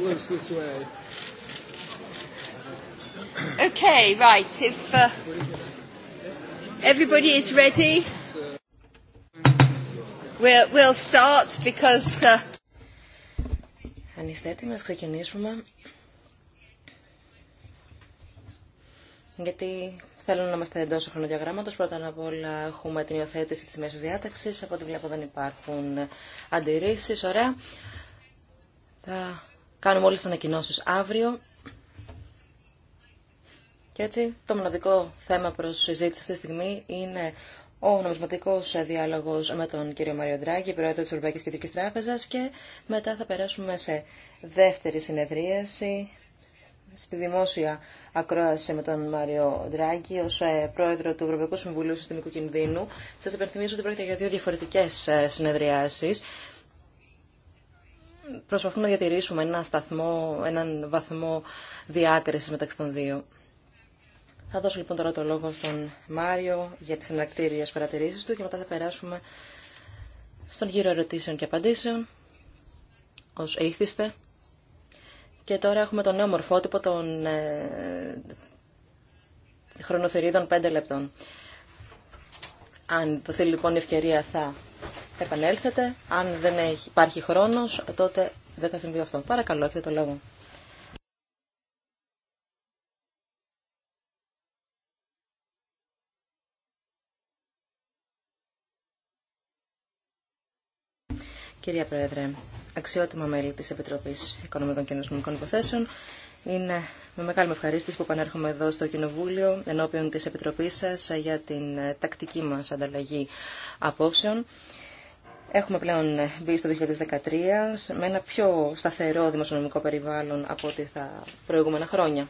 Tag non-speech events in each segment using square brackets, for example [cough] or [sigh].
works this way. Okay, right. If uh, everybody is ready, we'll, we'll start because. Uh... Αν είστε έτοιμοι, ας ξεκινήσουμε. Γιατί θέλω να είμαστε εντό χρονοδιαγράμματο. Πρώτα απ' όλα έχουμε την υιοθέτηση της μέσης διάταξης Από ό,τι βλέπω δεν υπάρχουν αντιρρήσει. Ωραία. Θα Κάνουμε όλες τις ανακοινώσεις αύριο. Και έτσι το μοναδικό θέμα προς συζήτηση αυτή τη στιγμή είναι ο νομισματικός διάλογος με τον κύριο Μαριο Ντράγκη, πρόεδρο της Ευρωπαϊκής Κεντρικής Τράπεζας και μετά θα περάσουμε σε δεύτερη συνεδρίαση στη δημόσια ακρόαση με τον Μάριο Ντράγκη ως ε, πρόεδρο του Ευρωπαϊκού Συμβουλίου Συστημικού Κινδύνου. Σας υπενθυμίζω ότι πρόκειται για δύο διαφορετικές ε, συνεδριάσεις προσπαθούμε να διατηρήσουμε ένα σταθμό, έναν βαθμό διάκριση μεταξύ των δύο. Θα δώσω λοιπόν τώρα το λόγο στον Μάριο για τις ενακτήριες παρατηρήσεις του και μετά θα περάσουμε στον γύρο ερωτήσεων και απαντήσεων, ως ήχθιστε. Και τώρα έχουμε τον νέο μορφότυπο των ε, χρονοθερίδων 5 λεπτών. Αν δοθεί λοιπόν η ευκαιρία θα επανέλθετε. Αν δεν έχει, υπάρχει χρόνος, τότε δεν θα συμβεί αυτό. Παρακαλώ, έχετε το λόγο. Κυρία Πρόεδρε, αξιότιμα μέλη της Επιτροπής Οικονομικών και Νοσμικών Υποθέσεων, είναι με μεγάλη μου ευχαρίστηση που επανέρχομαι εδώ στο Κοινοβούλιο ενώπιον της Επιτροπής σας για την τακτική μας ανταλλαγή απόψεων. Έχουμε πλέον μπει στο 2013 με ένα πιο σταθερό δημοσιονομικό περιβάλλον από ό,τι τα προηγούμενα χρόνια.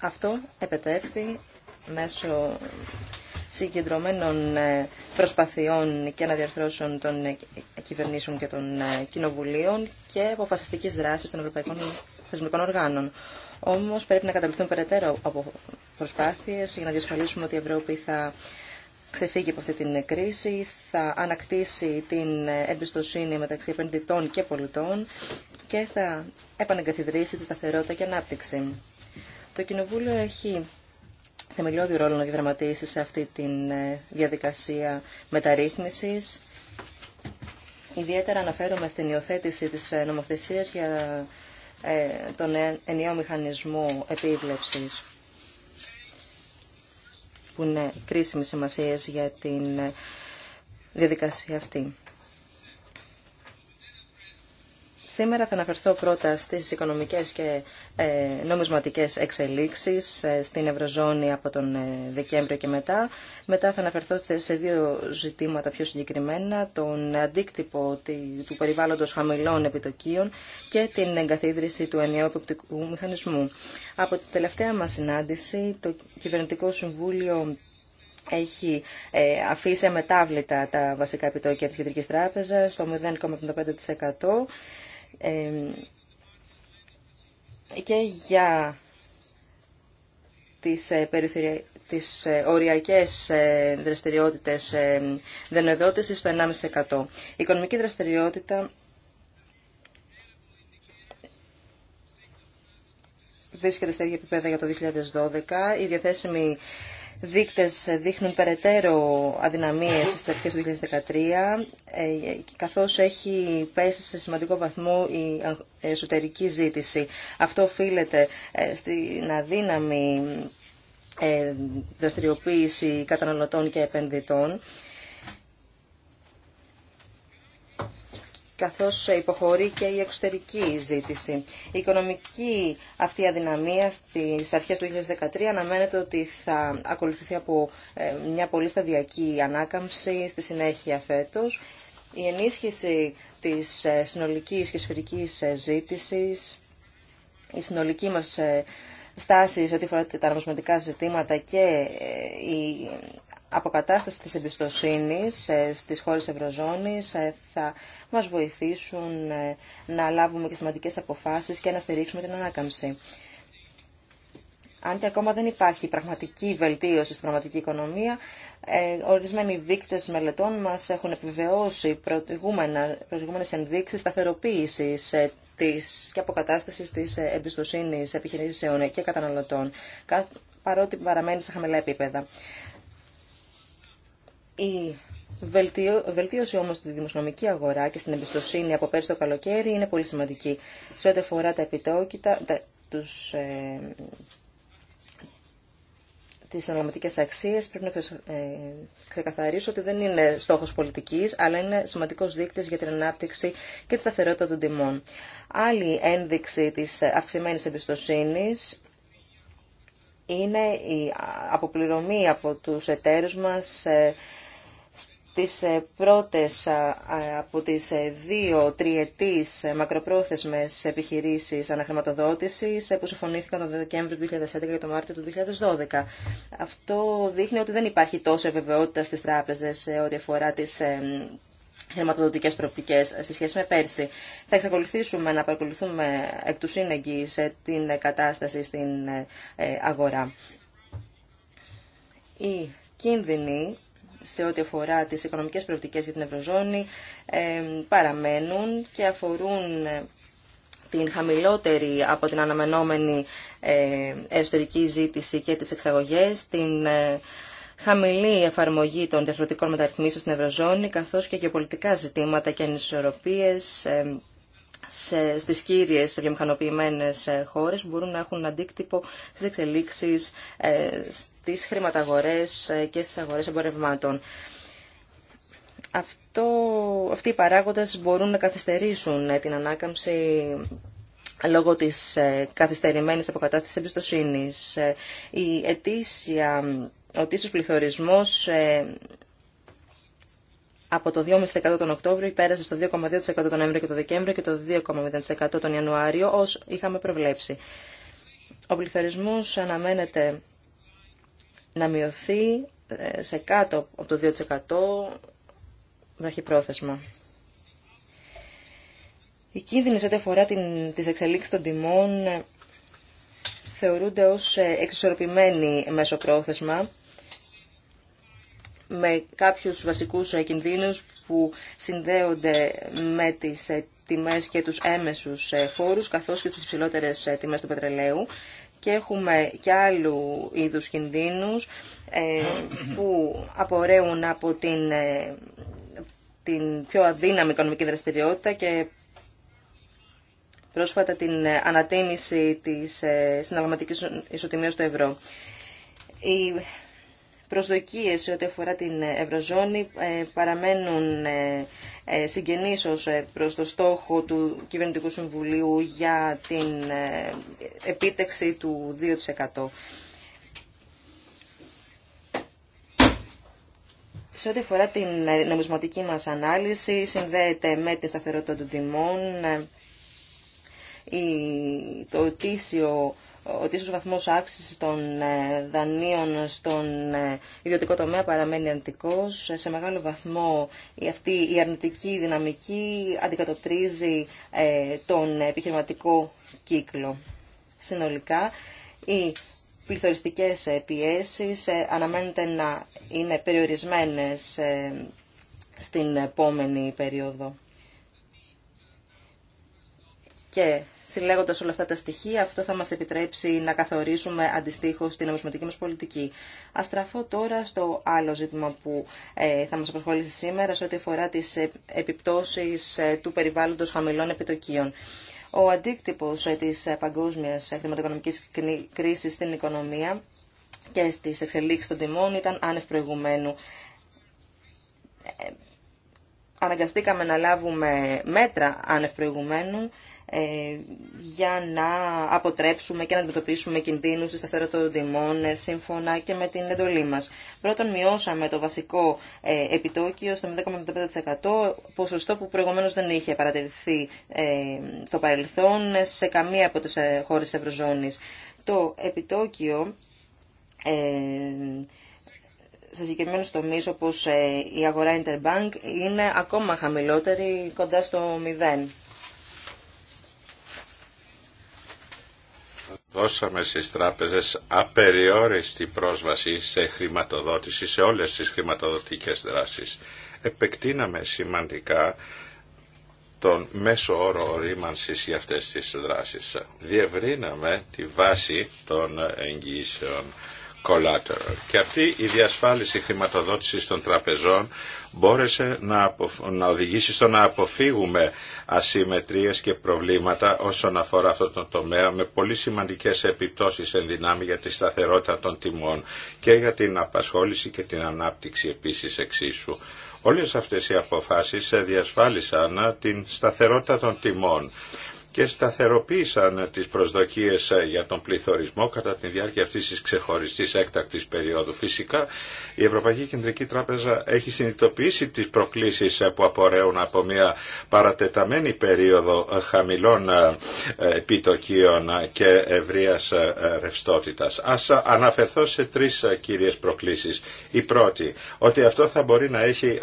Αυτό επετεύχθη μέσω συγκεντρωμένων ε, προσπαθειών και αναδιαρθρώσεων των ε, κυβερνήσεων και των ε, κοινοβουλίων και αποφασιστικής δράσης των ευρωπαϊκών θεσμικών οργάνων. Όμως πρέπει να καταληφθούν περαιτέρω από προσπάθειες για να διασφαλίσουμε ότι η Ευρώπη θα ξεφύγει από αυτή την κρίση, θα ανακτήσει την εμπιστοσύνη μεταξύ επενδυτών και πολιτών και θα επανεγκαθιδρύσει τη σταθερότητα και ανάπτυξη. Το Κοινοβούλιο έχει θεμελιώδη ρόλο να διδραματίσει σε αυτή τη ε, διαδικασία μεταρρύθμισης. Ιδιαίτερα αναφέρομαι στην υιοθέτηση της ε, νομοθεσίας για ε, τον ενιαίο μηχανισμό επίβλεψης που είναι κρίσιμη σημασία για την διαδικασία αυτή. Σήμερα θα αναφερθώ πρώτα στις οικονομικές και ε, νομισματικές εξελίξεις ε, στην Ευρωζώνη από τον ε, Δεκέμβριο και μετά. Μετά θα αναφερθώ σε δύο ζητήματα πιο συγκεκριμένα, τον αντίκτυπο του περιβάλλοντος χαμηλών επιτοκίων και την εγκαθίδρυση του ενιαίου επιπτικού μηχανισμού. Από τη τελευταία μας συνάντηση, το Κυβερνητικό Συμβούλιο έχει αφήσει αμετάβλητα τα βασικά επιτόκια της Κεντρικής Τράπεζας στο 0,75% και για τις, ε, περιφερει... τις ε, οριακές ε, δραστηριότητες στο 1,5%. Η οικονομική δραστηριότητα βρίσκεται στα ίδια επίπεδα για το 2012. Η διαθέσιμη δείκτες δείχνουν περαιτέρω αδυναμίες στις αρχές του 2013, ε, καθώς έχει πέσει σε σημαντικό βαθμό η εσωτερική ζήτηση. Αυτό οφείλεται ε, στην αδύναμη ε, δραστηριοποίηση καταναλωτών και επενδυτών καθώς υποχωρεί και η εξωτερική ζήτηση. Η οικονομική αυτή αδυναμία στις αρχές του 2013 αναμένεται ότι θα ακολουθηθεί από ε, μια πολύ σταδιακή ανάκαμψη στη συνέχεια φέτος. Η ενίσχυση της ε, συνολικής και σφαιρικής ε, ζήτησης, η συνολική μας στάση σε ό,τι αφορά τα νομισματικά ζητήματα και η αποκατάσταση της εμπιστοσύνης ε, στις χώρες Ευρωζώνης ε, θα μας βοηθήσουν ε, να λάβουμε και σημαντικές αποφάσεις και να στηρίξουμε την ανάκαμψη. Αν και ακόμα δεν υπάρχει πραγματική βελτίωση στην πραγματική οικονομία, ορισμένοι δείκτες μελετών μας έχουν επιβεβαιώσει προηγούμενες ενδείξεις σταθεροποίησης της και αποκατάστασης της εμπιστοσύνης επιχειρήσεων και καταναλωτών, παρότι παραμένει σε χαμηλά επίπεδα. Η βελτίωση όμω στη δημοσιονομική αγορά και στην εμπιστοσύνη από πέρσι το καλοκαίρι είναι πολύ σημαντική. Σε ό,τι αφορά τα επιτόκητα, τα, τους, ε, τις αξίες πρέπει να ε, ξεκαθαρίσω ότι δεν είναι στόχο πολιτική, αλλά είναι σημαντικό δείκτη για την ανάπτυξη και τη σταθερότητα των τιμών. Άλλη ένδειξη τη αυξημένη εμπιστοσύνη είναι η αποπληρωμή από του εταίρου μα. Ε, τις ε, πρώτες από τις ε, δύο τριετής ε, μακροπρόθεσμες επιχειρήσεις αναχρηματοδότησης που συμφωνήθηκαν τον Δεκέμβριο του 2011 και τον Μάρτιο του 2012. Αυτό δείχνει ότι δεν υπάρχει τόσο ευεβαιότητα στις τράπεζες ό,τι αφορά τις χρηματοδοτικές προοπτικές σε σχέση με πέρσι. Θα εξακολουθήσουμε να παρακολουθούμε εκ του σε την κατάσταση στην αγορά. Οι κίνδυνοι σε ό,τι αφορά τις οικονομικές προοπτικές για την Ευρωζώνη ε, παραμένουν και αφορούν ε, την χαμηλότερη από την αναμενόμενη ε, εσωτερική ζήτηση και τις εξαγωγές, την χαμηλή εφαρμογή των διαφορετικών μεταρρυθμίσεων στην Ευρωζώνη, καθώς και γεωπολιτικά ζητήματα και ανισορροπίες σε, στις κύριες βιομηχανοποιημένες ε, χώρες μπορούν να έχουν αντίκτυπο στις εξελίξεις ε, στις χρηματαγορές ε, και στις αγορές εμπορευμάτων. Αυτό, αυτοί οι παράγοντες μπορούν να καθυστερήσουν την ανάκαμψη λόγω της καθυστερημένης αποκατάστασης εμπιστοσύνης. Η ετήσια, ο πληθωρισμός από το 2,5% τον Οκτώβριο πέρασε στο 2,2% τον Νοέμβριο και τον Δεκέμβριο και το 2,0% τον Ιανουάριο, ως είχαμε προβλέψει. Ο πληθωρισμός αναμένεται να μειωθεί ε, σε κάτω από το 2% βραχυπρόθεσμα. Οι κίνδυνες ό,τι αφορά την, τις εξελίξεις των τιμών ε, θεωρούνται ως ε, εξισορροπημένοι πρόθεσμα με κάποιους βασικούς κινδύνους που συνδέονται με τις ε, τιμές και τους έμεσους ε, φόρους καθώς και τις υψηλότερες ε, τιμές του πετρελαίου και έχουμε και άλλου είδους κινδύνους που απορρέουν από την, την πιο αδύναμη οικονομική δραστηριότητα και πρόσφατα την ανατίμηση της συναλλαγματικής ισοτιμίας του ευρώ. Η προσδοκίες σε ό,τι αφορά την Ευρωζώνη ε, παραμένουν ε, ε, συγγενείς ως προς το στόχο του Κυβερνητικού Συμβουλίου για την επίτευξη του 2%. Σε ό,τι αφορά την νομισματική μας ανάλυση, συνδέεται με τη σταθερότητα των τιμών, το τίσιο ότι ίσως ο βαθμός αύξησης των ε, δανείων στον ε, ιδιωτικό τομέα παραμένει αρνητικός. Ε, σε μεγάλο βαθμό αυτή η αρνητική δυναμική αντικατοπτρίζει τον επιχειρηματικό κύκλο. Συνολικά, οι πληθωριστικές πιέσεις αναμένεται να είναι περιορισμένες στην επόμενη περίοδο. Και συλλέγοντα όλα αυτά τα στοιχεία, αυτό θα μα επιτρέψει να καθορίσουμε αντιστοίχω την νομισματική μα πολιτική. Α στραφώ τώρα στο άλλο ζήτημα που ε, θα μα απασχολήσει σήμερα, σε ό,τι αφορά τι επιπτώσει ε, του περιβάλλοντο χαμηλών επιτοκίων. Ο αντίκτυπο ε, τη παγκόσμια χρηματοοικονομική κρίση στην οικονομία και στι εξελίξει των τιμών ήταν άνευ προηγουμένου αναγκαστήκαμε να λάβουμε μέτρα άνευ προηγουμένου ε, για να αποτρέψουμε και να αντιμετωπίσουμε κινδύνους στη σταθερότητα των τιμών ε, σύμφωνα και με την εντολή μας. Πρώτον, μειώσαμε το βασικό ε, επιτόκιο στο 0,5% ποσοστό που προηγουμένως δεν είχε παρατηρηθεί στο παρελθόν σε καμία από τις χώρες της Ευρωζώνης. Το επιτόκιο σε συγκεκριμένου τομεί όπω η αγορά Interbank είναι ακόμα χαμηλότερη, κοντά στο 0. δώσαμε στις τράπεζες απεριόριστη πρόσβαση σε χρηματοδότηση, σε όλες τις χρηματοδοτικές δράσεις. Επεκτείναμε σημαντικά τον μέσο όρο ορίμανσης για αυτές τις δράσεις. Διευρύναμε τη βάση των εγγύσεων collateral. Και αυτή η διασφάλιση χρηματοδότησης των τραπεζών μπόρεσε να, να οδηγήσει στο να αποφύγουμε ασυμμετρίες και προβλήματα όσον αφορά αυτό το τομέα με πολύ σημαντικές επιπτώσεις εν δυνάμει για τη σταθερότητα των τιμών και για την απασχόληση και την ανάπτυξη επίσης εξίσου. Όλες αυτές οι αποφάσεις διασφάλισαν την σταθερότητα των τιμών και σταθεροποίησαν τις προσδοκίες ε, για τον πληθωρισμό κατά τη διάρκεια αυτής της ξεχωριστής έκτακτης περίοδου. Φυσικά η Ευρωπαϊκή Κεντρική Τράπεζα έχει συνειδητοποιήσει τις προκλήσεις ε, που απορρέουν από μια παρατεταμένη περίοδο ε, χαμηλών επιτοκίων και ευρεία ρευστότητας. Α αναφερθώ σε τρεις κύριε προκλήσει. Η πρώτη, ότι αυτό θα μπορεί να έχει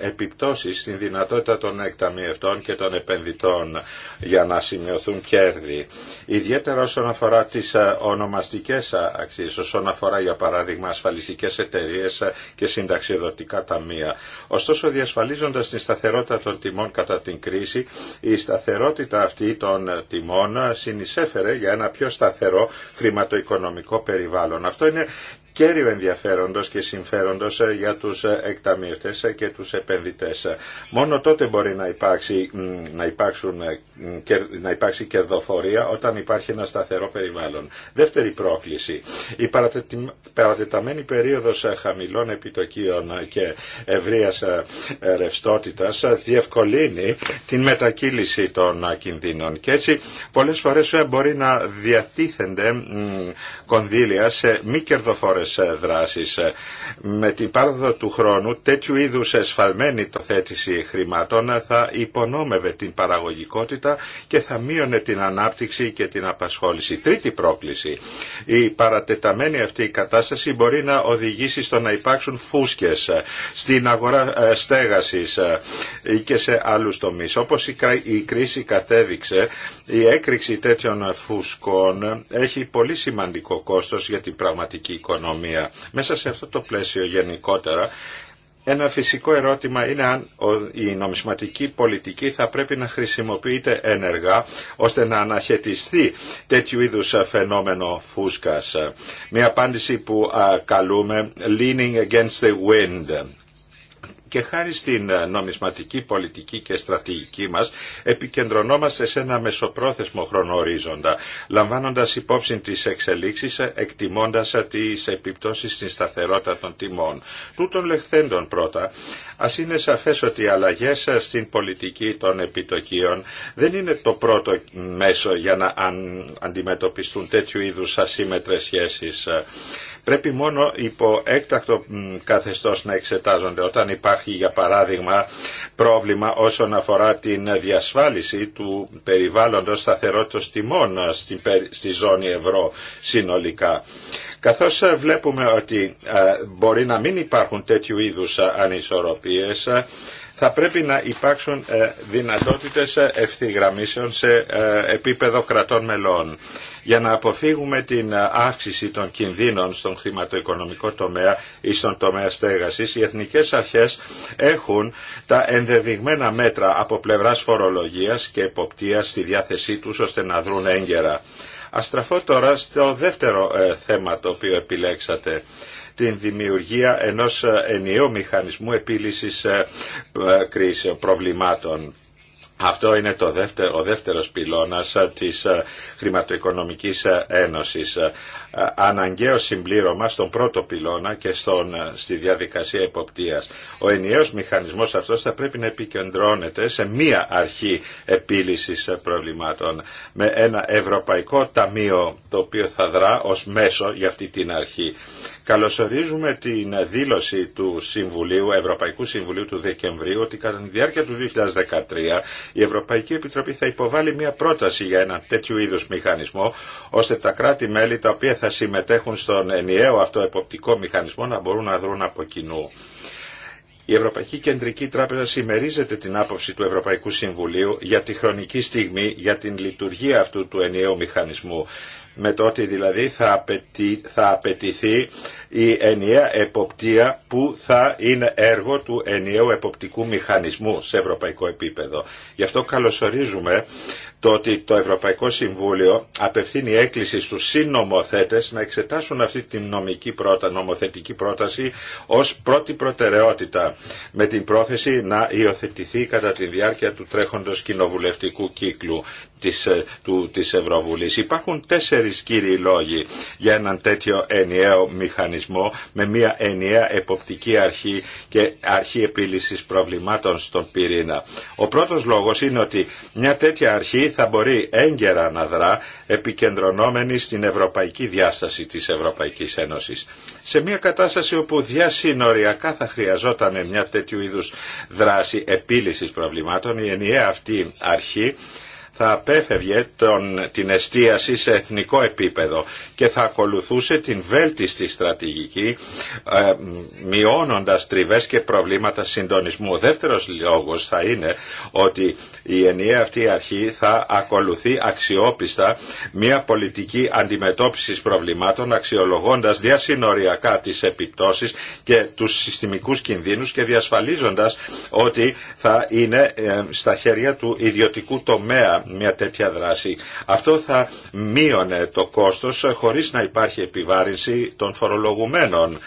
επιπτώσει στην δυνατότητα των εκταμιευτών και των επενδυτών για να σημειωθούν κέρδη. Ιδιαίτερα όσον αφορά τις ε, ονομαστικές ε, αξίες, όσον αφορά για παράδειγμα ασφαλιστικές εταιρείες ε, και συνταξιοδοτικά ταμεία. Ωστόσο διασφαλίζοντας την σταθερότητα των τιμών κατά την κρίση, η σταθερότητα αυτή των τιμών συνεισέφερε για ένα πιο σταθερό χρηματοοικονομικό περιβάλλον. Αυτό είναι κέριο ενδιαφέροντος και συμφέροντος ε, για τους ε, εκταμιευτές ε, και τους επενδυτές. Μόνο τότε μπορεί να υπάρξει, να υπάρξουν, να υπάρξει κερδοφορία όταν υπάρχει ένα σταθερό περιβάλλον. Δεύτερη πρόκληση. Η παρατεταμένη περίοδος χαμηλών επιτοκίων και ευρείας ρευστότητας διευκολύνει την μετακύληση των κινδύνων και έτσι πολλές φορές μπορεί να διατίθενται κονδύλια σε μη κερδοφόρες ε, δράσεις. Ε, με την πάροδο του χρόνου τέτοιου είδους εσφαλμένη τοθέτηση χρημάτων ε, θα υπονόμευε την παραγωγικότητα και θα μείωνε την ανάπτυξη και την απασχόληση. Τρίτη πρόκληση. Η παρατεταμένη αυτή η κατάσταση μπορεί να οδηγήσει στο να υπάρξουν φούσκες στην αγορά στέγασης και σε άλλους τομείς. Όπως η κρίση κατέδειξε, η έκρηξη τέτοιων φούσκων έχει πολύ σημαντικό κόστος για την πραγματική οικονομία μέσα σε αυτό το πλαίσιο γενικότερα ένα φυσικό ερώτημα είναι αν η νομισματική πολιτική θα πρέπει να χρησιμοποιείται ενεργά ώστε να αναχαιτιστεί τέτοιου είδους φαινόμενο φούσκας. Μια απάντηση που καλούμε leaning against the wind και χάρη στην ε, νομισματική πολιτική και στρατηγική μας επικεντρωνόμαστε σε ένα μεσοπρόθεσμο χρονορίζοντα, λαμβάνοντας υπόψη τις εξελίξεις, ε, εκτιμώντας ε, τις επιπτώσεις στην σταθερότητα των τιμών. Τούτων λεχθέντων πρώτα, Ας είναι σαφές ότι οι αλλαγές στην πολιτική των επιτοκίων δεν είναι το πρώτο μέσο για να αντιμετωπιστούν τέτοιου είδους ασύμετρες σχέσεις. Πρέπει μόνο υπό έκτακτο καθεστώς να εξετάζονται όταν υπάρχει για παράδειγμα πρόβλημα όσον αφορά την διασφάλιση του περιβάλλοντος σταθερότητος τιμών στη ζώνη ευρώ συνολικά. Καθώς ε, βλέπουμε ότι ε, μπορεί να μην υπάρχουν τέτοιου είδους ε, ανισορροπίες, θα πρέπει να υπάρξουν δυνατότητες ευθυγραμμίσεων σε επίπεδο κρατών μελών. Για να αποφύγουμε την αύξηση των κινδύνων στον χρηματοοικονομικό τομέα ή στον τομέα στέγασης, οι εθνικές αρχές έχουν τα ενδεδειγμένα μέτρα από πλευράς φορολογίας και εποπτείας στη διάθεσή τους ώστε να δρουν έγκαιρα. Ας στραφώ τώρα στο δεύτερο ε, θέμα το οποίο επιλέξατε την δημιουργία ενός ε, ενιαίου μηχανισμού επίλυσης ε, κρίσεων, προβλημάτων. Αυτό είναι το δεύτερο, ο δεύτερος πυλώνας της Χρηματοοικονομικής Ένωσης αναγκαίο συμπλήρωμα στον πρώτο πυλώνα και στον, ε, στη διαδικασία υποπτία. Ο ενιαίος μηχανισμός αυτός θα πρέπει να επικεντρώνεται σε μία αρχή επίλυσης ε, προβλημάτων με ένα ευρωπαϊκό ταμείο το οποίο θα δρά ως μέσο για αυτή την αρχή. Καλωσορίζουμε την δήλωση του Συμβουλίου, Ευρωπαϊκού Συμβουλίου του Δεκεμβρίου ότι κατά τη διάρκεια του 2013 η Ευρωπαϊκή Επιτροπή θα υποβάλει μια πρόταση για ένα τέτοιου είδους μηχανισμό ώστε τα κράτη-μέλη τα οποία θα συμμετέχουν στον ενιαίο αυτό εποπτικό μηχανισμό να μπορούν να δρουν από κοινού. Η Ευρωπαϊκή Κεντρική Τράπεζα συμμερίζεται την άποψη του Ευρωπαϊκού Συμβουλίου για τη χρονική στιγμή για την λειτουργία αυτού του ενιαίου μηχανισμού με το ότι δηλαδή θα, θα απαιτηθεί η ενιαία εποπτεία που θα είναι έργο του ενιαίου εποπτικού μηχανισμού σε ευρωπαϊκό επίπεδο. Γι' αυτό καλωσορίζουμε το ότι το Ευρωπαϊκό Συμβούλιο απευθύνει έκκληση στους συνομοθέτες να εξετάσουν αυτή την νομική πρότα, νομοθετική πρόταση ως πρώτη προτεραιότητα με την πρόθεση να υιοθετηθεί κατά τη διάρκεια του τρέχοντος κοινοβουλευτικού κύκλου της, ε, του, της Ευρωβουλής. Υπάρχουν τέσσερις κύριοι λόγοι για έναν τέτοιο ενιαίο μηχανισμό με μια ενιαία εποπτική αρχή και αρχή επίλυσης προβλημάτων στον πυρήνα. Ο πρώτος λόγος είναι ότι μια τέτοια αρχή θα μπορεί έγκαιρα να δρά επικεντρωνόμενη στην ευρωπαϊκή διάσταση της Ευρωπαϊκής Ένωσης. Σε μια κατάσταση όπου διασυνοριακά θα χρειαζόταν μια τέτοιου είδους δράση επίλυσης προβλημάτων, η ενιαία αυτή αρχή θα απέφευγε τον, την εστίαση σε εθνικό επίπεδο και θα ακολουθούσε την βέλτιστη στρατηγική ε, μειώνοντας τριβές και προβλήματα συντονισμού. Ο δεύτερος λόγος θα είναι ότι η ενιαία αυτή αρχή θα ακολουθεί αξιόπιστα μια πολιτική αντιμετώπισης προβλημάτων αξιολογώντας διασυνοριακά τις επιπτώσεις και τους συστημικούς κινδύνους και διασφαλίζοντας ότι θα είναι ε, στα χέρια του ιδιωτικού τομέα μια τέτοια δράση. Αυτό θα μείωνε το κόστος χωρίς να υπάρχει επιβάρυνση των φορολογουμένων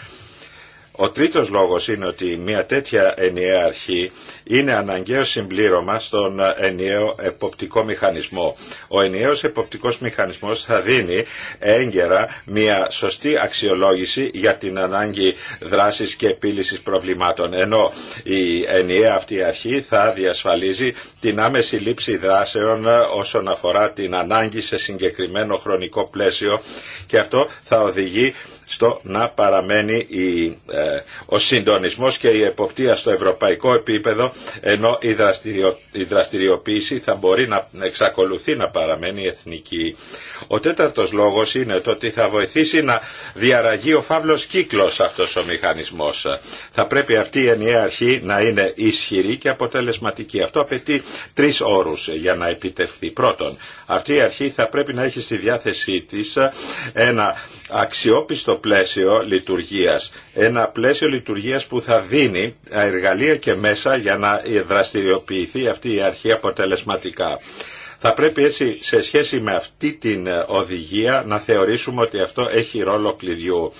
ο τρίτος λόγος είναι ότι μια τέτοια ενιαία αρχή είναι αναγκαίο συμπλήρωμα στον ενιαίο εποπτικό μηχανισμό. Ο ενιαίος εποπτικός μηχανισμός θα δίνει έγκαιρα μια σωστή αξιολόγηση για την ανάγκη δράσης και επίλυσης προβλημάτων, ενώ η ενιαία αυτή αρχή θα διασφαλίζει την άμεση λήψη δράσεων όσον αφορά την ανάγκη σε συγκεκριμένο χρονικό πλαίσιο και αυτό θα οδηγεί στο να παραμένει η, ε, ο συντονισμός και η εποπτεία στο ευρωπαϊκό επίπεδο ενώ η, δραστηριοποίηση θα μπορεί να εξακολουθεί να παραμένει εθνική. Ο τέταρτος λόγος είναι το ότι θα βοηθήσει να διαραγεί ο φαύλος κύκλος αυτός ο μηχανισμός. Θα πρέπει αυτή η ενιαία αρχή να είναι ισχυρή και αποτελεσματική. Αυτό απαιτεί τρεις όρους για να επιτευχθεί. Πρώτον, αυτή η αρχή θα πρέπει να έχει στη διάθεσή της ένα αξιόπιστο πλαίσιο λειτουργίας. Ένα πλαίσιο λειτουργίας που θα δίνει εργαλεία και μέσα για να δραστηριοποιηθεί αυτή η αρχή αποτελεσματικά. Θα πρέπει έτσι σε σχέση με αυτή την οδηγία να θεωρήσουμε ότι αυτό έχει ρόλο κλειδιού.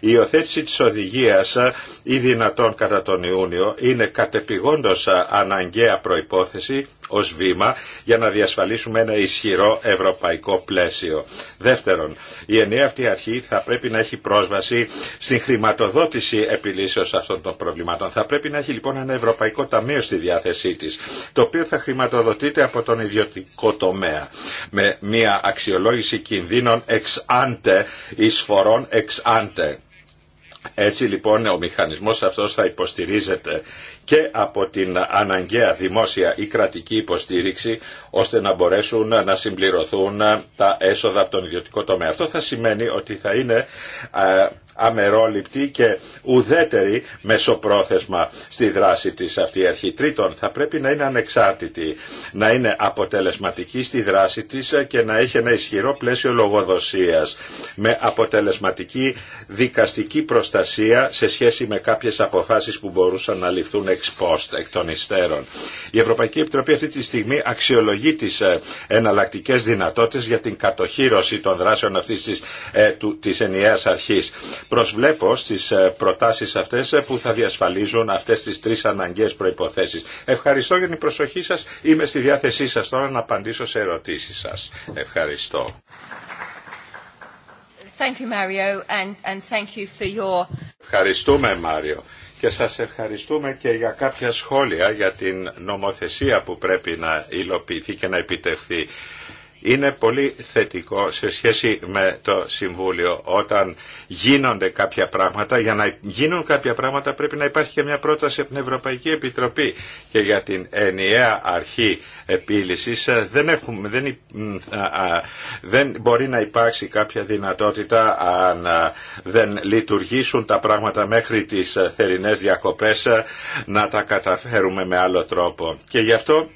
Η υιοθέτηση της οδηγίας ή δυνατόν κατά τον Ιούνιο είναι κατεπηγόντως αναγκαία προϋπόθεση ως βήμα για να διασφαλίσουμε ένα ισχυρό ευρωπαϊκό πλαίσιο. Δεύτερον, η ενιαία αυτή αρχή θα πρέπει να έχει πρόσβαση στην χρηματοδότηση επιλύσεως αυτών των προβλημάτων. Θα πρέπει να έχει λοιπόν ένα ευρωπαϊκό ταμείο στη διάθεσή της, το οποίο θα χρηματοδοτείται από τον ιδιωτικό τομέα με μια αξιολόγηση κινδύνων εξ άντε, εισφορών εξ Έτσι λοιπόν ο μηχανισμός αυτός θα υποστηρίζεται και από την αναγκαία δημόσια ή κρατική υποστήριξη ώστε να μπορέσουν να συμπληρωθούν τα έσοδα από τον ιδιωτικό τομέα. Αυτό θα σημαίνει ότι θα είναι ε, αμερόληπτη και ουδέτερη μεσοπρόθεσμα στη δράση της αυτή η αρχή. Τρίτον, θα πρέπει να είναι ανεξάρτητη, να είναι αποτελεσματική στη δράση της και να έχει ένα ισχυρό πλαίσιο λογοδοσίας με αποτελεσματική δικαστική προστασία σε σχέση με κάποιες αποφάσεις που μπορούσαν να ληφθούν εξ post, εκ των υστέρων. Η Ευρωπαϊκή Επιτροπή αυτή τη στιγμή αξιολογεί τις ε, εναλλακτικέ δυνατότητες για την κατοχήρωση των δράσεων αυτής της, ε, αρχής. Προσβλέπω στις ε, προτάσεις αυτές ε, που θα διασφαλίζουν αυτές τις τρεις αναγκαίες προϋποθέσεις. Ευχαριστώ για την προσοχή σας. Είμαι στη διάθεσή σας τώρα να απαντήσω σε ερωτήσεις σας. Ευχαριστώ. Thank you, Mario, and, and thank you for your... Ευχαριστούμε Μάριο και σας ευχαριστούμε και για κάποια σχόλια για την νομοθεσία που πρέπει να υλοποιηθεί και να επιτευχθεί είναι πολύ θετικό σε σχέση με το Συμβούλιο όταν γίνονται κάποια πράγματα. Για να γίνουν κάποια πράγματα πρέπει να υπάρχει και μια πρόταση από την Ευρωπαϊκή Επιτροπή και για την ενιαία αρχή επίλυσης ε, δεν, δεν, δεν μπορεί να υπάρξει κάποια δυνατότητα αν ε, δεν λειτουργήσουν τα πράγματα μέχρι τις ε, θερινές διακοπές να τα καταφέρουμε με άλλο τρόπο. Και γι' αυτό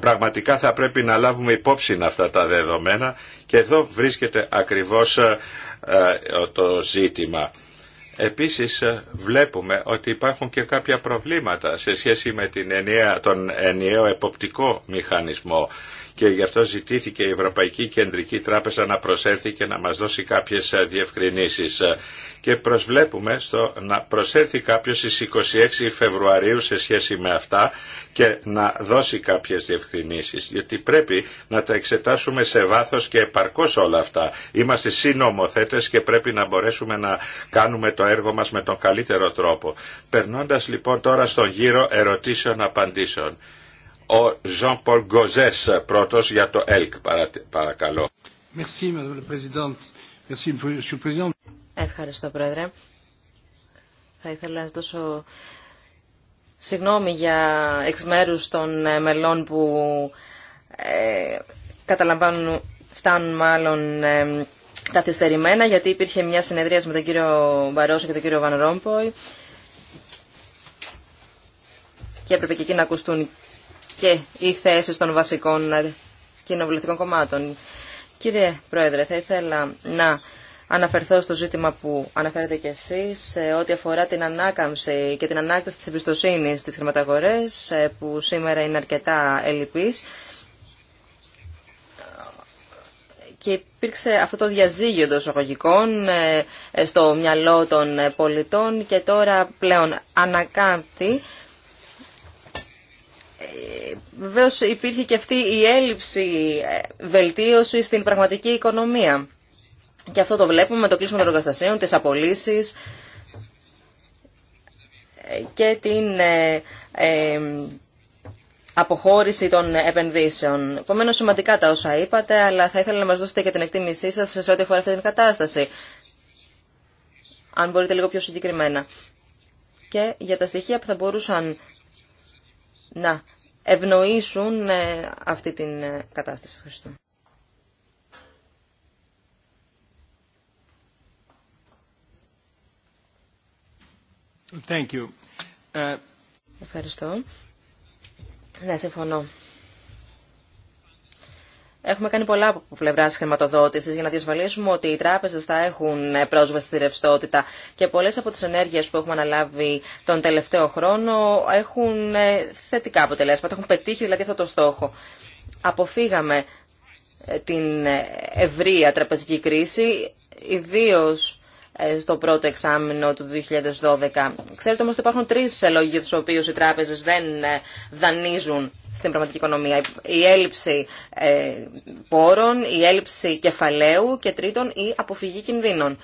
πραγματικά θα πρέπει να λάβουμε υπόψη αυτά τα δεδομένα και εδώ βρίσκεται ακριβώς ε, ε, το ζήτημα. Επίσης ε, βλέπουμε ότι υπάρχουν και κάποια προβλήματα σε σχέση με την ενιαία, τον ενιαίο εποπτικό μηχανισμό και γι' αυτό ζητήθηκε η Ευρωπαϊκή Κεντρική Τράπεζα να προσέλθει και να μας δώσει κάποιες διευκρινήσεις. Και προσβλέπουμε στο να προσέλθει κάποιος στις 26 Φεβρουαρίου σε σχέση με αυτά και να δώσει κάποιες διευκρινήσεις, γιατί πρέπει να τα εξετάσουμε σε βάθος και επαρκώς όλα αυτά. Είμαστε συνομοθέτες και πρέπει να μπορέσουμε να κάνουμε το έργο μας με τον καλύτερο τρόπο. Περνώντας λοιπόν τώρα στον γύρο ερωτήσεων-απαντήσεων. Ο Ζων Πολ Γκοζές πρώτος για το ΕΛΚ, παρακαλώ. Ευχαριστώ, Πρόεδρε. Θα ήθελα να σας δώσω Συγγνώμη για εξ μέρους των ε, μελών που ε, καταλαμβάνουν, φτάνουν μάλλον ε, καθυστερημένα γιατί υπήρχε μια συνεδρία με τον κύριο Μπαρόσο και τον κύριο Βαν Ρόμποϊ και έπρεπε και εκεί να ακουστούν και οι θέσει των βασικών ε, κοινοβουλευτικών κομμάτων. Κύριε Πρόεδρε, θα ήθελα να αναφερθώ στο ζήτημα που αναφέρετε κι εσείς σε ό,τι αφορά την ανάκαμψη και την ανάκτηση της εμπιστοσύνη στις χρηματαγορές ε, που σήμερα είναι αρκετά ελλειπής. Και υπήρξε αυτό το διαζύγιο των εισαγωγικών ε, ε, στο μυαλό των πολιτών και τώρα πλέον ανακάμπτει. βεβαίως υπήρχε και αυτή η έλλειψη βελτίωση στην πραγματική οικονομία. Και αυτό το βλέπουμε με το κλείσμα των εργαστασίων, τις απολύσεις και την ε, ε, αποχώρηση των επενδύσεων. Επομένω, σημαντικά τα όσα είπατε, αλλά θα ήθελα να μας δώσετε και την εκτίμησή σας σε ό,τι αφορά αυτή την κατάσταση. Αν μπορείτε λίγο πιο συγκεκριμένα. Και για τα στοιχεία που θα μπορούσαν να ευνοήσουν ε, αυτή την κατάσταση. Ευχαριστώ. Ε, Ευχαριστώ. Ναι, συμφωνώ. Έχουμε κάνει πολλά από πλευρά χρηματοδότηση για να διασφαλίσουμε ότι οι τράπεζε θα έχουν πρόσβαση στη ρευστότητα και πολλέ από τι ενέργειε που έχουμε αναλάβει τον τελευταίο χρόνο έχουν ε, θετικά αποτελέσματα, έχουν πετύχει δηλαδή αυτό το στόχο. Αποφύγαμε ε, την ευρεία τραπεζική κρίση, ιδίω ε, στο πρώτο εξάμεινο του 2012. Ξέρετε όμως ότι υπάρχουν τρεις λόγοι για τους οποίους οι τράπεζες δεν ε, δανείζουν στην πραγματική οικονομία. Η έλλειψη ε, πόρων, η έλλειψη κεφαλαίου και τρίτον η αποφυγή κινδύνων.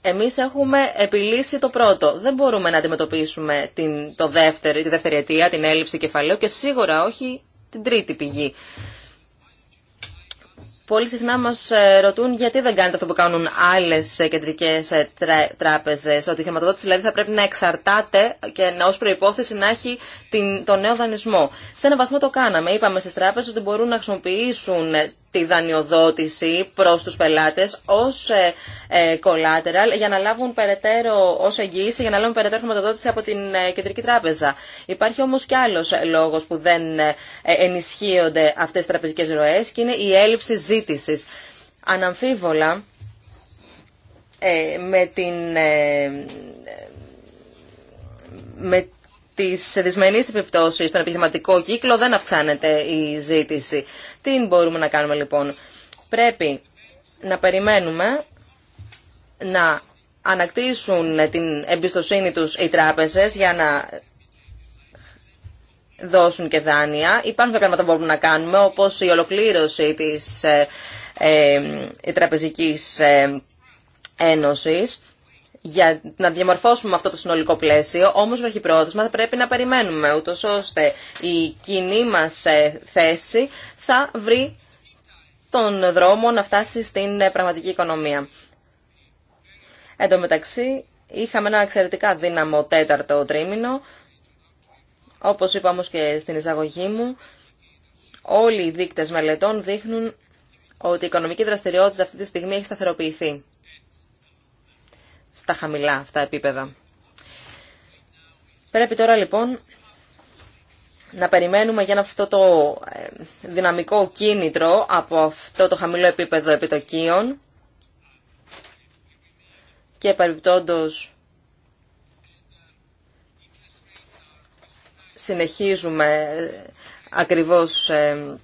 Εμείς έχουμε επιλύσει το πρώτο. Δεν μπορούμε να αντιμετωπίσουμε την, το δεύτερο, τη δεύτερη αιτία, την έλλειψη κεφαλαίου και σίγουρα όχι την τρίτη πηγή. Πολύ συχνά μας ε, ρωτούν γιατί δεν κάνετε αυτό που κάνουν άλλε κεντρικέ ε, τράπεζες, ότι η χρηματοδότηση δηλαδή θα πρέπει να εξαρτάται και να ως προϋπόθεση να έχει την, το νέο δανεισμό. Σε ένα βαθμό το κάναμε. Είπαμε στι τράπεζες ότι μπορούν να χρησιμοποιήσουν τη δανειοδότηση προς τους πελάτες ως ε, ε, collateral για να λάβουν περαιτέρω ως εγγύηση, για να λάβουν περαιτέρω χρηματοδότηση από την ε, Κεντρική Τράπεζα. Υπάρχει όμως κι άλλος λόγος που δεν ενισχύονται αυτές οι τραπεζικές ροές και είναι η έλλειψη ζήτησης. Αναμφίβολα, με την... με τις δυσμενείς επιπτώσεις στον επιχειρηματικό κύκλο δεν αυξάνεται η ζήτηση. Τι μπορούμε να κάνουμε λοιπόν. Πρέπει να περιμένουμε να ανακτήσουν την εμπιστοσύνη τους οι τράπεζες για να δώσουν και δάνεια. Υπάρχουν κάποια πράγματα που μπορούμε να κάνουμε, όπως η ολοκλήρωση της ε, ε, τραπεζικής ε, ένωσης για να διαμορφώσουμε αυτό το συνολικό πλαίσιο, όμως βραχυπρόθεσμα θα πρέπει να περιμένουμε, ούτω ώστε η κοινή μα ε, θέση θα βρει τον δρόμο να φτάσει στην ε, πραγματική οικονομία. Εν τω μεταξύ, είχαμε ένα εξαιρετικά δύναμο τέταρτο τρίμηνο. όπω είπα όμω και στην εισαγωγή μου, όλοι οι δείκτες μελετών δείχνουν ότι η οικονομική δραστηριότητα αυτή τη στιγμή έχει σταθεροποιηθεί στα χαμηλά αυτά επίπεδα. Πρέπει τώρα λοιπόν να περιμένουμε για αυτό το ε, δυναμικό κίνητρο από αυτό το χαμηλό επίπεδο επιτοκίων και παρεμπιπτόντως συνεχίζουμε ε, ακριβώς ε,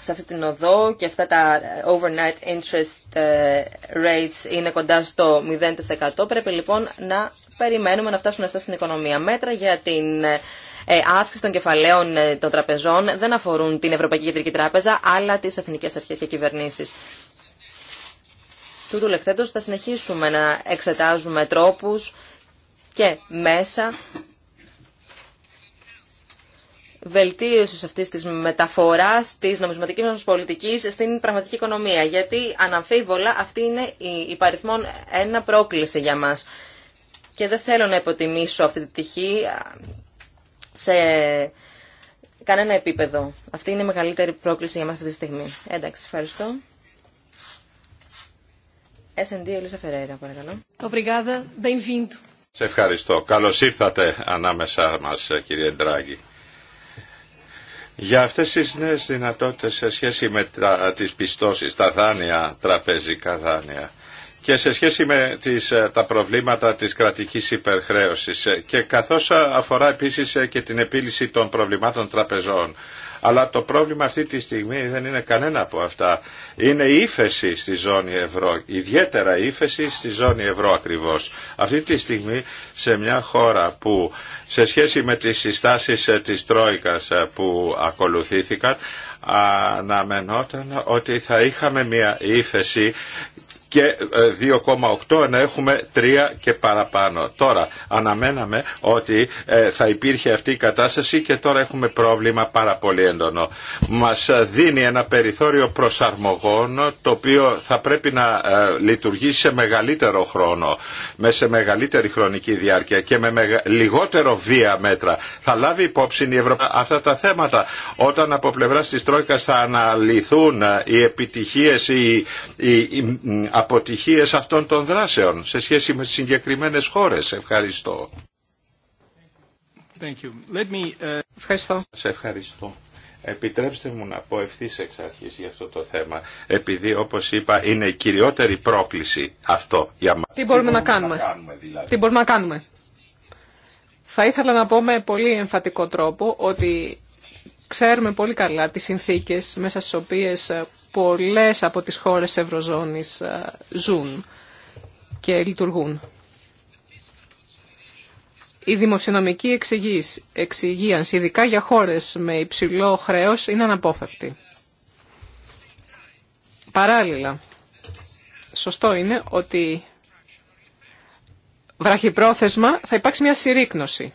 σε αυτή την οδό και αυτά τα overnight interest ε, rates είναι κοντά στο 0%. Πρέπει λοιπόν να περιμένουμε να φτάσουν αυτά στην οικονομία. Μέτρα για την ε, αύξηση των κεφαλαίων ε, των τραπεζών δεν αφορούν την Ευρωπαϊκή Κεντρική Τράπεζα αλλά τις εθνικές αρχές και κυβερνήσεις. Τούτου λεχθέντος θα συνεχίσουμε να εξετάζουμε τρόπους και μέσα Βελτίωση αυτή τη μεταφορά τη νομισματικής μα πολιτική στην πραγματική οικονομία. Γιατί αναμφίβολα αυτή είναι η παριθμόν ένα πρόκληση για μα. Και δεν θέλω να υποτιμήσω αυτή τη τυχή σε κανένα επίπεδο. Αυτή είναι η μεγαλύτερη πρόκληση για μας αυτή τη στιγμή. Εντάξει, ευχαριστώ. S&D Φεραίρα, παρακαλώ. Σε ευχαριστώ. Καλώς ήρθατε ανάμεσά μας, κύριε Ντράγκη. Για αυτές τις νέες δυνατότητες σε σχέση με τα, τις πιστώσεις, τα δάνεια, τραπεζικά δάνεια και σε σχέση με τις, ε, τα προβλήματα της κρατικής υπερχρέωσης ε, και καθώς ε, αφορά επίσης και την επίλυση των προβλημάτων τραπεζών. Αλλά το πρόβλημα αυτή τη στιγμή δεν είναι κανένα από αυτά. Είναι η ύφεση στη ζώνη ευρώ, ιδιαίτερα ύφεση στη ζώνη ευρώ ακριβώς. Αυτή τη στιγμή σε μια χώρα που σε σχέση με τις συστάσεις ε, της Τρόικας ε, που ακολουθήθηκαν αναμενόταν ότι θα είχαμε μια ύφεση και 2,8 ε, να έχουμε 3 και παραπάνω. Τώρα αναμέναμε ότι ε, θα υπήρχε αυτή η κατάσταση και τώρα έχουμε πρόβλημα πάρα πολύ έντονο. Μας ε, δίνει ένα περιθώριο προσαρμογών το οποίο θα πρέπει να λειτουργήσει σε μεγαλύτερο χρόνο, με σε μεγαλύτερη χρονική διάρκεια και με λιγότερο βία μέτρα. Θα λάβει υπόψη η Ευρώπη αυτά τα θέματα όταν από πλευρά της Τρόικας θα αναλυθούν οι επιτυχίες, οι αποτυχίες αυτών των δράσεων σε σχέση με τις συγκεκριμένες χώρες. Ευχαριστώ. Uh, ευχαριστώ. ευχαριστώ. Επιτρέψτε μου να πω ευθύ εξ αρχή για αυτό το θέμα, επειδή όπω είπα είναι η κυριότερη πρόκληση αυτό για μα. Τι μπορούμε, να, κάνουμε. δηλαδή. Τι μπορούμε να κάνουμε. Θα ήθελα να πω με πολύ εμφατικό τρόπο ότι ξέρουμε πολύ καλά τι συνθήκε μέσα στι οποίε. Ε, πολλές από τις χώρες Ευρωζώνης ε, ζουν και λειτουργούν. Η δημοσιονομική εξυγίανση, ειδικά για χώρες με υψηλό χρέος, είναι αναπόφευκτη. Παράλληλα, σωστό είναι ότι βραχυπρόθεσμα θα υπάρξει μια συρρήκνωση.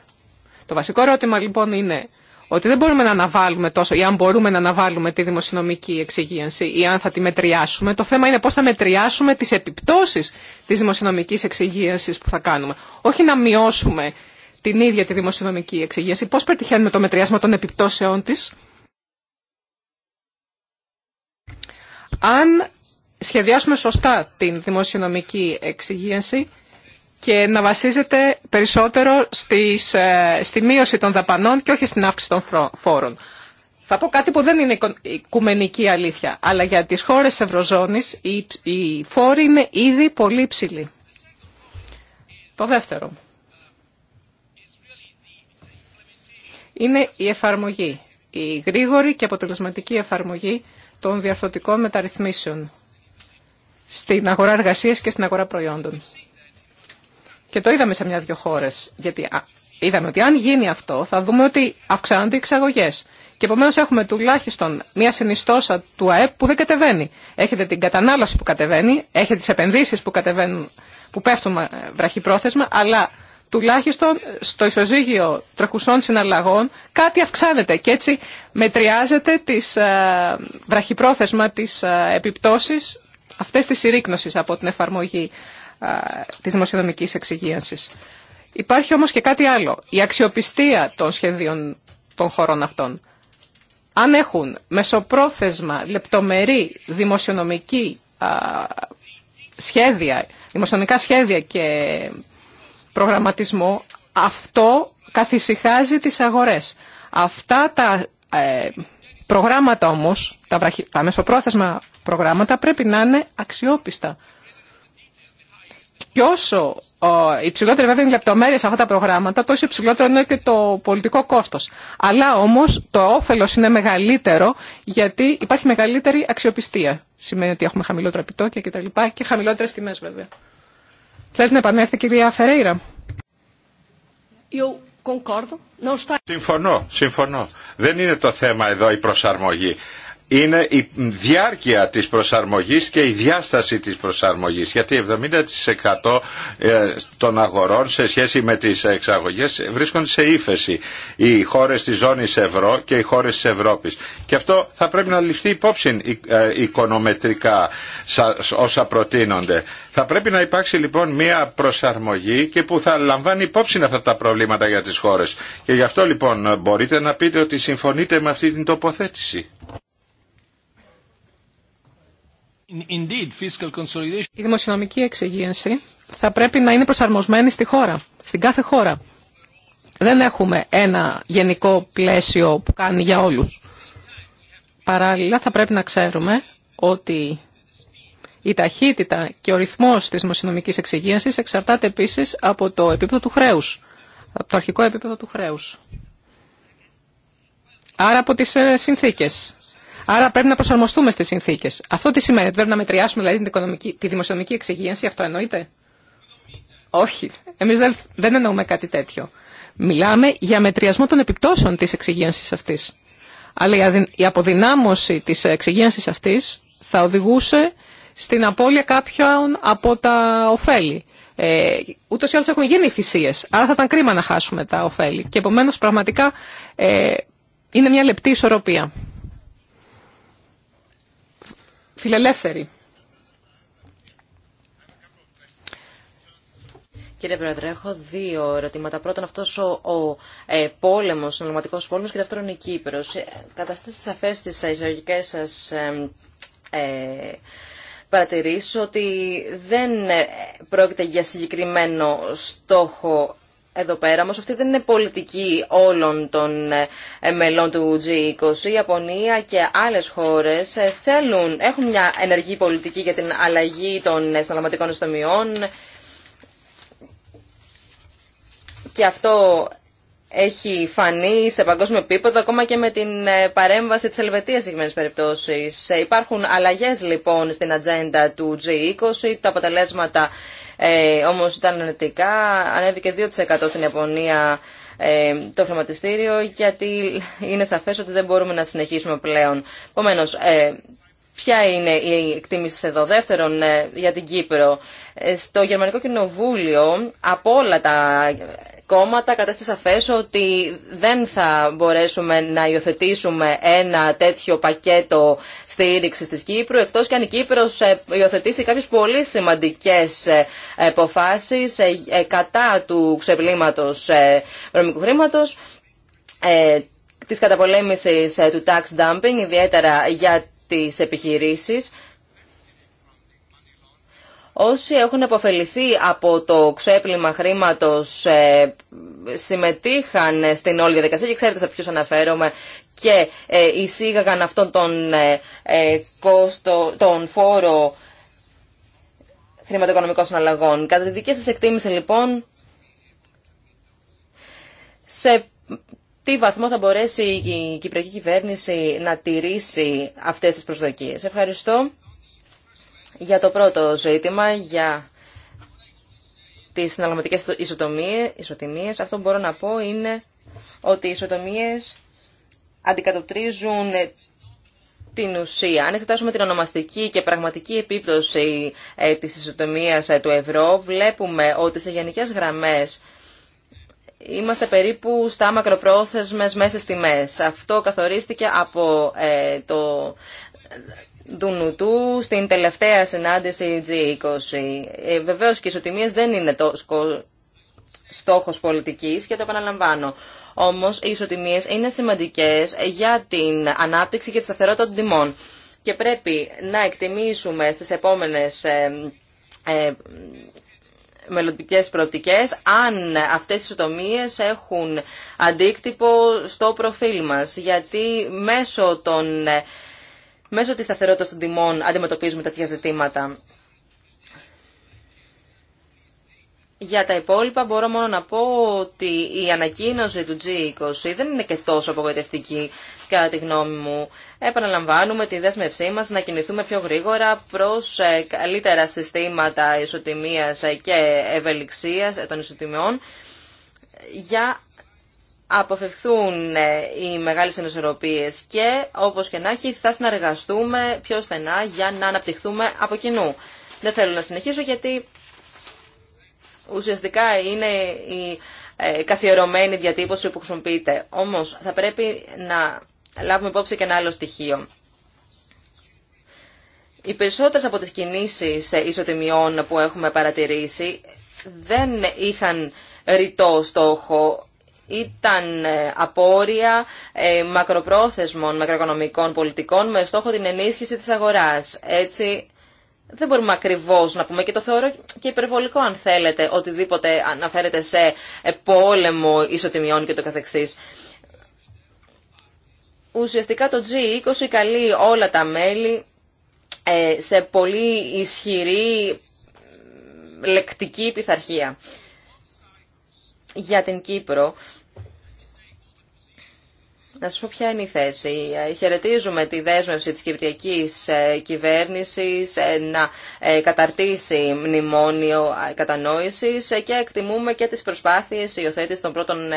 Το βασικό ερώτημα λοιπόν είναι ότι δεν μπορούμε να αναβάλουμε τόσο ή αν μπορούμε να αναβάλουμε τη δημοσιονομική εξυγίανση ή αν θα τη μετριάσουμε. Το θέμα είναι πώς θα μετριάσουμε τις επιπτώσεις της δημοσιονομικής εξυγίανσης που θα κάνουμε. Όχι να μειώσουμε την ίδια τη δημοσιονομική εξυγίανση. Πώς πετυχαίνουμε το μετριάσμα των επιπτώσεών της. Αν σχεδιάσουμε σωστά την δημοσιονομική εξυγίανση, και να βασίζεται περισσότερο στις, ε, στη μείωση των δαπανών και όχι στην αύξηση των φόρων. Θα πω κάτι που δεν είναι οικουμενική αλήθεια, αλλά για τις χώρες Ευρωζώνης οι, φόροι είναι ήδη πολύ ψηλοί. Το δεύτερο είναι η εφαρμογή, η γρήγορη και αποτελεσματική εφαρμογή των διαρθωτικών μεταρρυθμίσεων στην αγορά εργασίας και στην αγορά προϊόντων. Και το είδαμε σε μια-δυο χώρε. Γιατί είδαμε ότι αν γίνει αυτό, θα δούμε ότι αυξάνονται οι εξαγωγέ. Και επομένω έχουμε τουλάχιστον μια συνιστόσα του ΑΕΠ που δεν κατεβαίνει. Έχετε την κατανάλωση που κατεβαίνει, έχετε τι επενδύσει που, κατεβαίνουν, που πέφτουν ε, βραχυπρόθεσμα, αλλά τουλάχιστον ε, στο ισοζύγιο τρεχουσών συναλλαγών κάτι αυξάνεται και έτσι μετριάζεται τις α, ε, βραχυπρόθεσμα τις επιπτώσεις αυτές της συρρήκνωσης από την εφαρμογή Τη δημοσιονομική εξυγίανση. Υπάρχει όμως και κάτι άλλο. Η αξιοπιστία των σχεδίων των χωρών αυτών. Αν έχουν μεσοπρόθεσμα, λεπτομερή, δημοσιονομική σχέδια, δημοσιονομικά σχέδια και προγραμματισμό, αυτό καθησυχάζει τις αγορές. Αυτά τα ε, προγράμματα όμως, τα, τα μεσοπρόθεσμα προγράμματα πρέπει να είναι αξιόπιστα. Και όσο υψηλότερη βέβαια είναι η λεπτομέρεια σε αυτά τα προγράμματα, τόσο υψηλότερο είναι και το πολιτικό κόστο. Αλλά όμω το όφελο είναι μεγαλύτερο γιατί υπάρχει μεγαλύτερη αξιοπιστία. Σημαίνει ότι έχουμε χαμηλότερα επιτόκια κτλ. Και, και χαμηλότερε τιμέ βέβαια. Θε να επανέλθει κυρία Φερέιρα. Συμφωνώ, συμφωνώ. Δεν είναι το θέμα εδώ η προσαρμογή είναι η διάρκεια της προσαρμογής και η διάσταση της προσαρμογής γιατί 70% ε, των αγορών σε σχέση με τις εξαγωγές βρίσκονται σε ύφεση οι χώρες της ζώνης ευρώ και οι χώρες της Ευρώπης και αυτό θα πρέπει να ληφθεί υπόψη ε, οικονομετρικά όσα προτείνονται θα πρέπει να υπάρξει λοιπόν μια προσαρμογή και που θα λαμβάνει υπόψη αυτά τα προβλήματα για τις χώρες και γι' αυτό λοιπόν μπορείτε να πείτε ότι συμφωνείτε με αυτή την τοποθέτηση η δημοσιονομική εξυγίανση θα πρέπει να είναι προσαρμοσμένη στη χώρα, στην κάθε χώρα. Δεν έχουμε ένα γενικό πλαίσιο που κάνει για όλους. Παράλληλα, θα πρέπει να ξέρουμε ότι η ταχύτητα και ο ρυθμός της δημοσιονομικής εξυγίανσης εξαρτάται επίσης από το επίπεδο του χρέους, από το αρχικό επίπεδο του χρέους. Άρα από τις ε, συνθήκες Άρα πρέπει να προσαρμοστούμε στι συνθήκε. Αυτό τι σημαίνει, ότι πρέπει να μετριάσουμε δηλαδή, τη δημοσιονομική εξυγίανση, αυτό εννοείται. Όχι, εμεί δεν, εννοούμε κάτι τέτοιο. Μιλάμε για μετριασμό των επιπτώσεων τη εξυγίανση αυτή. Αλλά η αποδυνάμωση τη εξυγίανση αυτή θα οδηγούσε στην απώλεια κάποιων από τα ωφέλη. Ε, Ούτω ή άλλω έχουν γίνει θυσίε. Άρα θα ήταν κρίμα να χάσουμε τα ωφέλη. Και επομένω πραγματικά ε, είναι μια λεπτή ισορροπία. Φιλελεύθερη. Κύριε Πρόεδρε, έχω δύο ερωτήματα. Πρώτον, αυτό ο, ο ε, πόλεμο, ο συνολματικό πόλεμο και δεύτερον η Κύπρο. Καταστήστε σαφέ τι εισαγωγικέ σα ε, ε, παρατηρήσει ότι δεν ε, πρόκειται για συγκεκριμένο στόχο εδώ πέρα, όμως αυτή δεν είναι πολιτική όλων των ε, ε, μελών του G20. Η Ιαπωνία και άλλες χώρες ε, θέλουν, έχουν μια ενεργή πολιτική για την αλλαγή των συναλλαγματικών ιστομιών και αυτό έχει φανεί σε παγκόσμιο επίπεδο, ακόμα και με την παρέμβαση της Ελβετίας σε συγκεκριμένες περιπτώσεις. Υπάρχουν αλλαγές λοιπόν στην ατζέντα του G20, τα αποτελέσματα ε, όμως ήταν αρνητικά, ανέβηκε 2% στην Ιαπωνία ε, το χρηματιστήριο, γιατί είναι σαφές ότι δεν μπορούμε να συνεχίσουμε πλέον. Επομένω, ε, ποια είναι η εκτίμηση εδώ. Δεύτερον, ε, για την Κύπρο. Ε, στο Γερμανικό Κοινοβούλιο, από όλα τα κόμματα κατέστη σαφές ότι δεν θα μπορέσουμε να υιοθετήσουμε ένα τέτοιο πακέτο στήριξη της Κύπρου εκτός και αν η Κύπρος ε, υιοθετήσει κάποιε πολύ σημαντικέ ε, αποφάσει ε, κατά του ξεπλήματος βρωμικού χρήματος της καταπολέμησης του tax dumping, ιδιαίτερα για τις επιχειρήσεις Όσοι έχουν αποφεληθεί από το ξέπλυμα χρήματος ε, συμμετείχαν στην όλη διαδικασία και ξέρετε σε ποιους αναφέρομαι και ε, εισήγαγαν αυτόν τον, ε, κόστο, τον φόρο χρηματοοικονομικών συναλλαγών. Κατά τη δική σας εκτίμηση λοιπόν, σε τι βαθμό θα μπορέσει η κυπριακή κυβέρνηση να τηρήσει αυτές τις προσδοκίες. Ευχαριστώ. Για το πρώτο ζήτημα, για τις συναλλαγματικές ισοτιμίες, αυτό που μπορώ να πω είναι ότι οι ισοτομίες αντικατοπτρίζουν την ουσία. Αν εξετάσουμε την ονομαστική και πραγματική επίπτωση ε, της ισοτομίας ε, του ευρώ, βλέπουμε ότι σε γενικές γραμμές είμαστε περίπου στα μακροπρόθεσμες μέσες τιμές. Αυτό καθορίστηκε από ε, το στην τελευταία συνάντηση G20. Ε, βεβαίως και οι ισοτιμίες δεν είναι το στόχος πολιτικής και το επαναλαμβάνω. Όμως οι ισοτιμίες είναι σημαντικές για την ανάπτυξη και τη σταθερότητα των τιμών. Και πρέπει να εκτιμήσουμε στις επόμενες ε, ε, μελλοντικέ αν αυτές οι ισοτομίες έχουν αντίκτυπο στο προφίλ μας. Γιατί μέσω των ε, μέσω της σταθερότητας των τιμών αντιμετωπίζουμε τέτοια ζητήματα. Για τα υπόλοιπα μπορώ μόνο να πω ότι η ανακοίνωση του G20 δεν είναι και τόσο απογοητευτική κατά τη γνώμη μου. Επαναλαμβάνουμε τη δέσμευσή μας να κινηθούμε πιο γρήγορα προς ε, καλύτερα συστήματα ισοτιμίας και ευελιξίας των ισοτιμιών για αποφευθούν ε, οι μεγάλες ενωσορροπίες και όπως και να έχει θα συνεργαστούμε πιο στενά για να αναπτυχθούμε από κοινού. Δεν θέλω να συνεχίσω γιατί ουσιαστικά είναι η ε, καθιερωμένη διατύπωση που χρησιμοποιείται. Όμως θα πρέπει να λάβουμε υπόψη και ένα άλλο στοιχείο. Οι περισσότερες από τις κινήσεις ε, ισοτιμιών που έχουμε παρατηρήσει δεν είχαν ρητό στόχο ήταν ε, απόρρια ε, μακροπρόθεσμων μακροοικονομικών πολιτικών με στόχο την ενίσχυση της αγοράς. Έτσι, δεν μπορούμε ακριβώ να πούμε και το θεωρώ και υπερβολικό αν θέλετε οτιδήποτε αναφέρεται σε ε, πόλεμο ισοτιμιών και το καθεξής. Ουσιαστικά το G20 καλεί όλα τα μέλη σε πολύ ισχυρή λεκτική πειθαρχία. Για την Κύπρο να σα πω ποια είναι η θέση. Ε, χαιρετίζουμε τη δέσμευση της κυπριακής ε, κυβέρνηση, ε, να καταρτήσει μνημόνιο κατανόησης και εκτιμούμε και τις προσπάθειες υιοθέτηση των πρώτων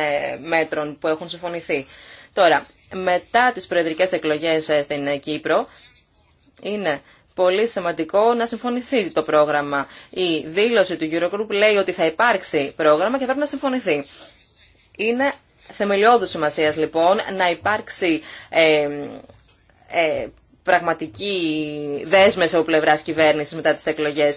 μέτρων που έχουν συμφωνηθεί. Τώρα, μετά τις προεδρικές εκλογές στην Κύπρο, είναι πολύ σημαντικό να συμφωνηθεί το πρόγραμμα. Η δήλωση του Eurogroup λέει ότι θα υπάρξει πρόγραμμα και πρέπει να συμφωνηθεί. Είναι Θεμελιώδους σημασία λοιπόν να υπάρξει ε, πραγματική δέσμευση από πλευρά κυβέρνηση μετά τι εκλογέ.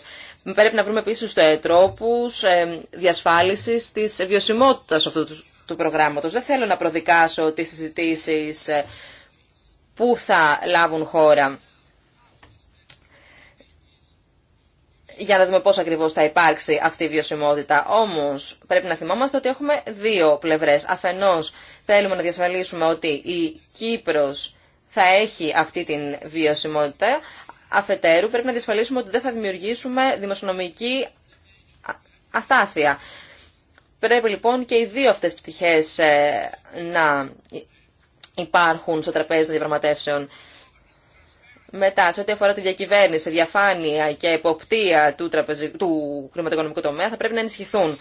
Πρέπει να βρούμε επίση τρόπου ε, διασφάλιση τη βιωσιμότητα αυτού του, του προγράμματο. Δεν θέλω να προδικάσω τι συζητήσει ε, που θα λάβουν χώρα για να δούμε πώς ακριβώς θα υπάρξει αυτή η βιωσιμότητα. Όμως πρέπει να θυμόμαστε ότι έχουμε δύο πλευρές. Αφενός θέλουμε να διασφαλίσουμε ότι η Κύπρος θα έχει αυτή την βιωσιμότητα. Αφετέρου πρέπει να διασφαλίσουμε ότι δεν θα δημιουργήσουμε δημοσιονομική αστάθεια. Πρέπει λοιπόν και οι δύο αυτές πτυχές ε, να υπάρχουν στο τραπέζι των διαπραγματεύσεων. Μετά, σε ό,τι αφορά τη διακυβέρνηση, διαφάνεια και εποπτεία του, τραπεζι... του χρηματοοικονομικού τομέα, θα πρέπει να ενισχυθούν.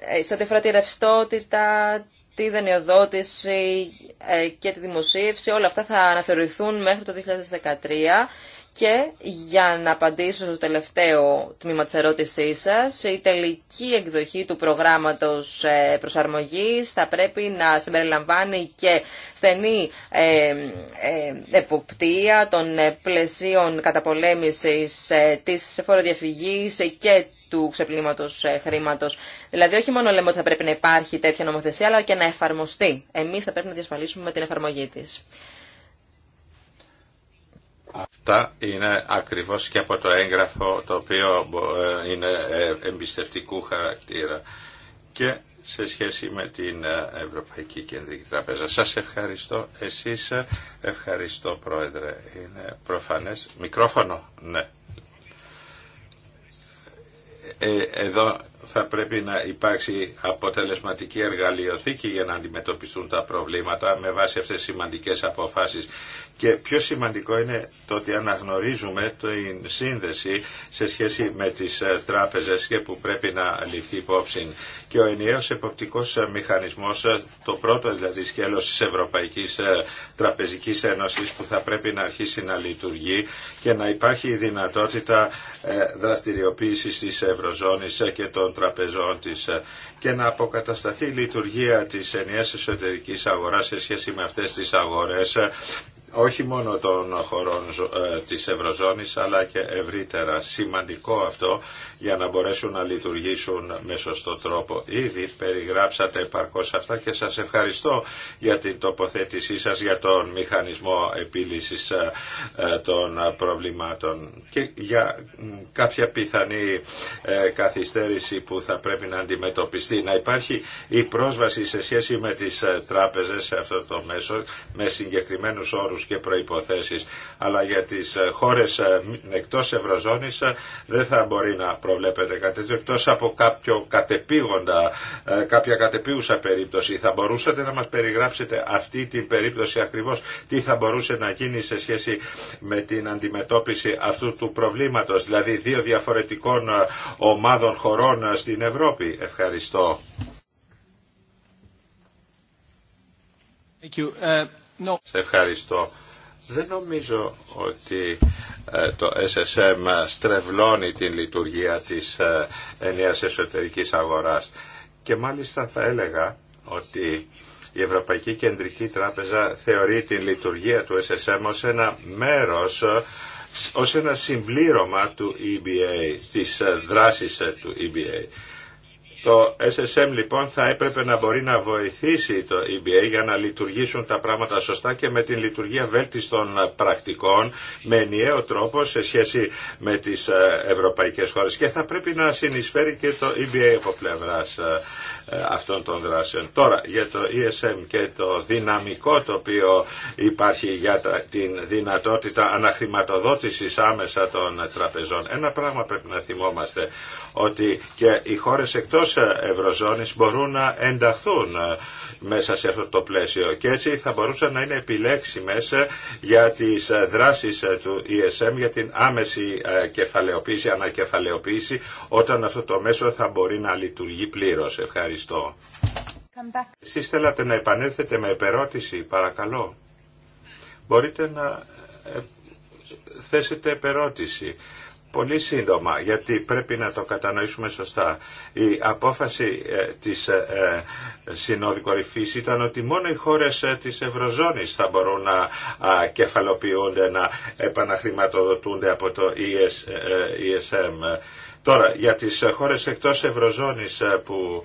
Ε, σε ό,τι αφορά τη ρευστότητα, τη δανειοδότηση ε, και τη δημοσίευση, όλα αυτά θα αναθεωρηθούν μέχρι το 2013 και για να απαντήσω στο τελευταίο τμήμα της ερώτησής σας, η τελική εκδοχή του προγράμματος ε, προσαρμογής θα πρέπει να συμπεριλαμβάνει και στενή ε, ε, εποπτεία των πλαισίων καταπολέμησης της φοροδιαφυγής και του ξεπλήματο χρήματο. Δηλαδή, όχι μόνο λέμε ότι θα πρέπει να υπάρχει τέτοια νομοθεσία, αλλά και να εφαρμοστεί. Εμεί θα πρέπει να διασφαλίσουμε την εφαρμογή τη. Αυτά είναι ακριβώς και από το έγγραφο το οποίο ε, είναι ε, εμπιστευτικού χαρακτήρα και σε σχέση με την ε, Ευρωπαϊκή Κεντρική Τραπέζα. Σας ευχαριστώ. Εσείς ευχαριστώ Πρόεδρε. Είναι προφανές. Μικρόφωνο. Ναι. εδώ θα πρέπει να υπάρξει αποτελεσματική εργαλειοθήκη για να αντιμετωπιστούν τα προβλήματα με βάση αυτές τις σημαντικές αποφάσεις. Και πιο σημαντικό είναι το ότι αναγνωρίζουμε την σύνδεση σε σχέση με τις ε, τράπεζες και που πρέπει να ληφθεί υπόψη. Και ο ενιαίος εποπτικός ε, μηχανισμός, ε, το πρώτο δηλαδή σκέλος της Ευρωπαϊκής Τραπεζικής Ένωσης που θα πρέπει να αρχίσει να λειτουργεί και να υπάρχει η δυνατότητα δραστηριοποίησης της Ευρωζώνης και των τραπεζών της ε, και να αποκατασταθεί η λειτουργία της ενιαίας εσωτερικής αγοράς σε σχέση με αυτές τις αγορές ε, όχι μόνο των χωρών ε, της Ευρωζώνης αλλά και ευρύτερα. Σημαντικό αυτό για να μπορέσουν να λειτουργήσουν με σωστό τρόπο. Ήδη περιγράψατε επαρκώς αυτά και σας ευχαριστώ για την τοποθέτησή σας για τον μηχανισμό επίλυσης ε, ε, των προβλημάτων και για κάποια πιθανή ε, καθυστέρηση που θα πρέπει να αντιμετωπιστεί. Να υπάρχει η πρόσβαση σε σχέση με τις τράπεζες σε αυτό το μέσο με συγκεκριμένους όρους και προϋποθέσεις αλλά για τις χώρες εκτός Ευρωζώνης δεν θα μπορεί να προβληθεί βλέπετε, κάτι τέτοιο, εκτό από κάποιο κατεπίγοντα, ε, κάποια κατεπίουσα περίπτωση. Θα μπορούσατε να μας περιγράψετε αυτή την περίπτωση ακριβώς, τι θα μπορούσε να γίνει σε σχέση με την αντιμετώπιση αυτού του προβλήματος, δηλαδή δύο διαφορετικών ε, ομάδων χωρών ε, στην Ευρώπη. Ευχαριστώ. Thank you. ευχαριστώ. Δεν νομίζω ότι ε, το SSM στρεβλώνει την λειτουργία της ε, ενιαίας εσωτερικής αγοράς. Και μάλιστα θα έλεγα ότι η Ευρωπαϊκή Κεντρική Τράπεζα θεωρεί την λειτουργία του SSM ως ένα μέρος, ε, ως ένα συμπλήρωμα του EBA, στις δράσεις του EBA. Το SSM λοιπόν θα έπρεπε να μπορεί να βοηθήσει το EBA για να λειτουργήσουν τα πράγματα σωστά και με την λειτουργία βέλτιστων πρακτικών με ενιαίο τρόπο σε σχέση με τις ε, ευρωπαϊκές χώρες και θα πρέπει να συνεισφέρει και το EBA από πλευρά ε, ε, αυτών των δράσεων. Τώρα για το ESM και το δυναμικό το οποίο υπάρχει για την δυνατότητα αναχρηματοδότησης άμεσα των τραπεζών. Ένα πράγμα πρέπει να θυμόμαστε ότι και οι χώρες εκτός Ευρωζώνης μπορούν να ενταχθούν ε, μέσα σε αυτό το πλαίσιο και έτσι θα μπορούσαν να είναι επιλέξιμες ε, για τις ε, δράσεις του ESM για την άμεση κεφαλαιοποίηση, ανακεφαλαιοποίηση όταν αυτό το μέσο θα μπορεί να λειτουργεί πλήρως. Ευχαριστώ. Εσείς θέλατε να επανέλθετε με επερώτηση, παρακαλώ. Μπορείτε να θέσετε επερώτηση πολύ σύντομα γιατί πρέπει να το κατανοήσουμε σωστά. Η απόφαση ε, της ε, ε, Συνόδου Κορυφής ήταν ότι μόνο οι χώρες της Ευρωζώνης θα μπορούν να κεφαλοποιούνται, να επαναχρηματοδοτούνται από το ESM. E Τώρα, για τις χώρες εκτός Ευρωζώνης που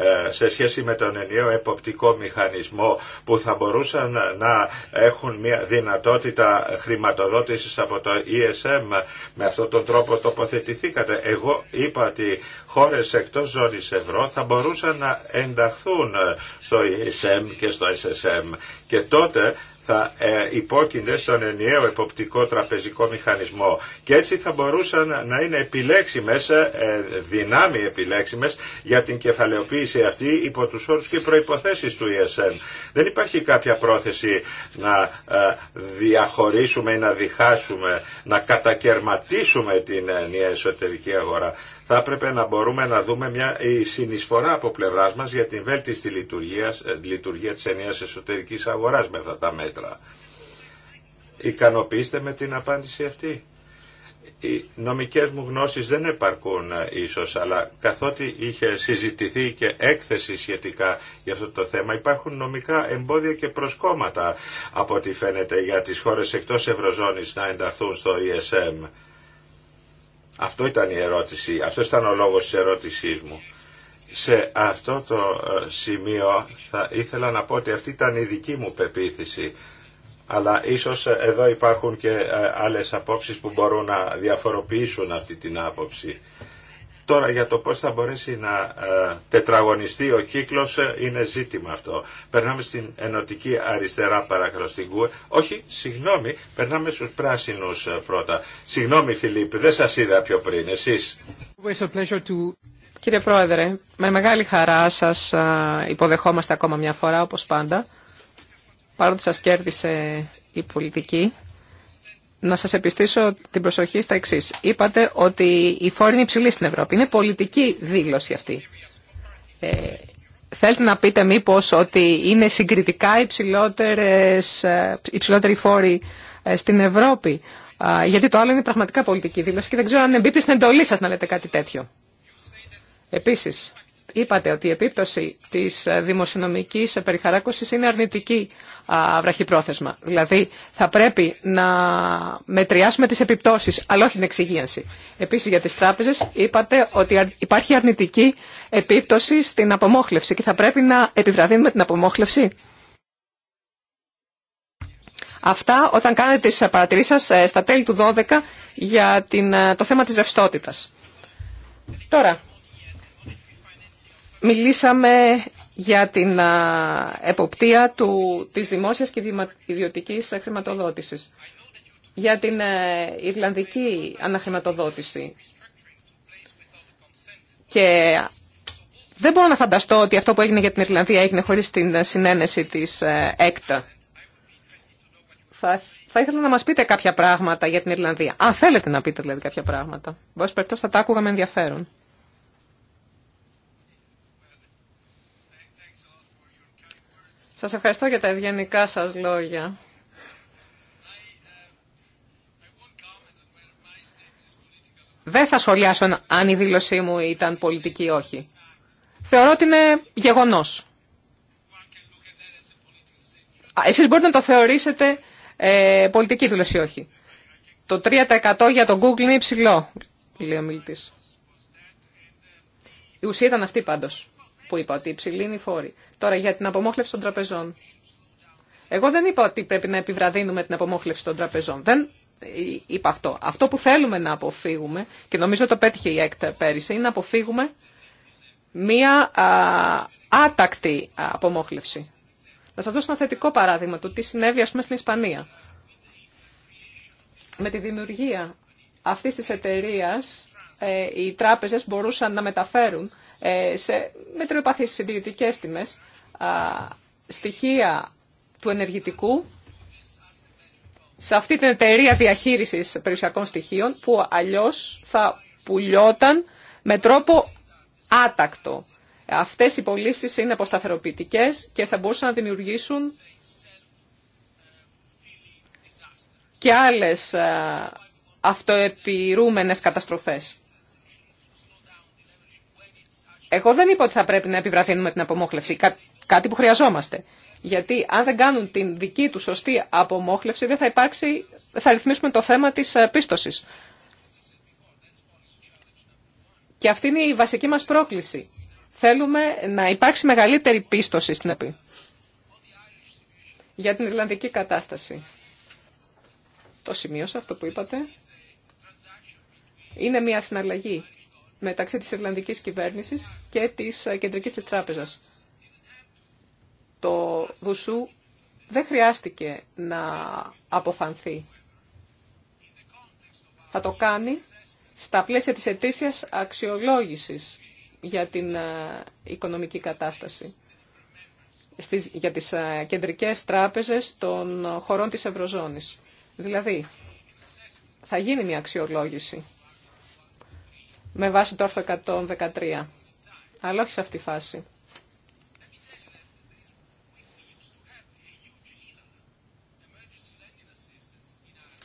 ε, σε σχέση με τον ενιαίο εποπτικό μηχανισμό που θα μπορούσαν να έχουν μια δυνατότητα χρηματοδότησης από το ESM. Με αυτόν τον τρόπο τοποθετηθήκατε. Εγώ είπα ότι χώρες εκτός ζώνης ευρώ θα μπορούσαν να ενταχθούν στο ESM και στο SSM και τότε θα ε, υπόκεινται στον ενιαίο εποπτικό τραπεζικό μηχανισμό και έτσι θα μπορούσαν να είναι επιλέξιμες, ε, δυνάμει επιλέξιμες για την κεφαλαιοποίηση αυτή υπό τους όρους και προϋποθέσεις του ESM. Δεν υπάρχει κάποια πρόθεση να ε, διαχωρίσουμε ή να διχάσουμε, να κατακαιρματίσουμε την ενιαία εσωτερική αγορά θα έπρεπε να μπορούμε να δούμε μια συνεισφορά από πλευρά μα για την βέλτιστη λειτουργία, ε, τη ενιαία εσωτερική αγορά με αυτά τα μέτρα. Ικανοποιήστε με την απάντηση αυτή. Οι νομικές μου γνώσεις δεν επαρκούν ε, ίσως, αλλά καθότι είχε συζητηθεί και έκθεση σχετικά για αυτό το θέμα, υπάρχουν νομικά εμπόδια και προσκόμματα από ό,τι φαίνεται για τις χώρες εκτός Ευρωζώνης να ενταχθούν στο ESM. Αυτό ήταν η ερώτηση, αυτό ήταν ο λόγος της ερώτησής μου. Σε αυτό το ε, σημείο θα ήθελα να πω ότι αυτή ήταν η δική μου πεποίθηση, αλλά ίσως ε, εδώ υπάρχουν και ε, άλλες απόψεις που μπορούν να διαφοροποιήσουν αυτή την άποψη. Τώρα για το πώς θα μπορέσει να ε, τετραγωνιστεί ο κύκλος ε, είναι ζήτημα αυτό. Περνάμε στην ενωτική αριστερά παρακαλώ στην Όχι, συγγνώμη, περνάμε στους πράσινους ε, πρώτα. Συγγνώμη Φιλίπ, δεν σας είδα πιο πριν, εσείς. Κύριε Πρόεδρε, με μεγάλη χαρά σας υποδεχόμαστε ακόμα μια φορά όπως πάντα. Παρότι σας κέρδισε η πολιτική, να σας επιστήσω την προσοχή στα εξής. Είπατε ότι η φόρη είναι υψηλή στην Ευρώπη. Είναι πολιτική δήλωση αυτή. Ε, θέλετε να πείτε μήπως ότι είναι συγκριτικά υψηλότερες, ε, υψηλότεροι φόροι ε, στην Ευρώπη. Γιατί το άλλο είναι πραγματικά πολιτική δήλωση και δεν ξέρω αν εμπίπτει στην εντολή σας να λέτε κάτι τέτοιο. Επίσης, είπατε ότι η επίπτωση της δημοσιονομικής περιχαράκωσης είναι αρνητική βραχυπρόθεσμα. Δηλαδή θα πρέπει να μετριάσουμε τις επιπτώσεις, αλλά όχι την εξυγίανση. Επίσης για τις τράπεζες είπατε ότι υπάρχει αρνητική επίπτωση στην απομόχλευση και θα πρέπει να επιβραδύνουμε την απομόχλευση. Αυτά όταν κάνετε τις παρατηρήσεις σας ε, στα τέλη του 12 για ε, το θέμα της ρευστότητας. Τώρα, Μιλήσαμε για την εποπτεία του, της δημόσιας και ιδιωτικής χρηματοδότησης. Για την ε, Ιρλανδική αναχρηματοδότηση. Και δεν μπορώ να φανταστώ ότι αυτό που έγινε για την Ιρλανδία έγινε χωρίς την συνένεση της ε, ΕΚΤΑ. Θα, ήθελα να μας πείτε κάποια πράγματα για την Ιρλανδία. Αν θέλετε να πείτε δηλαδή κάποια πράγματα. Μπορείς περιπτώσει θα τα άκουγα με ενδιαφέρον. Σας ευχαριστώ για τα ευγενικά σας λόγια. Δεν θα σχολιάσω αν η δήλωσή μου ήταν πολιτική ή όχι. Θεωρώ ότι είναι γεγονός. Εσείς μπορείτε να το θεωρήσετε ε, πολιτική δήλωση ή όχι. Το 3% για το Google είναι υψηλό, λέει ο μιλητής. Η ουσία ήταν αυτή πάντως που είπα ότι υψηλή είναι η φόρη. Τώρα για την απομόχλευση των τραπεζών. Εγώ δεν είπα ότι πρέπει να επιβραδύνουμε την απομόχλευση των τραπεζών. Δεν είπα αυτό. Αυτό που θέλουμε να αποφύγουμε, και νομίζω το πέτυχε η ΕΚΤ πέρυσι, είναι να αποφύγουμε μία άτακτη απομόχλευση. Να σας δώσω ένα θετικό παράδειγμα του τι συνέβη ας πούμε στην Ισπανία. Με τη δημιουργία αυτής της εταιρείας ε, οι τράπεζες μπορούσαν να μεταφέρουν ε, σε μετριοπαθείς συντηρητικές τιμές στοιχεία του ενεργητικού σε αυτή την εταιρεία διαχείρισης περιουσιακών στοιχείων που αλλιώς θα πουλιόταν με τρόπο άτακτο. Αυτές οι πωλήσει είναι αποσταθεροποιητικές και θα μπορούσαν να δημιουργήσουν και άλλες αυτοεπιρούμενες καταστροφές. Εγώ δεν είπα ότι θα πρέπει να επιβραδύνουμε την απομόχλευση, κάτι που χρειαζόμαστε. Γιατί αν δεν κάνουν την δική του σωστή απομόχλευση, δεν θα υπάρξει, θα ρυθμίσουμε το θέμα της ε, πίστοσης. Και αυτή είναι η βασική μας πρόκληση. Θέλουμε να υπάρξει μεγαλύτερη πίστοση στην ΕΠΗ για την Ιρλανδική κατάσταση. Το σημείωσα αυτό που είπατε. Είναι μια συναλλαγή μεταξύ της Ιρλανδικής κυβέρνησης και της ε, Κεντρικής της Τράπεζας. Το Δουσού δεν χρειάστηκε να αποφανθεί. Θα το κάνει στα πλαίσια της ετήσιας αξιολόγησης για την ε, οικονομική κατάσταση στις, για τις ε, κεντρικές τράπεζες των χωρών της Ευρωζώνης. Δηλαδή, θα γίνει μια αξιολόγηση με βάση το άρθρο 113. Αλλά όχι σε αυτή τη φάση.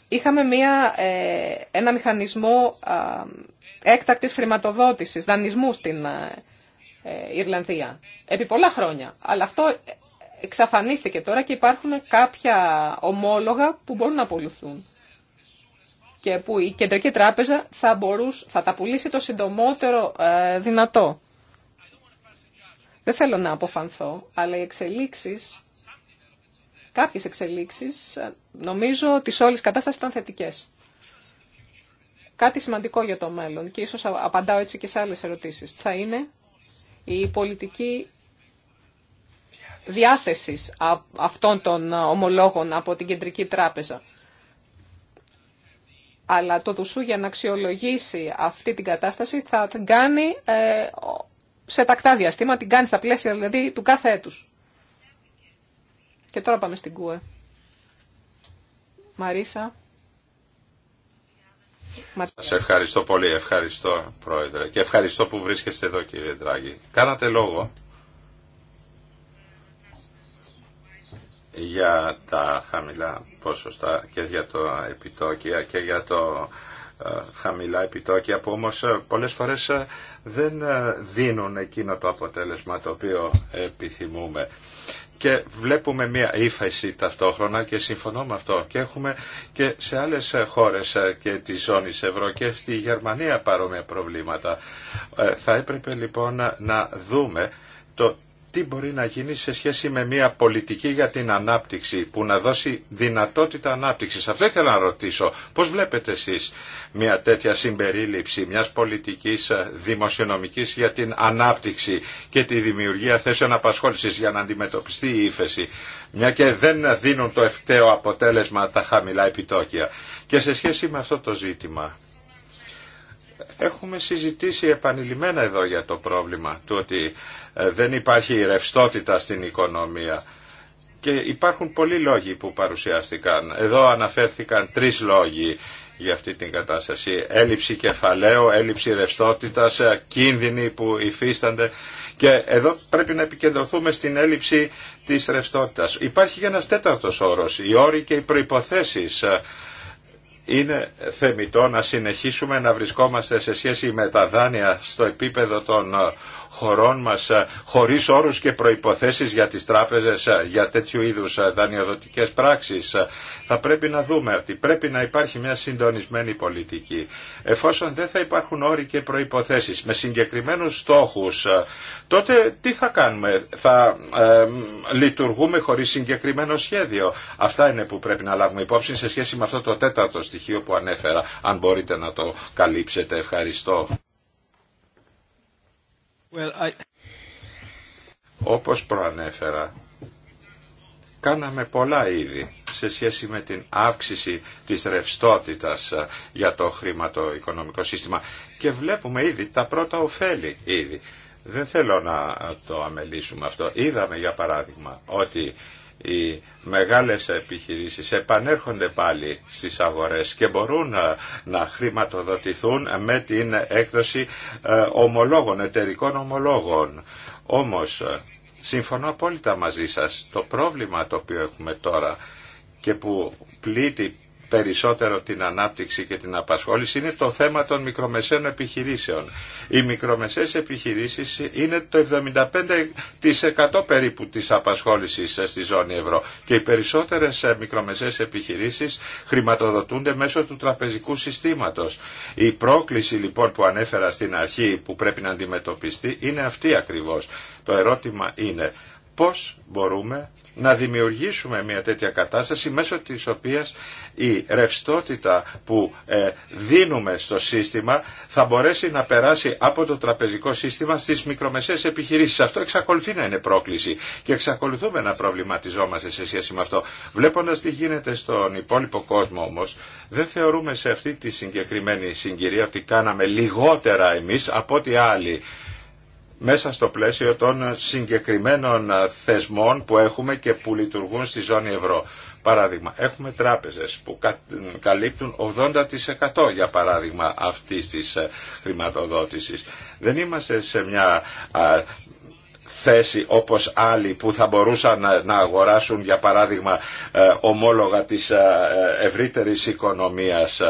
Είχαμε μια, ε, ένα μηχανισμό έκτακτης χρηματοδότησης, δανεισμού στην ε, ε, Ιρλανδία. Επί πολλά χρόνια. Αλλά αυτό εξαφανίστηκε τώρα και υπάρχουν κάποια ομόλογα που μπορούν να απολυθούν και που η Κεντρική Τράπεζα θα, μπορούσε, θα τα πουλήσει το συντομότερο ε, δυνατό. Δεν θέλω να αποφανθώ, αλλά οι εξελίξεις, κάποιες εξελίξεις, ε, νομίζω ότι σε όλες τις ήταν θετικές. Κάτι σημαντικό για το μέλλον και ίσως απαντάω έτσι και σε άλλες ερωτήσεις. Θα είναι η πολιτική διάθεση αυτών των ομολόγων από την Κεντρική Τράπεζα. Αλλά το Δουσού για να αξιολογήσει αυτή την κατάσταση θα την κάνει ε, σε τακτά διαστήματα, την κάνει στα πλαίσια δηλαδή του κάθε έτους. Και τώρα πάμε στην ΚΟΕ. Μαρίσα. Σας ευχαριστώ πολύ, ευχαριστώ πρόεδρε και ευχαριστώ που βρίσκεστε εδώ κύριε Ντράγκη. Κάνατε λόγο για τα χαμηλά ποσοστά και για το επιτόκια και για το ε, χαμηλά επιτόκια που όμως ε, πολλές φορές ε, δεν δίνουν εκείνο το αποτέλεσμα το οποίο επιθυμούμε. Και βλέπουμε μια ύφεση ταυτόχρονα και συμφωνώ με αυτό. Και έχουμε και σε άλλες χώρες και τη ζώνη ευρώ και στη Γερμανία παρόμοια προβλήματα. Θα έπρεπε λοιπόν να δούμε το τι μπορεί να γίνει σε σχέση με μια πολιτική για την ανάπτυξη που να δώσει δυνατότητα ανάπτυξης. Αυτό ήθελα να ρωτήσω. Πώς βλέπετε εσείς μια τέτοια συμπερίληψη μιας πολιτικής ε, δημοσιονομικής για την ανάπτυξη και τη δημιουργία θέσεων απασχόλησης για να αντιμετωπιστεί η ύφεση, μια και δεν δίνουν το ευταίο αποτέλεσμα τα χαμηλά επιτόκια. Και σε σχέση με αυτό το ζήτημα. Έχουμε συζητήσει επανειλημμένα εδώ για το πρόβλημα του ότι ε, δεν υπάρχει ρευστότητα στην οικονομία. Και υπάρχουν πολλοί λόγοι που παρουσιάστηκαν. Εδώ αναφέρθηκαν τρεις λόγοι για αυτή την κατάσταση. Έλλειψη κεφαλαίου, έλλειψη ρευστότητας, ε, κίνδυνοι που υφίστανται. Και εδώ πρέπει να επικεντρωθούμε στην έλλειψη της ρευστότητας. Υπάρχει και ένας τέταρτος όρος, οι όροι και οι προϋποθέσεις ε, είναι θεμητό να συνεχίσουμε να βρισκόμαστε σε σχέση με τα δάνεια στο επίπεδο των ε, χωρών μας χωρίς όρους και προϋποθέσεις για τις τράπεζες για τέτοιου είδους δανειοδοτικές πράξεις. Θα πρέπει να δούμε ότι πρέπει να υπάρχει μια συντονισμένη πολιτική. Εφόσον δεν θα υπάρχουν όροι και προϋποθέσεις με συγκεκριμένους στόχους, τότε τι θα κάνουμε. Θα ε, λειτουργούμε χωρίς συγκεκριμένο σχέδιο. Αυτά είναι που πρέπει να λάβουμε υπόψη σε σχέση με αυτό το τέταρτο στοιχείο που ανέφερα, αν μπορείτε να το καλύψετε. Ευχαριστώ. Well, Όπως προανέφερα, κάναμε πολλά ήδη σε σχέση με την αύξηση της ρευστότητας ε, για το χρηματοοικονομικό σύστημα και βλέπουμε ήδη τα πρώτα ωφέλη ήδη. Δεν θέλω να το αμελήσουμε αυτό. Είδαμε για παράδειγμα ότι οι μεγάλες επιχειρήσεις επανέρχονται πάλι στις αγορές και μπορούν ε, να χρηματοδοτηθούν με την έκδοση ε, ομολόγων, εταιρικών ομολόγων. Όμως, ε, συμφωνώ απόλυτα μαζί σας, το πρόβλημα το οποίο έχουμε τώρα και που πλήττει περισσότερο την ανάπτυξη και την απασχόληση είναι το θέμα των μικρομεσαίων επιχειρήσεων. Οι μικρομεσαίες επιχειρήσεις είναι το 75% περίπου της απασχόλησης στη ζώνη ευρώ και οι περισσότερες ε, μικρομεσαίες επιχειρήσεις χρηματοδοτούνται μέσω του τραπεζικού συστήματος. Η πρόκληση λοιπόν που ανέφερα στην αρχή που πρέπει να αντιμετωπιστεί είναι αυτή ακριβώς. Το ερώτημα είναι πώς μπορούμε να δημιουργήσουμε μια τέτοια κατάσταση μέσω της οποίας η ρευστότητα που ε, δίνουμε στο σύστημα θα μπορέσει να περάσει από το τραπεζικό σύστημα στις μικρομεσαίες επιχειρήσεις. Αυτό εξακολουθεί να είναι πρόκληση και εξακολουθούμε να προβληματιζόμαστε σε σχέση με αυτό. Βλέποντας τι γίνεται στον υπόλοιπο κόσμο όμως, δεν θεωρούμε σε αυτή τη συγκεκριμένη συγκυρία ότι κάναμε λιγότερα εμείς από ό,τι άλλοι μέσα στο πλαίσιο των συγκεκριμένων θεσμών που έχουμε και που λειτουργούν στη ζώνη ευρώ. Παράδειγμα, έχουμε τράπεζες που καλύπτουν 80% για παράδειγμα αυτής της ε, χρηματοδότησης. Δεν είμαστε σε μια θέση όπως άλλοι που θα μπορούσαν να αγοράσουν για παράδειγμα ε, ομόλογα της ε, ε, ευρύτερης οικονομίας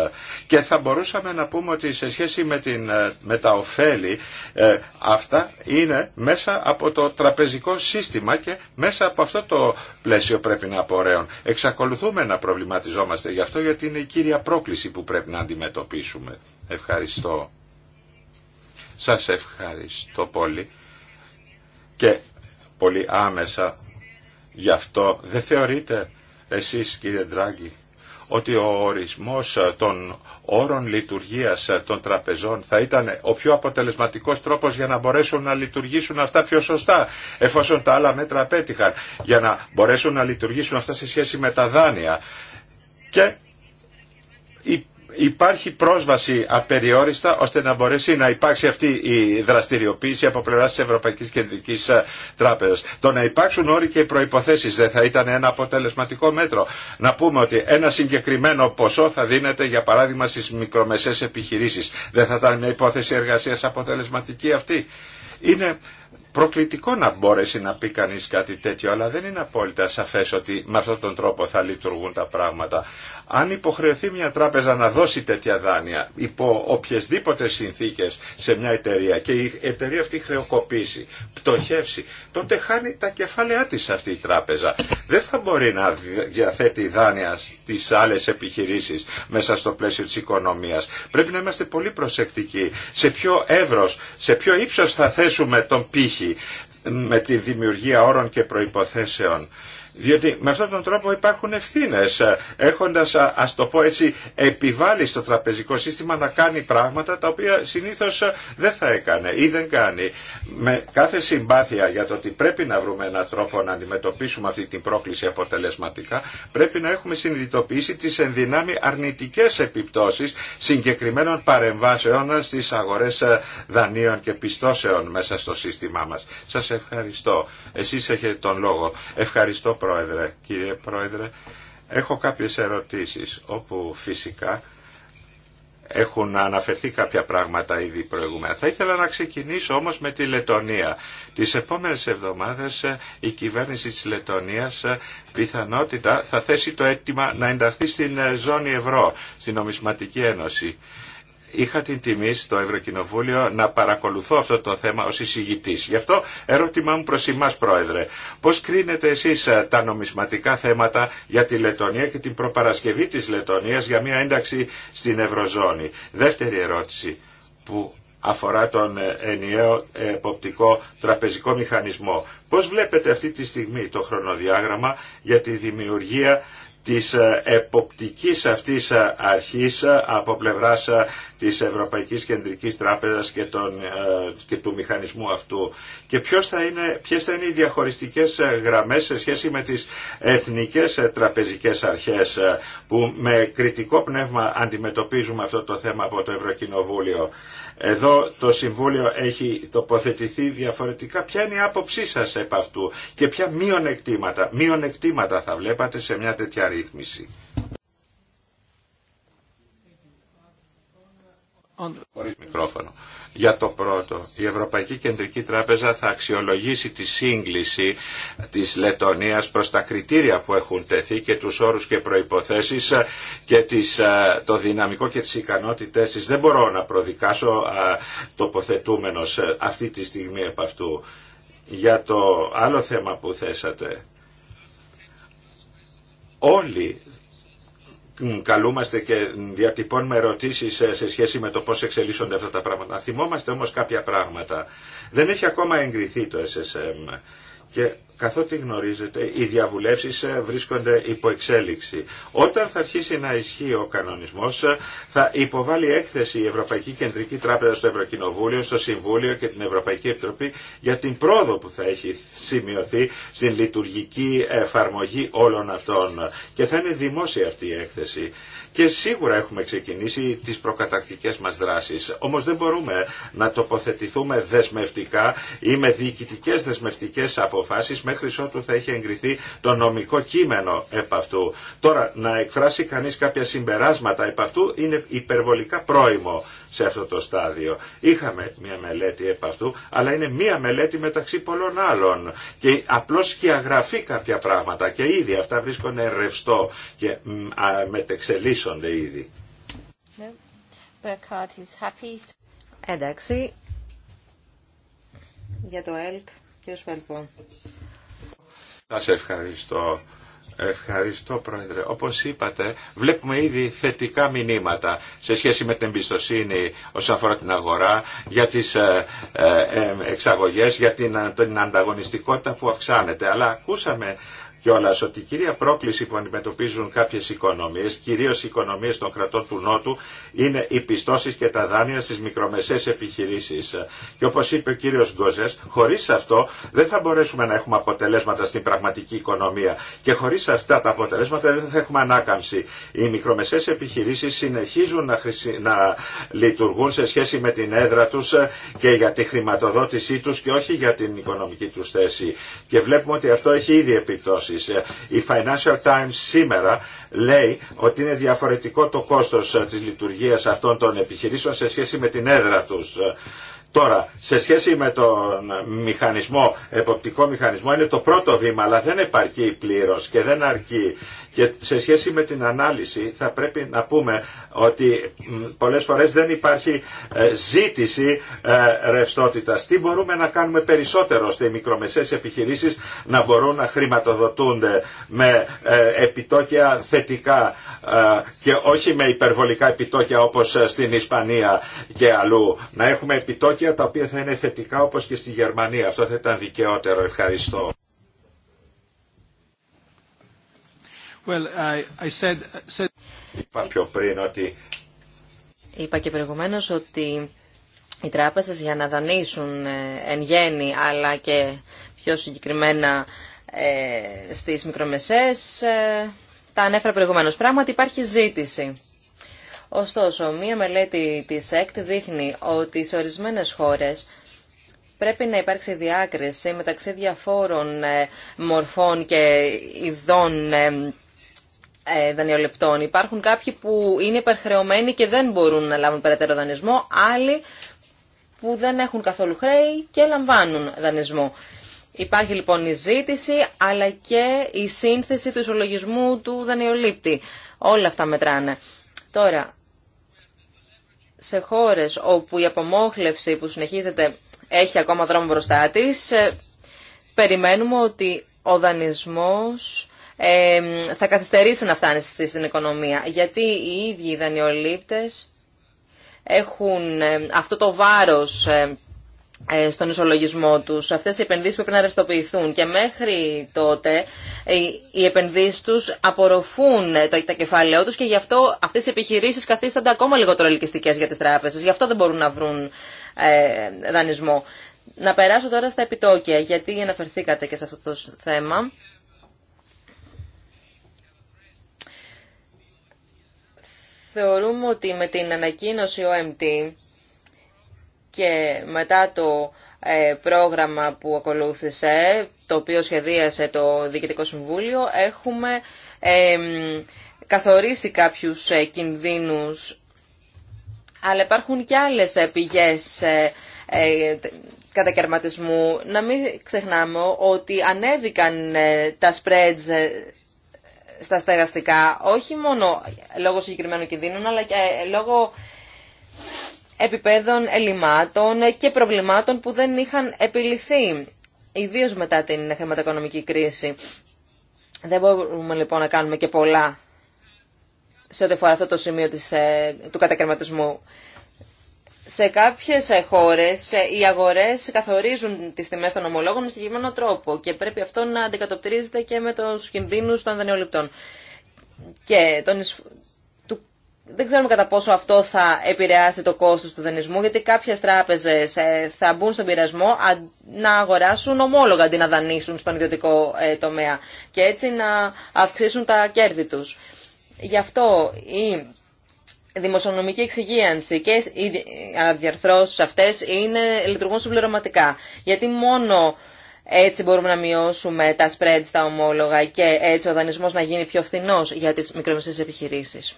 και θα μπορούσαμε να πούμε ότι σε σχέση με, την, με τα ωφέλη αυτά είναι μέσα από το τραπεζικό σύστημα και μέσα από αυτό το πλαίσιο πρέπει να απορρέουν. Εξακολουθούμε να προβληματιζόμαστε γι' αυτό γιατί είναι η κύρια πρόκληση που πρέπει να αντιμετωπίσουμε. Ευχαριστώ. Σας ευχαριστώ πολύ και πολύ άμεσα γι' αυτό δεν θεωρείτε εσείς κύριε Ντράγκη ότι ο ορισμός των όρων λειτουργίας των τραπεζών θα ήταν ο πιο αποτελεσματικός τρόπος για να μπορέσουν να λειτουργήσουν αυτά πιο σωστά εφόσον τα άλλα μέτρα απέτυχαν για να μπορέσουν να λειτουργήσουν αυτά σε σχέση με τα δάνεια και υπάρχει πρόσβαση απεριόριστα ώστε να μπορέσει να υπάρξει αυτή η δραστηριοποίηση από πλευρά τη Ευρωπαϊκή Κεντρική ε, Τράπεζα. Το να υπάρξουν όροι και προποθέσει δεν θα ήταν ένα αποτελεσματικό μέτρο. Να πούμε ότι ένα συγκεκριμένο ποσό θα δίνεται για παράδειγμα στι μικρομεσαίες επιχειρήσει. Δεν θα ήταν μια υπόθεση εργασία αποτελεσματική αυτή. Είναι προκλητικό να μπορέσει να πει κανεί κάτι τέτοιο, αλλά δεν είναι απόλυτα σαφέ ότι με αυτόν τον τρόπο θα λειτουργούν τα πράγματα αν υποχρεωθεί μια τράπεζα να δώσει τέτοια δάνεια υπό οποιασδήποτε συνθήκες σε μια εταιρεία και η εταιρεία αυτή χρεοκοπήσει, πτωχεύσει, τότε χάνει τα κεφάλαιά της αυτή η τράπεζα. Δεν θα μπορεί να διαθέτει δάνεια στις άλλες επιχειρήσεις μέσα στο πλαίσιο τη οικονομία. Πρέπει να είμαστε πολύ προσεκτικοί σε ποιο εύρο, σε ποιο ύψο θα θέσουμε τον πύχη με τη δημιουργία όρων και προϋποθέσεων διότι με αυτόν τον τρόπο υπάρχουν ευθύνε, έχοντα, α το πω έτσι, επιβάλλει στο τραπεζικό σύστημα να κάνει πράγματα τα οποία συνήθω ε, δεν θα έκανε ή δεν κάνει. Με κάθε συμπάθεια για το ότι πρέπει να βρούμε έναν τρόπο να αντιμετωπίσουμε αυτή την πρόκληση αποτελεσματικά, πρέπει να έχουμε συνειδητοποιήσει τι ενδυνάμει αρνητικέ επιπτώσει συγκεκριμένων παρεμβάσεων στι αγορέ ε, δανείων και πιστώσεων μέσα στο σύστημά μα. Σα ευχαριστώ. Εσεί έχετε τον λόγο. Ευχαριστώ Πρόεδρε. Κύριε Πρόεδρε, έχω κάποιες ερωτήσεις όπου φυσικά έχουν αναφερθεί κάποια πράγματα ήδη προηγούμενα. Θα ήθελα να ξεκινήσω όμως με τη Λετωνία. Τις επόμενες εβδομάδες ε, η κυβέρνηση της Λετωνίας ε, πιθανότητα θα θέσει το αίτημα να ενταχθεί στην ε, ζώνη ευρώ, στην νομισματική ένωση είχα την τιμή στο Ευρωκοινοβούλιο να παρακολουθώ αυτό το θέμα ως εισηγητής. Γι' αυτό ερώτημά μου προς εμάς, Πρόεδρε. Πώς κρίνετε εσείς ε, τα νομισματικά θέματα για τη Λετωνία και την προπαρασκευή της Λετωνίας για μια ένταξη στην Ευρωζώνη. Δεύτερη ερώτηση που αφορά τον ε, ενιαίο ε, εποπτικό τραπεζικό μηχανισμό. Πώς βλέπετε αυτή τη στιγμή το χρονοδιάγραμμα για τη δημιουργία της ε, εποπτικής αυτής ε, αρχής ε, από πλευράς της Ευρωπαϊκής Κεντρικής Τράπεζας και, του μηχανισμού αυτού. Και ποιος θα είναι, ποιες θα είναι οι διαχωριστικές γραμμές σε σχέση με τις εθνικές τραπεζικές αρχές που με κριτικό πνεύμα αντιμετωπίζουμε αυτό το θέμα από το Ευρωκοινοβούλιο. Εδώ το Συμβούλιο έχει τοποθετηθεί διαφορετικά. Ποια είναι η άποψή σας επ' αυτού και ποια μειονεκτήματα, μειονεκτήματα θα βλέπατε σε μια τέτοια ρύθμιση. Χωρίς μικρόφωνο. Για το πρώτο, η Ευρωπαϊκή Κεντρική Τράπεζα θα αξιολογήσει τη σύγκληση της Λετωνίας προς τα κριτήρια που έχουν τεθεί και τους όρους και προϋποθέσεις και τις, το δυναμικό και τις ικανότητές Δεν μπορώ να προδικάσω τοποθετούμενος ε, αυτή τη στιγμή από αυτού. Για το άλλο θέμα που θέσατε, όλοι καλούμαστε και διατυπώνουμε ερωτήσει ε, σε σχέση με το πώς εξελίσσονται αυτά τα πράγματα. Θυμόμαστε όμως κάποια πράγματα. Δεν έχει ακόμα εγκριθεί το SSM και καθότι γνωρίζετε, οι διαβουλεύσεις ε, βρίσκονται υπό εξέλιξη. Όταν θα αρχίσει να ισχύει ο κανονισμός, ε, θα υποβάλει έκθεση η Ευρωπαϊκή Κεντρική Τράπεζα στο Ευρωκοινοβούλιο, στο Συμβούλιο και την Ευρωπαϊκή Επιτροπή για την πρόοδο που θα έχει σημειωθεί στην λειτουργική εφαρμογή όλων αυτών. Και θα είναι δημόσια αυτή η έκθεση. Και σίγουρα έχουμε ξεκινήσει τις προκατακτικές μας δράσεις. Όμως δεν μπορούμε να τοποθετηθούμε δεσμευτικά ή με διοικητικές δεσμευτικές αποφάσεις μέχρι ότου θα έχει εγκριθεί το νομικό κείμενο επ' αυτού. Τώρα να εκφράσει κανείς κάποια συμπεράσματα επ' αυτού είναι υπερβολικά πρόημο σε αυτό το στάδιο. Είχαμε μια μελέτη επ' αυτού, αλλά είναι μια μελέτη μεταξύ πολλών άλλων και απλώς σκιαγραφεί κάποια πράγματα και ήδη αυτά βρίσκονται ρευστό και μετεξελίσσονται ήδη. Ναι. Εντάξει, για το ΕΛΚ, θα Σας ευχαριστώ. Ευχαριστώ Πρόεδρε. Όπως είπατε βλέπουμε ήδη θετικά μηνύματα σε σχέση με την εμπιστοσύνη όσον αφορά την αγορά, για τις ε, ε, ε, εξαγωγές, για την, την ανταγωνιστικότητα που αυξάνεται. Αλλά ακούσαμε κιόλα ότι η κυρία πρόκληση που αντιμετωπίζουν κάποιε οικονομίε, κυρίω οι οικονομίε των κρατών του Νότου, είναι οι πιστώσει και τα δάνεια στι μικρομεσαίε επιχειρήσει. Και όπω είπε ο κύριο Γκόζε, χωρί αυτό δεν θα μπορέσουμε να έχουμε αποτελέσματα στην πραγματική οικονομία. Και χωρί αυτά τα αποτελέσματα δεν θα έχουμε ανάκαμψη. Οι μικρομεσαίε επιχειρήσει συνεχίζουν να, να λειτουργούν σε σχέση με την έδρα του και για τη χρηματοδότησή του και όχι για την οικονομική του θέση. Και βλέπουμε ότι αυτό έχει ήδη επιπτώσει ε, η Financial Times σήμερα λέει ότι είναι διαφορετικό το κόστος ε, της λειτουργίας αυτών των επιχειρήσεων σε σχέση με την έδρα τους. Τώρα, σε σχέση με τον μηχανισμό, εποπτικό μηχανισμό, είναι το πρώτο βήμα, αλλά δεν επαρκεί πλήρως και δεν αρκεί. Και σε σχέση με την ανάλυση θα πρέπει να πούμε ότι πολλές φορές δεν υπάρχει ε, ζήτηση ε, ρευστότητας. Τι μπορούμε να κάνουμε περισσότερο ώστε οι μικρομεσαίες επιχειρήσεις να μπορούν να χρηματοδοτούνται με ε, επιτόκια θετικά και όχι με υπερβολικά επιτόκια όπως στην Ισπανία και αλλού. Να έχουμε επιτόκια τα οποία θα είναι θετικά όπως και στη Γερμανία. Αυτό θα ήταν δικαιότερο. Ευχαριστώ. Είπα πιο πριν ότι... Είπα και προηγουμένως ότι οι τράπεζες για να δανείσουν ε, εν γέννη αλλά και πιο συγκεκριμένα ε, στις μικρομεσές ε, τα ανέφερα προηγουμένως. Πράγματι υπάρχει ζήτηση. Ωστόσο, μία μελέτη της ΕΚΤ δείχνει ότι σε ορισμένες χώρες πρέπει να υπάρξει διάκριση μεταξύ διαφόρων ε, μορφών και ειδών ε, δανειολεπτών. Υπάρχουν κάποιοι που είναι υπερχρεωμένοι και δεν μπορούν να λάβουν περαιτέρω δανεισμό, άλλοι που δεν έχουν καθόλου χρέη και λαμβάνουν δανεισμό. Υπάρχει λοιπόν η ζήτηση αλλά και η σύνθεση του ισολογισμού του δανειολήπτη. Όλα αυτά μετράνε. Τώρα, σε χώρες όπου η απομόχλευση που συνεχίζεται έχει ακόμα δρόμο μπροστά της, ε, περιμένουμε ότι ο δανεισμός θα καθυστερήσει να φτάνει στην οικονομία. Γιατί οι ίδιοι οι δανειολήπτες έχουν αυτό το βάρος ε, στον ισολογισμό τους. Αυτές οι επενδύσεις πρέπει να ρευστοποιηθούν και μέχρι τότε ε, οι επενδύσεις τους απορροφούν τα κεφάλαιό τους και γι' αυτό αυτές οι επιχειρήσεις καθίστανται ακόμα λιγότερο ελκυστικές για τις τράπεζες. Γι' αυτό δεν μπορούν να βρουν ε, δανεισμό. Να περάσω τώρα στα επιτόκια, γιατί αναφερθήκατε και σε αυτό το θέμα. θεωρούμε ότι με την ανακοίνωση OMT και μετά το ε, πρόγραμμα που ακολούθησε, το οποίο σχεδίασε το Διοικητικό Συμβούλιο, έχουμε καθορίσει κάποιους ε, κινδύνους, αλλά υπάρχουν και άλλες ε, πηγές κατακαιρματισμού. Να μην ξεχνάμε ότι ανέβηκαν τα spreads στα στεγαστικά, όχι μόνο λόγω συγκεκριμένων κινδύνων, αλλά και ε, λόγω επιπέδων ελλημάτων και προβλημάτων που δεν είχαν επιληθεί, ιδίω μετά την χρηματοοικονομική κρίση. Δεν μπορούμε λοιπόν να κάνουμε και πολλά σε ό,τι αφορά αυτό το σημείο της, ε, του κατακαιρματισμού σε κάποιες ε, χώρες ε, οι αγορές καθορίζουν τις τιμές των ομολόγων με συγκεκριμένο τρόπο και πρέπει αυτό να αντικατοπτρίζεται και με τους κινδύνους των δανειοληπτών. Και τον δεν ξέρουμε κατά πόσο αυτό θα επηρεάσει το κόστος του δανεισμού γιατί κάποιες τράπεζες ε, θα μπουν στον πειρασμό να αγοράσουν ομόλογα αντί να δανείσουν στον ιδιωτικό τομέα και έτσι να αυξήσουν τα κέρδη τους. Γι' αυτό η δημοσιονομική εξυγίανση και οι αδιαρθρώσεις αυτές είναι, λειτουργούν συμπληρωματικά. Γιατί μόνο έτσι μπορούμε να μειώσουμε τα spread στα ομόλογα και έτσι ο δανεισμός να γίνει πιο φθηνός για τις μικρομεσαίες επιχειρήσεις.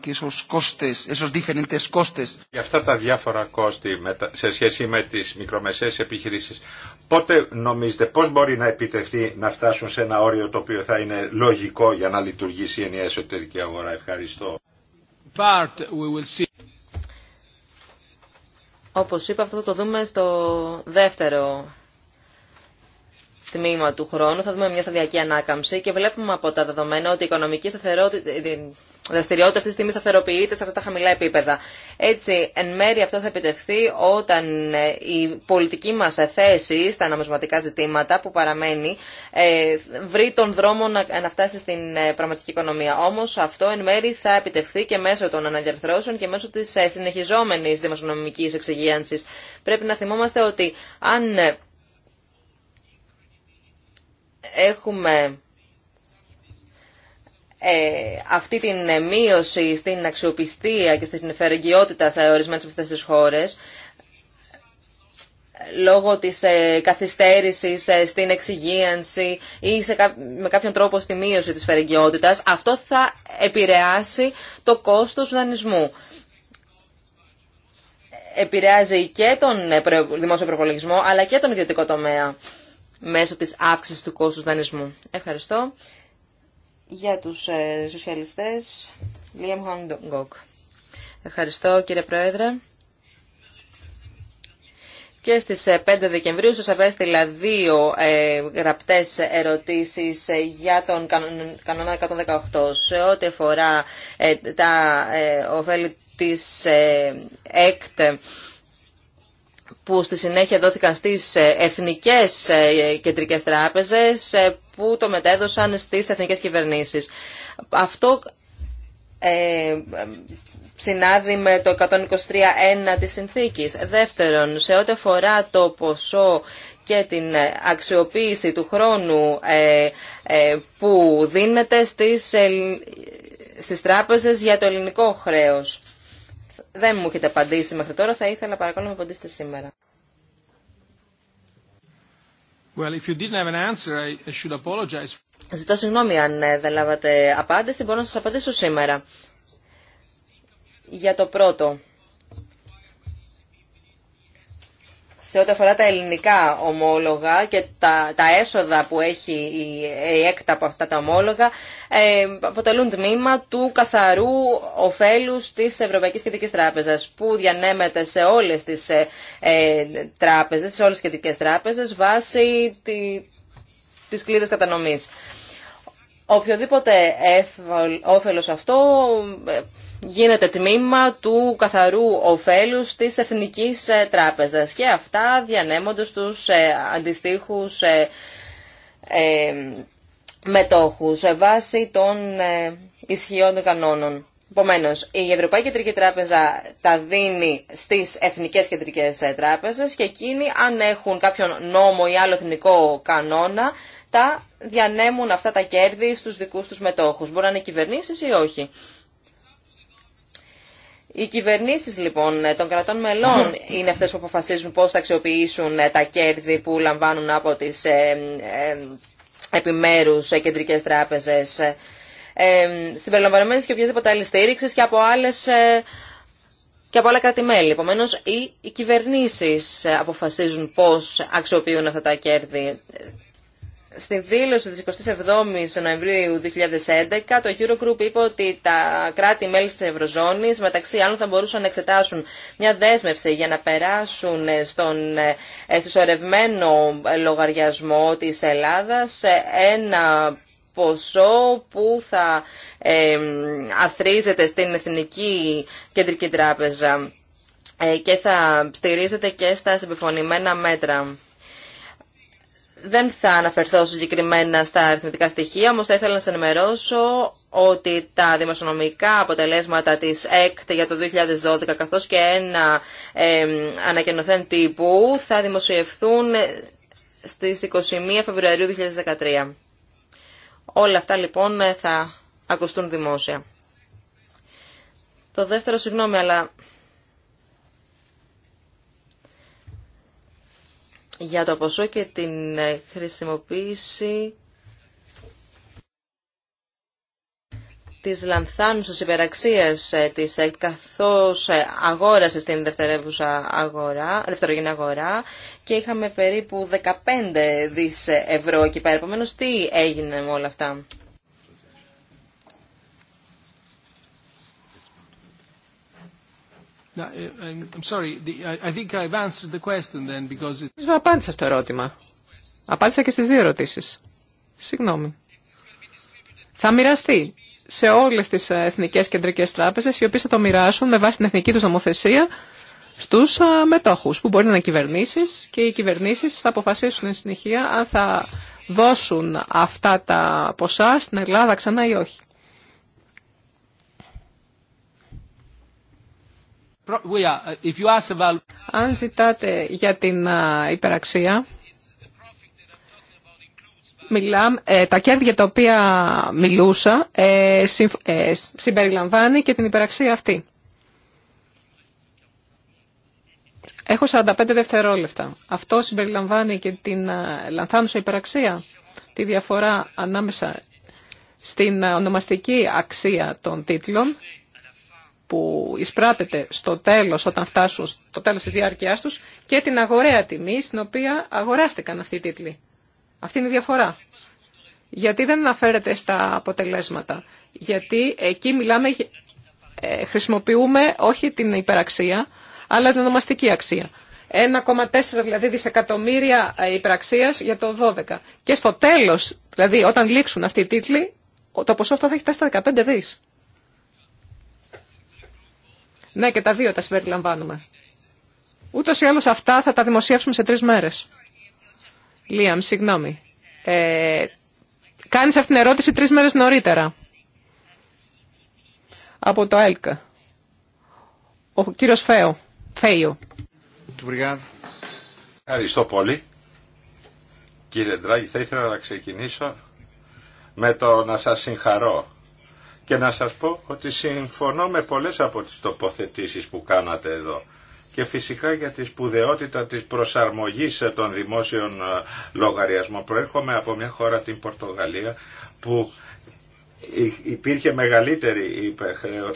και ίσως costes, esos diferentes Για αυτά τα διάφορα κόστη σε σχέση με τις μικρομεσαίες επιχειρήσεις, πότε νομίζετε, πώς μπορεί να επιτευχθεί να φτάσουν σε ένα όριο το οποίο θα είναι λογικό για να λειτουργήσει η ενιαία εσωτερική αγορά. Ευχαριστώ. Όπω Όπως είπα, αυτό θα το δούμε στο δεύτερο τμήμα του χρόνου. Θα δούμε μια σταδιακή ανάκαμψη και βλέπουμε από τα δεδομένα ότι η οικονομική σταθερότητα, δραστηριότητα αυτή τη στιγμή σταθεροποιείται σε αυτά τα χαμηλά επίπεδα. Έτσι, εν μέρει αυτό θα επιτευχθεί όταν ε, η πολιτική μας θέση στα νομισματικά ζητήματα που παραμένει ε, βρει τον δρόμο να φτάσει στην ε, πραγματική οικονομία. Όμως αυτό εν μέρει θα επιτευχθεί και μέσω των αναδιαρθρώσεων και μέσω της συνεχιζόμενης δημοσιονομικής εξυγίανσης. Πρέπει να θυμόμαστε ότι αν έχουμε ε, αυτή την μείωση στην αξιοπιστία και στην φερεγγιότητα σε ορισμένες από αυτές χώρες λόγω της ε, καθυστέρησης ε, στην εξυγίανση ή σε, με κάποιον τρόπο στη μείωση της φερεγγιότητας, αυτό θα επηρεάσει το κόστος δανεισμού. Επηρεάζει και τον δημόσιο προπολογισμό αλλά και τον ιδιωτικό τομέα μέσω της αύξησης του κόστους δανεισμού. Ευχαριστώ για τους ε, σοσιαλιστές, Λίεμ Χονγκόκ. Ευχαριστώ κύριε Πρόεδρε. Και στις 5 ε, Δεκεμβρίου σας απέστειλα δύο ε, γραπτές ερωτήσεις ε, για τον κανόνα 118 σε ό,τι αφορά τα ε, ωφέλη της ΕΚΤ που στη συνέχεια δόθηκαν στις εθνικές κεντρικές τράπεζες που το μετέδωσαν στις εθνικές κυβερνήσεις. Αυτό ε, συνάδει με το 123.1 της συνθήκης. Δεύτερον, σε ό,τι αφορά το ποσό και την αξιοποίηση του χρόνου ε, ε, που δίνεται στις, στις τράπεζες για το ελληνικό χρέος. Δεν μου έχετε απαντήσει μέχρι τώρα, θα ήθελα παρακαλώ να απαντήσετε σήμερα. Ζητώ συγγνώμη αν ε, δεν λάβατε απάντηση. Μπορώ να σας απαντήσω σήμερα. Για το πρώτο. σε ό,τι αφορά τα ελληνικά ομόλογα και τα, τα έσοδα που έχει η ΕΚΤΑ από αυτά τα ομόλογα ε, αποτελούν τμήμα του καθαρού ωφέλους της Ευρωπαϊκής Σχετικής Τράπεζας που διανέμεται σε όλες τις ε, ε τράπεζες, σε όλες τις τράπεζες βάσει τη, της κλίδας κατανομής. Οποιοδήποτε όφελος αυτό ε, γίνεται τμήμα του καθαρού ωφέλους της Εθνικής ε, Τράπεζας και αυτά διανέμονται στους ε, αντιστοίχους ε, μετόχους βάση των ισχυών κανόνων. Επομένω, η Ευρωπαϊκή Κεντρική Τράπεζα τα δίνει στι εθνικέ κεντρικέ τράπεζε και εκείνοι, αν έχουν κάποιον νόμο ή άλλο εθνικό κανόνα, τα διανέμουν αυτά τα κέρδη στου δικού του μετόχου. Μπορεί να είναι κυβερνήσει ή όχι. Οι κυβερνήσεις λοιπόν ε, των κρατών μελών [laughs] είναι αυτές που αποφασίζουν πώς θα αξιοποιήσουν ε, τα κέρδη που λαμβάνουν από τις ε, επιμέρους κεντρικές τράπεζες συμπεριλαμβανομένες και οποιασδήποτε άλλη στήριξη και από άλλες και από άλλα κράτη-μέλη. Επομένω, οι, οι κυβερνήσει αποφασίζουν πώ αξιοποιούν αυτά τα κέρδη. Στην δήλωση της 27ης Νοεμβρίου 2011, το Eurogroup είπε ότι τα κράτη-μέλη της Ευρωζώνης, μεταξύ άλλων, θα μπορούσαν να εξετάσουν μια δέσμευση για να περάσουν στον ε, συσσωρευμένο λογαριασμό της Ελλάδας ένα ποσό που θα ε, αθρίζεται στην Εθνική Κεντρική Τράπεζα ε, και θα στηρίζεται και στα συμπεφωνημένα μέτρα. Δεν θα αναφερθώ συγκεκριμένα στα αριθμητικά στοιχεία, όμως θα ήθελα να σας ενημερώσω ότι τα δημοσιονομικά αποτελέσματα της ΕΚΤ για το 2012 καθώς και ένα ε, τύπου θα δημοσιευθούν στις 21 Φεβρουαρίου 2013. Όλα αυτά λοιπόν θα ακουστούν δημόσια. Το δεύτερο, συγγνώμη, αλλά για το ποσό και την ε, χρησιμοποίηση της λανθάνουσας υπεραξίας ε, της ΕΚΤ καθώς ε, αγόρασε στην δευτερεύουσα αγορά, δευτερογενή αγορά και είχαμε περίπου 15 δις ευρώ εκεί πέρα. τι έγινε με όλα αυτά. Uh, um, I'm Απάντησα στο ερώτημα. Απάντησα και στις δύο ερωτήσεις. Συγγνώμη. Θα μοιραστεί σε όλες τις ε, εθνικές κεντρικές τράπεζες οι οποίες θα το μοιράσουν με βάση την εθνική τους νομοθεσία στους ε, μετόχους που μπορεί να είναι κυβερνήσεις και οι κυβερνήσεις θα αποφασίσουν στην συνεχεία αν θα δώσουν αυτά τα ποσά στην Ελλάδα ξανά ή όχι. Uh, Αν ζητάτε για την υπεραξία, ε, τα κέρδη για τα οποία μιλούσα ε, ε, συμπεριλαμβάνει και την υπεραξία αυτή. Έχω 45 δευτερόλεπτα. Αυτό συμπεριλαμβάνει και την λανθάνουσα υπεραξία, τη διαφορά ανάμεσα στην ονομαστική αξία των τίτλων που εισπράτεται στο τέλος, όταν φτάσουν στο τέλος της διάρκειάς τους, και την αγοραία τιμή στην οποία αγοράστηκαν αυτοί οι τίτλοι. Αυτή είναι η διαφορά. Γιατί δεν αναφέρεται στα αποτελέσματα. Γιατί εκεί μιλάμε, ε, χρησιμοποιούμε όχι την υπεραξία, αλλά την ονομαστική αξία. 1,4 δηλαδή δισεκατομμύρια ε, υπεραξίας για το 12. Και στο τέλος, δηλαδή όταν λήξουν αυτοί οι τίτλοι, το ποσό αυτό θα έχει φτάσει στα 15 δις. Ναι, και τα δύο τα συμπεριλαμβάνουμε. Ούτω ή άλλω αυτά θα τα δημοσιεύσουμε σε τρει μέρε. Λίαμ, συγγνώμη. Ε, Κάνει αυτήν την ερώτηση τρει μέρε νωρίτερα. Από το Ελκ. Ο κύριο Φέο. Φέιο. Ευχαριστώ πολύ. Κύριε Ντράγη, θα ήθελα να ξεκινήσω με το να σας συγχαρώ και να σας πω ότι συμφωνώ με πολλές από τις τοποθετήσεις που κάνατε εδώ και φυσικά για τη σπουδαιότητα της προσαρμογής των δημόσιων ε, λογαριασμών. Προέρχομαι από μια χώρα, την Πορτογαλία, που υπήρχε μεγαλύτερη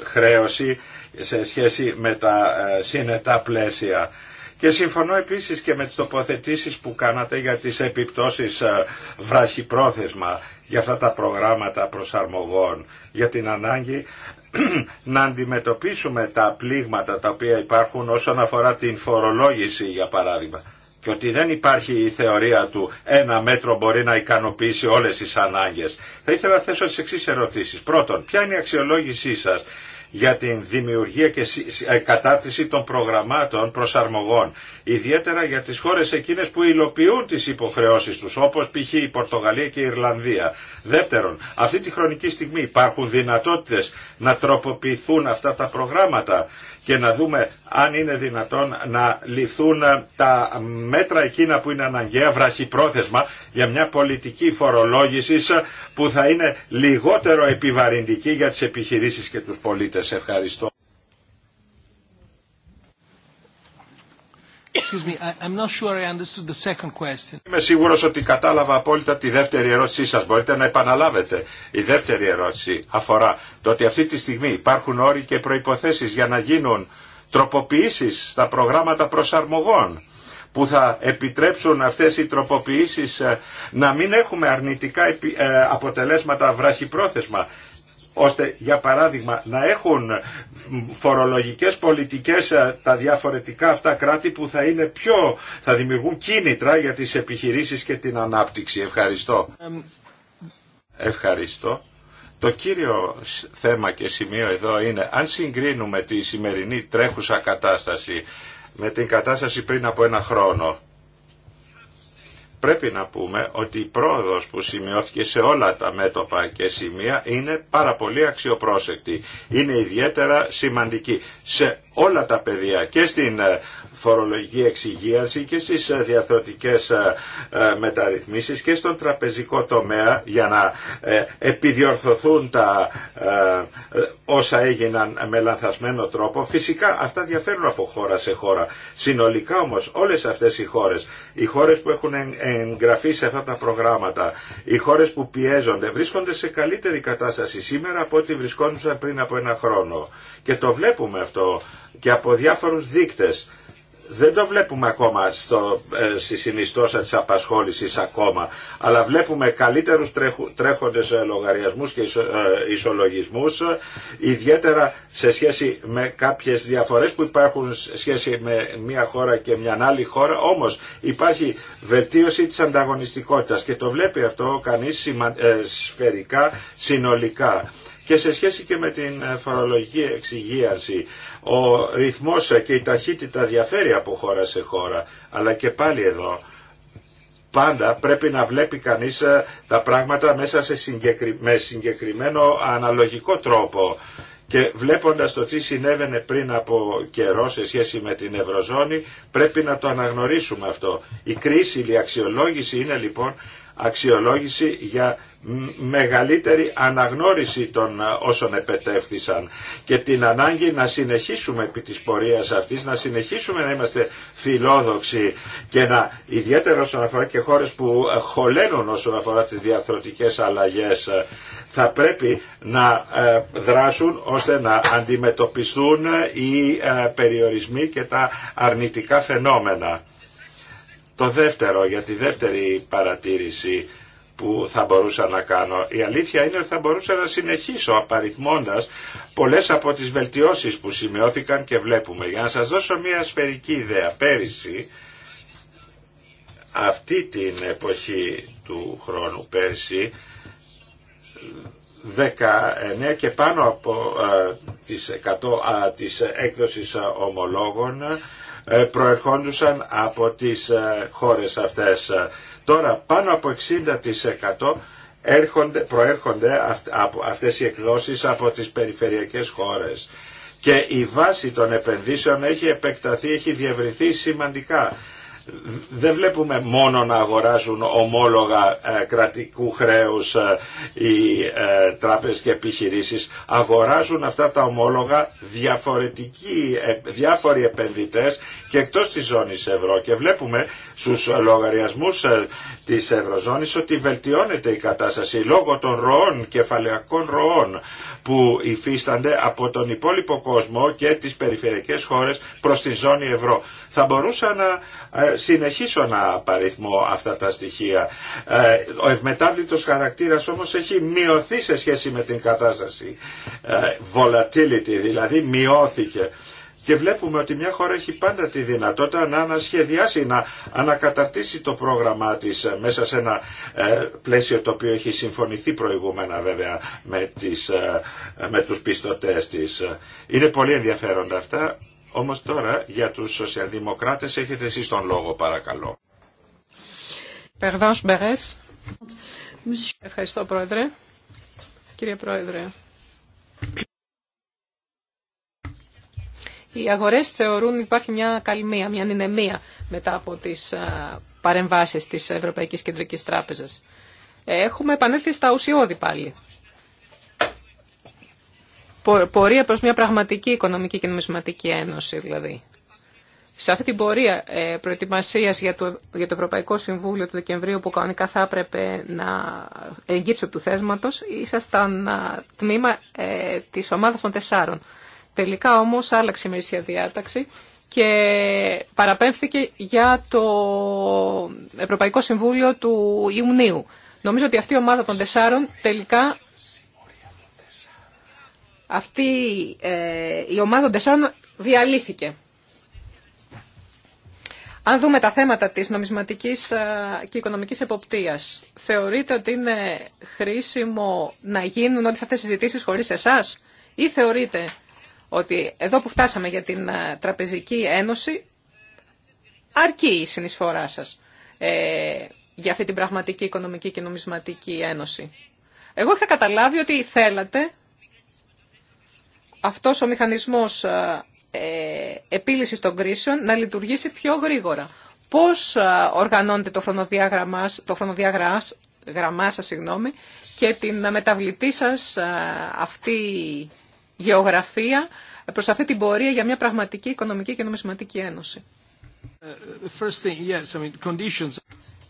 χρέωση σε σχέση με τα ε, συνετά πλαίσια. Και συμφωνώ επίσης και με τις τοποθετήσεις που κάνατε για τις επιπτώσεις ε, βραχυπρόθεσμα για αυτά τα προγράμματα προσαρμογών, για την ανάγκη [clears throat] να αντιμετωπίσουμε τα πλήγματα τα οποία υπάρχουν όσον αφορά την φορολόγηση για παράδειγμα και ότι δεν υπάρχει η θεωρία του ένα μέτρο μπορεί να ικανοποιήσει όλες τις ανάγκες. Θα ήθελα να θέσω τις εξής ερωτήσεις. Πρώτον, ποια είναι η αξιολόγησή σας για την δημιουργία και ε, κατάρτιση των προγραμμάτων προσαρμογών. Ιδιαίτερα για τις χώρες εκείνες που υλοποιούν τις υποχρεώσεις τους, όπως π.χ. η Πορτογαλία και η Ιρλανδία. Δεύτερον, αυτή τη χρονική στιγμή υπάρχουν δυνατότητες να τροποποιηθούν αυτά τα προγράμματα και να δούμε αν είναι δυνατόν να λυθούν ε, τα μέτρα εκείνα που είναι αναγκαία πρόθεσμα για μια πολιτική φορολόγηση ε, που θα είναι λιγότερο επιβαρυντική για τις επιχειρήσεις και τους πολίτες. Ευχαριστώ. Είμαι σίγουρο ότι κατάλαβα απόλυτα τη δεύτερη ερώτησή σα, Μπορείτε να επαναλάβετε. Η δεύτερη ερώτηση αφορά το ότι αυτή τη στιγμή υπάρχουν όροι και προϋποθέσεις για να γίνουν τροποποιήσεις στα προγράμματα προσαρμογών που θα επιτρέψουν αυτές οι τροποποιήσεις ε, να μην έχουμε αρνητικά ε, αποτελέσματα βραχυπρόθεσμα ώστε για παράδειγμα να έχουν φορολογικές πολιτικές ε, τα διαφορετικά αυτά κράτη που θα είναι πιο, θα δημιουργούν κίνητρα για τις επιχειρήσεις και την ανάπτυξη. Ευχαριστώ. Ευχαριστώ. Το κύριο θέμα και σημείο εδώ είναι αν συγκρίνουμε τη σημερινή τρέχουσα κατάσταση με την κατάσταση πριν από ένα χρόνο πρέπει να πούμε ότι η πρόοδος που σημειώθηκε σε όλα τα μέτωπα και σημεία είναι πάρα πολύ αξιοπρόσεκτη. Είναι ιδιαίτερα σημαντική σε όλα τα πεδία και στην ε, φορολογική εξυγίαση και στις ε, διαθροτικέ ε, μεταρρυθμίσεις και στον τραπεζικό τομέα για να επιδιορθωθούν τα όσα έγιναν με λανθασμένο τρόπο. Φυσικά αυτά διαφέρουν από χώρα σε χώρα. Συνολικά όμως όλες αυτές οι χώρες, οι χώρες που έχουν εγγραφή σε αυτά τα προγράμματα. Οι χώρες που πιέζονται βρίσκονται σε καλύτερη κατάσταση σήμερα από ό,τι βρισκόντουσαν πριν από ένα χρόνο. Και το βλέπουμε αυτό και από διάφορους δείκτες δεν το βλέπουμε ακόμα στο, ε, στη συνιστόσα της απασχόλησης ακόμα, αλλά βλέπουμε καλύτερους τρέχου, τρέχοντες ε, λογαριασμούς και ε, ισολογισμούς, ιδιαίτερα σε σχέση με κάποιες διαφορές που υπάρχουν σε σχέση με μια χώρα και μια άλλη χώρα, όμως υπάρχει βελτίωση της ανταγωνιστικότητας και το βλέπει αυτό κανείς σημα, ε, σφαιρικά, συνολικά και σε σχέση και με την φορολογική εξυγίαση, ο ρυθμός και η ταχύτητα διαφέρει από χώρα σε χώρα, αλλά και πάλι εδώ πάντα πρέπει να βλέπει κανείς ε, τα πράγματα μέσα σε με συγκεκριμένο αναλογικό τρόπο. Και βλέποντας το τι συνέβαινε πριν από καιρό σε σχέση με την Ευρωζώνη, πρέπει να το αναγνωρίσουμε αυτό. Η κρίση, η αξιολόγηση είναι λοιπόν αξιολόγηση για μεγαλύτερη αναγνώριση των ε, όσων επετεύθησαν και την ανάγκη να συνεχίσουμε επί της πορείας αυτής, να συνεχίσουμε να είμαστε φιλόδοξοι και να ιδιαίτερα όσον αφορά και χώρες που ε, χωλαίνουν όσον αφορά τις διαθροτικές αλλαγές ε, θα πρέπει να δράσουν ώστε να αντιμετωπιστούν οι περιορισμοί και τα αρνητικά φαινόμενα. Το δεύτερο, για τη δεύτερη παρατήρηση που θα μπορούσα να κάνω. Η αλήθεια είναι ότι θα μπορούσα να συνεχίσω απαριθμώντας πολλές από τις βελτιώσεις που σημειώθηκαν και βλέπουμε. Για να σας δώσω μια σφαιρική ιδέα. Πέρυσι, αυτή την εποχή του χρόνου πέρσι, 19 και πάνω από ε, τις 100 της έκδοσης ομολόγων ε, προερχόντουσαν από τις ε, χώρες αυτές. Τώρα πάνω από 60% έρχονται, προέρχονται από αυτές οι εκδόσεις από τις περιφερειακές χώρες. Και η βάση των επενδύσεων έχει επεκταθεί, έχει διευρυνθεί σημαντικά δεν βλέπουμε μόνο να αγοράζουν ομόλογα ε, κρατικού χρέους ε, οι ε, τράπεζες και επιχειρήσεις. Αγοράζουν αυτά τα ομόλογα διαφορετικοί, διάφοροι επενδυτές και εκτός της ζώνης ευρώ. Και βλέπουμε στους λογαριασμούς της Ευρωζώνης ότι βελτιώνεται η κατάσταση λόγω των ροών, κεφαλαιακών ροών που υφίστανται από τον υπόλοιπο κόσμο και τις περιφερειακές χώρες προς τη ζώνη ευρώ. Θα μπορούσα να ε, συνεχίσω να παριθμώ αυτά τα στοιχεία. Ε, ο ευμετάβλητος χαρακτήρας όμως έχει μειωθεί σε σχέση με την κατάσταση. Ε, volatility δηλαδή μειώθηκε. Και βλέπουμε ότι μια χώρα έχει πάντα τη δυνατότητα να ανασχεδιάσει, να ανακαταρτήσει το πρόγραμμά της μέσα σε ένα πλαίσιο το οποίο έχει συμφωνηθεί προηγούμενα βέβαια με, τις, με τους πιστωτές της. Είναι πολύ ενδιαφέροντα αυτά. Όμως τώρα για τους σοσιαλδημοκράτες έχετε εσείς τον λόγο παρακαλώ. Ευχαριστώ Πρόεδρε. Κύριε Πρόεδρε. Οι αγορές θεωρούν υπάρχει μια καλμία, μια νηνεμία μετά από τις παρεμβάσεις της Ευρωπαϊκής Κεντρικής Τράπεζας. Έχουμε επανέλθει στα ουσιώδη πάλι πορεία προς μια πραγματική οικονομική και νομισματική ένωση δηλαδή. Σε αυτή την πορεία ε, προετοιμασίας για το, για το Ευρωπαϊκό Συμβούλιο του Δεκεμβρίου που κανονικά θα έπρεπε να εγγύψει του θέσματος, ήσασταν τμήμα ε, της ομάδας των τεσσάρων. Τελικά όμως άλλαξε η μερίσια διάταξη και παραπέμφθηκε για το Ευρωπαϊκό Συμβούλιο του Ιουνίου. Νομίζω ότι αυτή η ομάδα των τεσσάρων τελικά αυτή ε, η ομάδα των τεσσάρων διαλύθηκε. Αν δούμε τα θέματα της νομισματικής ε, και οικονομικής εποπτείας, θεωρείτε ότι είναι χρήσιμο να γίνουν όλες αυτές οι συζητήσεις χωρίς εσάς ή θεωρείτε ότι εδώ που φτάσαμε για την ε, Τραπεζική Ένωση αρκεί η συνεισφορά σας για αυτή την πραγματική οικονομική και νομισματική ένωση. Εγώ είχα καταλάβει ότι θέλατε αυτός ο μηχανισμός ε, ε, επίλυσης των κρίσεων να λειτουργήσει πιο γρήγορα. Πώς ε, οργανώνεται το χρονοδιάγραμμα, το γραμμά σας, και την μεταβλητή σας αυτή γεωγραφία προς αυτή την πορεία για μια πραγματική οικονομική και νομισματική ένωση. Uh, first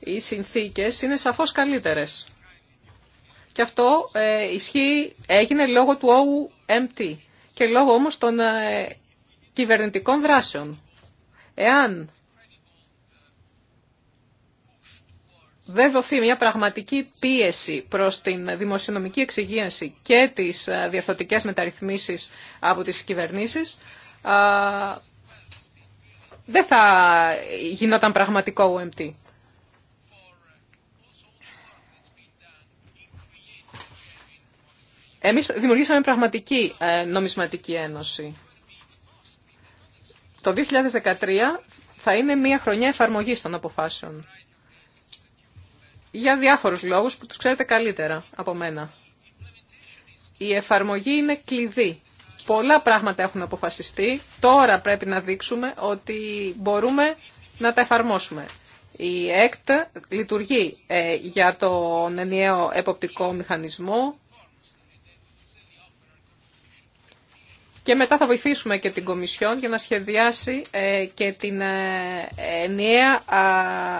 Οι συνθήκες είναι σαφώς καλύτερες. Και αυτό ισχύει, έγινε λόγω του OMT και λόγω όμως των ε, κυβερνητικών δράσεων. Εάν δεν δοθεί μια πραγματική πίεση προς την δημοσιονομική εξυγίανση και τις ε, διαρθωτικές μεταρρυθμίσεις από τις κυβερνήσεις, δεν θα γινόταν πραγματικό OMT. Εμείς δημιουργήσαμε πραγματική ε, νομισματική ένωση. Το 2013 θα είναι μια χρονιά εφαρμογής των αποφάσεων. Για διάφορους λόγους που τους ξέρετε καλύτερα από μένα. Η εφαρμογή είναι κλειδί. Πολλά πράγματα έχουν αποφασιστεί. Τώρα πρέπει να δείξουμε ότι μπορούμε να τα εφαρμόσουμε. Η ΕΚΤ λειτουργεί ε, για τον ενιαίο εποπτικό μηχανισμό, Και μετά θα βοηθήσουμε και την Κομισιόν για να σχεδιάσει ε, και την ε, ενιαία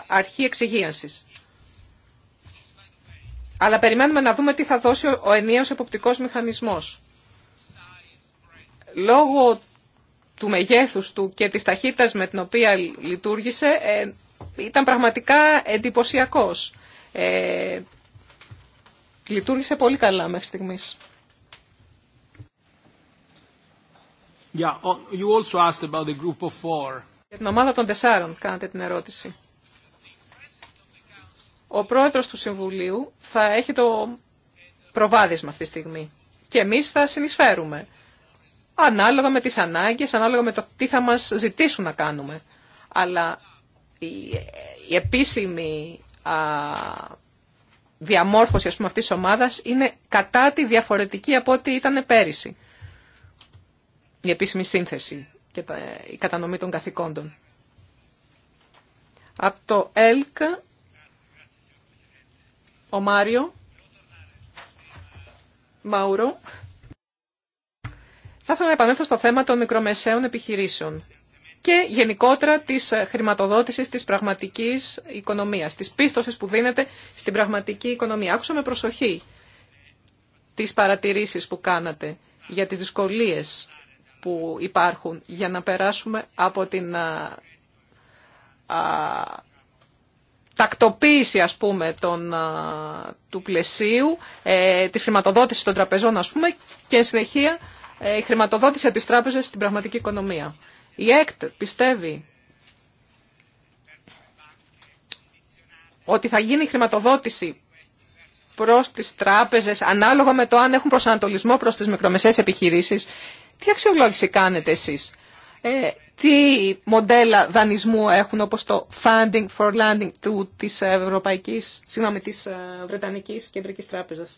αρχή εξυγίανσης. Αλλά περιμένουμε να δούμε τι θα δώσει ο ενιαίος εποπτικός μηχανισμός. Λόγω του μεγέθους του και της ταχύτητας με την οποία λειτουργήσε, ε, ήταν πραγματικά εντυπωσιακός. Λειτουργήσε πολύ καλά μέχρι στιγμής. Για την ομάδα των τεσσάρων κάνατε την ερώτηση. Ο πρόεδρος του Συμβουλίου θα έχει το προβάδισμα αυτή τη στιγμή. Και εμείς θα συνεισφέρουμε. Ανάλογα με τις ανάγκες, ανάλογα με το τι θα μας ζητήσουν να κάνουμε. Αλλά η επίσημη διαμόρφωση πούμε, αυτής της ομάδας είναι κατά τη διαφορετική από ό,τι ήταν πέρυσι η επίσημη σύνθεση και η κατανομή των καθηκόντων. Από το ΕΛΚ, ο Μάριο, Μάουρο, θα ήθελα να επανέλθω στο θέμα των μικρομεσαίων επιχειρήσεων και γενικότερα της χρηματοδότησης της πραγματικής οικονομίας, της πίστοσης που δίνεται στην πραγματική οικονομία. Άκουσα με προσοχή τις παρατηρήσεις που κάνατε για τις δυσκολίες που υπάρχουν για να περάσουμε από την τακτοποίηση ας πούμε των, του πλαισίου, ε, της χρηματοδότησης των τραπεζών ας πούμε και εν συνεχεία ε, η χρηματοδότηση από τις τράπεζες στην πραγματική οικονομία. Η ΕΚΤ πιστεύει ότι θα γίνει χρηματοδότηση προς τις τράπεζες ανάλογα με το αν έχουν προσανατολισμό προς τις μικρομεσαίες επιχειρήσεις τι αξιολόγηση κάνετε εσείς. Ε, τι μοντέλα δανεισμού έχουν όπως το funding for landing του, της, Ευρωπαϊκής, συγγνώμη, της ε, Βρετανικής Κεντρικής Τράπεζας.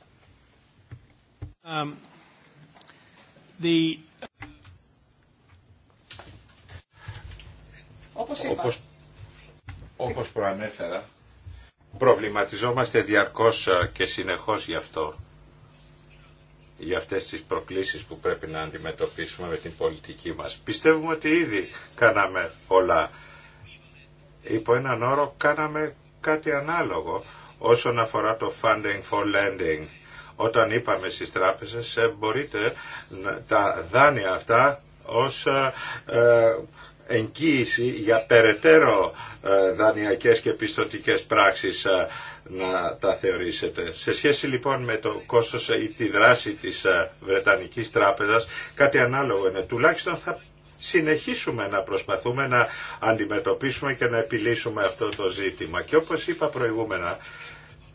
Um, the... Όπως Όπως, όπως προανέφερα, προβληματιζόμαστε διαρκώς ε, και συνεχώς γι' αυτό για αυτές τις προκλήσεις που πρέπει να αντιμετωπίσουμε με την πολιτική μας. Πιστεύουμε ότι ήδη κάναμε πολλά. Υπό έναν όρο κάναμε κάτι ανάλογο όσον αφορά το funding for lending. Όταν είπαμε στις τράπεζες ε, μπορείτε τα δάνεια αυτά ως ε, ε, εγγύηση για περαιτέρω δανειακές και πιστοτικές πράξεις να τα θεωρήσετε. Σε σχέση λοιπόν με το κόστος ε, ή τη δράση της ε, Βρετανικής Τράπεζας, κάτι ανάλογο είναι. Τουλάχιστον θα συνεχίσουμε να προσπαθούμε να αντιμετωπίσουμε και να επιλύσουμε αυτό το ζήτημα. Και όπως είπα προηγούμενα,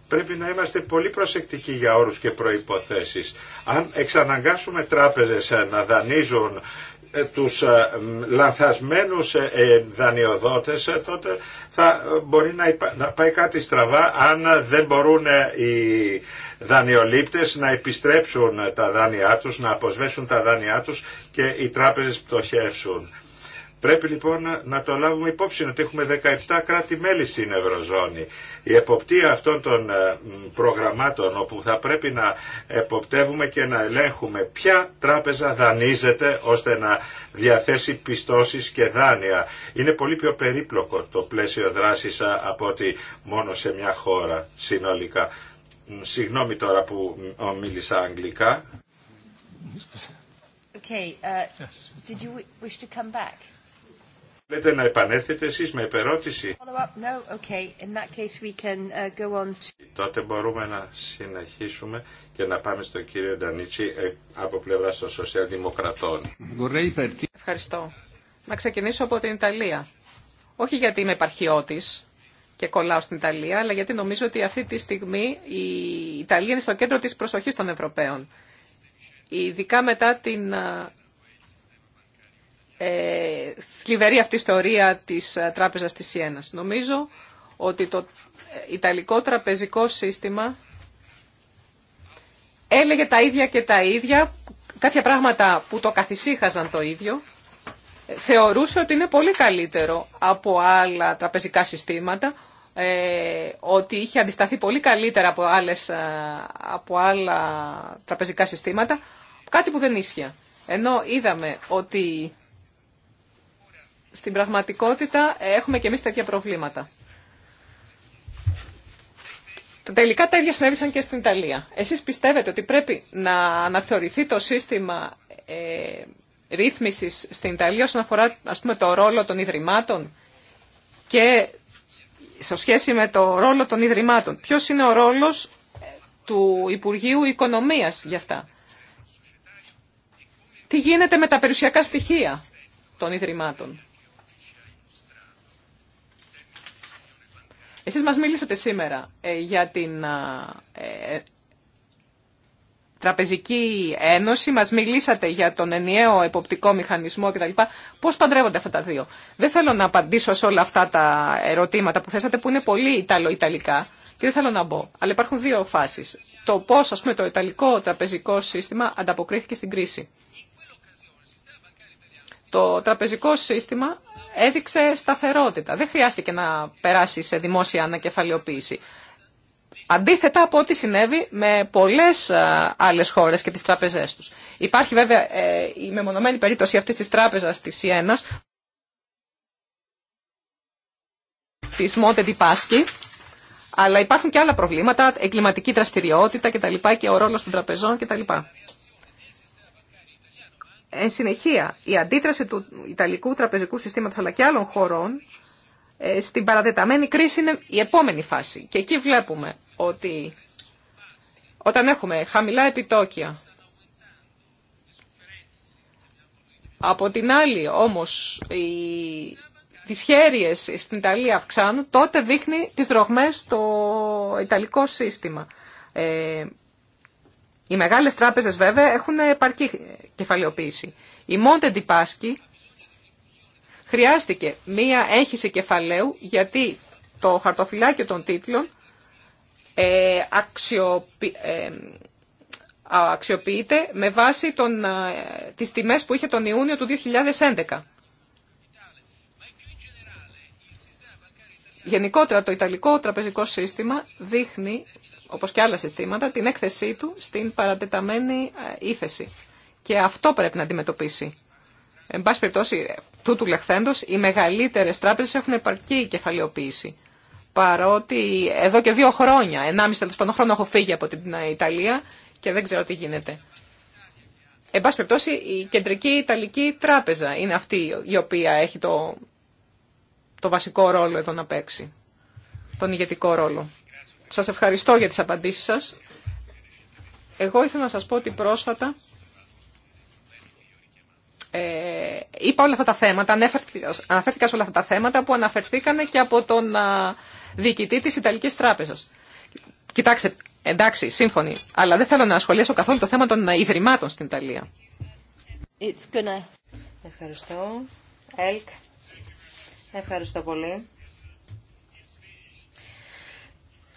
πρέπει να είμαστε πολύ προσεκτικοί για όρους και προϋποθέσεις. Αν εξαναγκάσουμε τράπεζες ε, να δανείζουν ε, τους ε, λανθασμένους ε, δανειοδότες τότε θα μπορεί να πάει κάτι στραβά αν δεν μπορούν οι δανειολήπτες να επιστρέψουν τα δάνειά τους, να αποσβέσουν τα δάνειά τους και οι τράπεζες πτωχεύσουν. Πρέπει λοιπόν να το λάβουμε υπόψη ότι έχουμε 17 κράτη-μέλη στην Ευρωζώνη η εποπτεία αυτών των ε, προγραμμάτων όπου θα πρέπει να εποπτεύουμε και να ελέγχουμε ποια τράπεζα δανείζεται ώστε να διαθέσει πιστώσεις και δάνεια. Είναι πολύ πιο περίπλοκο το πλαίσιο δράσης από ότι μόνο σε μια χώρα συνολικά. Συγγνώμη τώρα που μίλησα αγγλικά. Okay, uh, did you wish Θέλετε να επανέλθετε εσείς με επερώτηση. No, okay. can uh, to... Τότε μπορούμε να συνεχίσουμε και να πάμε στον κύριο Ντανίτσι ε, από πλευρά των Σοσιαλδημοκρατών. Ευχαριστώ. Να ξεκινήσω από την Ιταλία. Όχι γιατί είμαι επαρχιώτης και κολλάω στην Ιταλία, αλλά γιατί νομίζω ότι αυτή τη στιγμή η Ιταλία είναι στο κέντρο της προσοχής των Ευρωπαίων. Ειδικά μετά την ε, ε, θλιβερή αυτή η ιστορία της ε, τράπεζας της Σιένας. Νομίζω ότι το ε, Ιταλικό τραπεζικό σύστημα έλεγε τα ίδια και τα ίδια, κάποια πράγματα που το καθησύχαζαν το ίδιο, ε, θεωρούσε ότι είναι πολύ καλύτερο από άλλα τραπεζικά συστήματα, ότι είχε αντισταθεί πολύ καλύτερα από, άλλες, από άλλα τραπεζικά συστήματα, κάτι που δεν ίσχυε. Ενώ είδαμε ότι στην πραγματικότητα έχουμε και εμείς τέτοια προβλήματα. Τελικά τα ίδια συνέβησαν και στην Ιταλία. Εσείς πιστεύετε ότι πρέπει να αναθεωρηθεί το σύστημα ε, ρύθμισης στην Ιταλία όσον αφορά ας πούμε, το ρόλο των Ιδρυμάτων και σε σχέση με το ρόλο των Ιδρυμάτων. Ποιος είναι ο ρόλος ε, του Υπουργείου Οικονομίας για αυτά. Τι γίνεται με τα περιουσιακά στοιχεία των Ιδρυμάτων. Εσείς μας μίλησατε σήμερα ε, για την ε, Τραπεζική Ένωση, μας μιλήσατε για τον ενιαίο εποπτικό μηχανισμό κτλ. Πώς παντρεύονται αυτά τα δύο. Δεν θέλω να απαντήσω σε όλα αυτά τα ερωτήματα που θέσατε που είναι πολύ Ιταλο-Ιταλικά και δεν θέλω να μπω. Αλλά υπάρχουν δύο φάσεις. Το πώς ας το Ιταλικό τραπεζικό σύστημα ανταποκρίθηκε στην κρίση. Το τραπεζικό σύστημα έδειξε σταθερότητα. Δεν χρειάστηκε να περάσει σε δημόσια ανακεφαλαιοποίηση. Αντίθετα από ό,τι συνέβη με πολλές άλλες χώρες και τις τράπεζές τους. Υπάρχει βέβαια ε, η μεμονωμένη περίπτωση αυτής της τράπεζας της Σιένας, της Μόντε Πάσκη, αλλά υπάρχουν και άλλα προβλήματα, εγκληματική δραστηριότητα κτλ. και ο ρόλος των τραπεζών κτλ. Εν συνεχεία, η αντίδραση του Ιταλικού τραπεζικού συστήματος αλλά και άλλων χωρών ε, στην παραδεταμένη κρίση είναι η επόμενη φάση. Και εκεί βλέπουμε ότι όταν έχουμε χαμηλά επιτόκια, από την άλλη όμως οι δυσχέρειες στην Ιταλία αυξάνουν, τότε δείχνει τις δρογμές στο Ιταλικό σύστημα. Ε, οι μεγάλες τράπεζες βέβαια έχουν επαρκή κεφαλαιοποίηση. Η Monte di χρειάστηκε μία έχηση κεφαλαίου γιατί το χαρτοφυλάκιο των τίτλων ε, ε αξιοποιείται με βάση τον, ε, τις τιμές που είχε τον Ιούνιο του 2011. Γενικότερα το Ιταλικό τραπεζικό σύστημα δείχνει όπως και άλλα συστήματα, την έκθεσή του στην παρατεταμένη ε, ύφεση. Και αυτό πρέπει να αντιμετωπίσει. Εν πάση περιπτώσει, τούτου λεχθέντος, οι μεγαλύτερες τράπεζες έχουν επαρκή κεφαλαιοποίηση. Παρότι εδώ και δύο χρόνια, ενάμιση τέλος πάντων χρόνο έχω φύγει από την ε, Ιταλία και δεν ξέρω τι γίνεται. Εν πάση περιπτώσει, η κεντρική Ιταλική τράπεζα είναι αυτή η οποία έχει το, το βασικό ρόλο εδώ να παίξει. Τον ηγετικό ρόλο. Σας ευχαριστώ για τις απαντήσεις σας. Εγώ ήθελα να σας πω ότι πρόσφατα ε, είπα όλα αυτά τα θέματα, αναφέρθηκα σε όλα αυτά τα θέματα που αναφερθήκανε και από τον α, διοικητή της Ιταλικής Τράπεζας. Κοιτάξτε, εντάξει, σύμφωνοι, αλλά δεν θέλω να ασχολιάσω καθόλου το θέμα των ιδρυμάτων στην Ιταλία. Ευχαριστώ. Ελκ. Ευχαριστώ πολύ.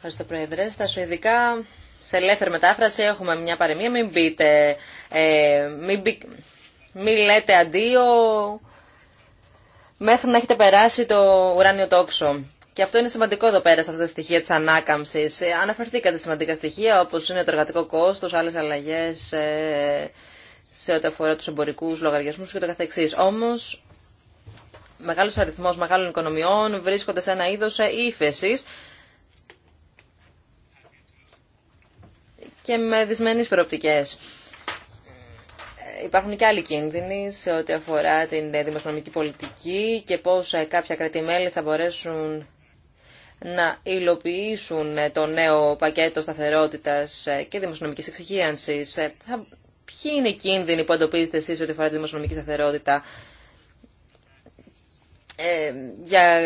Ευχαριστώ, Πρόεδρε. Στα Σουηδικά, σε ελεύθερη μετάφραση, έχουμε μια παροιμία. Μην πείτε, ε, μην, μην λέτε αντίο μέχρι να έχετε περάσει το ουράνιο τόξο. Και αυτό είναι σημαντικό εδώ πέρα, σε αυτά τα στοιχεία τη ανάκαμψη. Ε, αναφερθήκατε σημαντικά στοιχεία, όπω είναι το εργατικό κόστο, άλλε αλλαγέ ε, σε ό,τι αφορά του εμπορικού λογαριασμού και το καθεξή. Όμω, μεγάλο αριθμό μεγάλων οικονομιών βρίσκονται σε ένα είδο ε, ύφεση και με δυσμένες προοπτικές. Υπάρχουν και άλλοι κίνδυνοι σε ό,τι αφορά την δημοσιονομική πολιτική και πώς ε, κάποια κρατημέλη θα μπορέσουν να υλοποιήσουν ε, το νέο πακέτο σταθερότητας ε, και δημοσιονομικής εξυγίανσης. Ποιοι είναι οι κίνδυνοι που αντοπίζετε εσείς ό,τι αφορά τη δημοσιονομική σταθερότητα για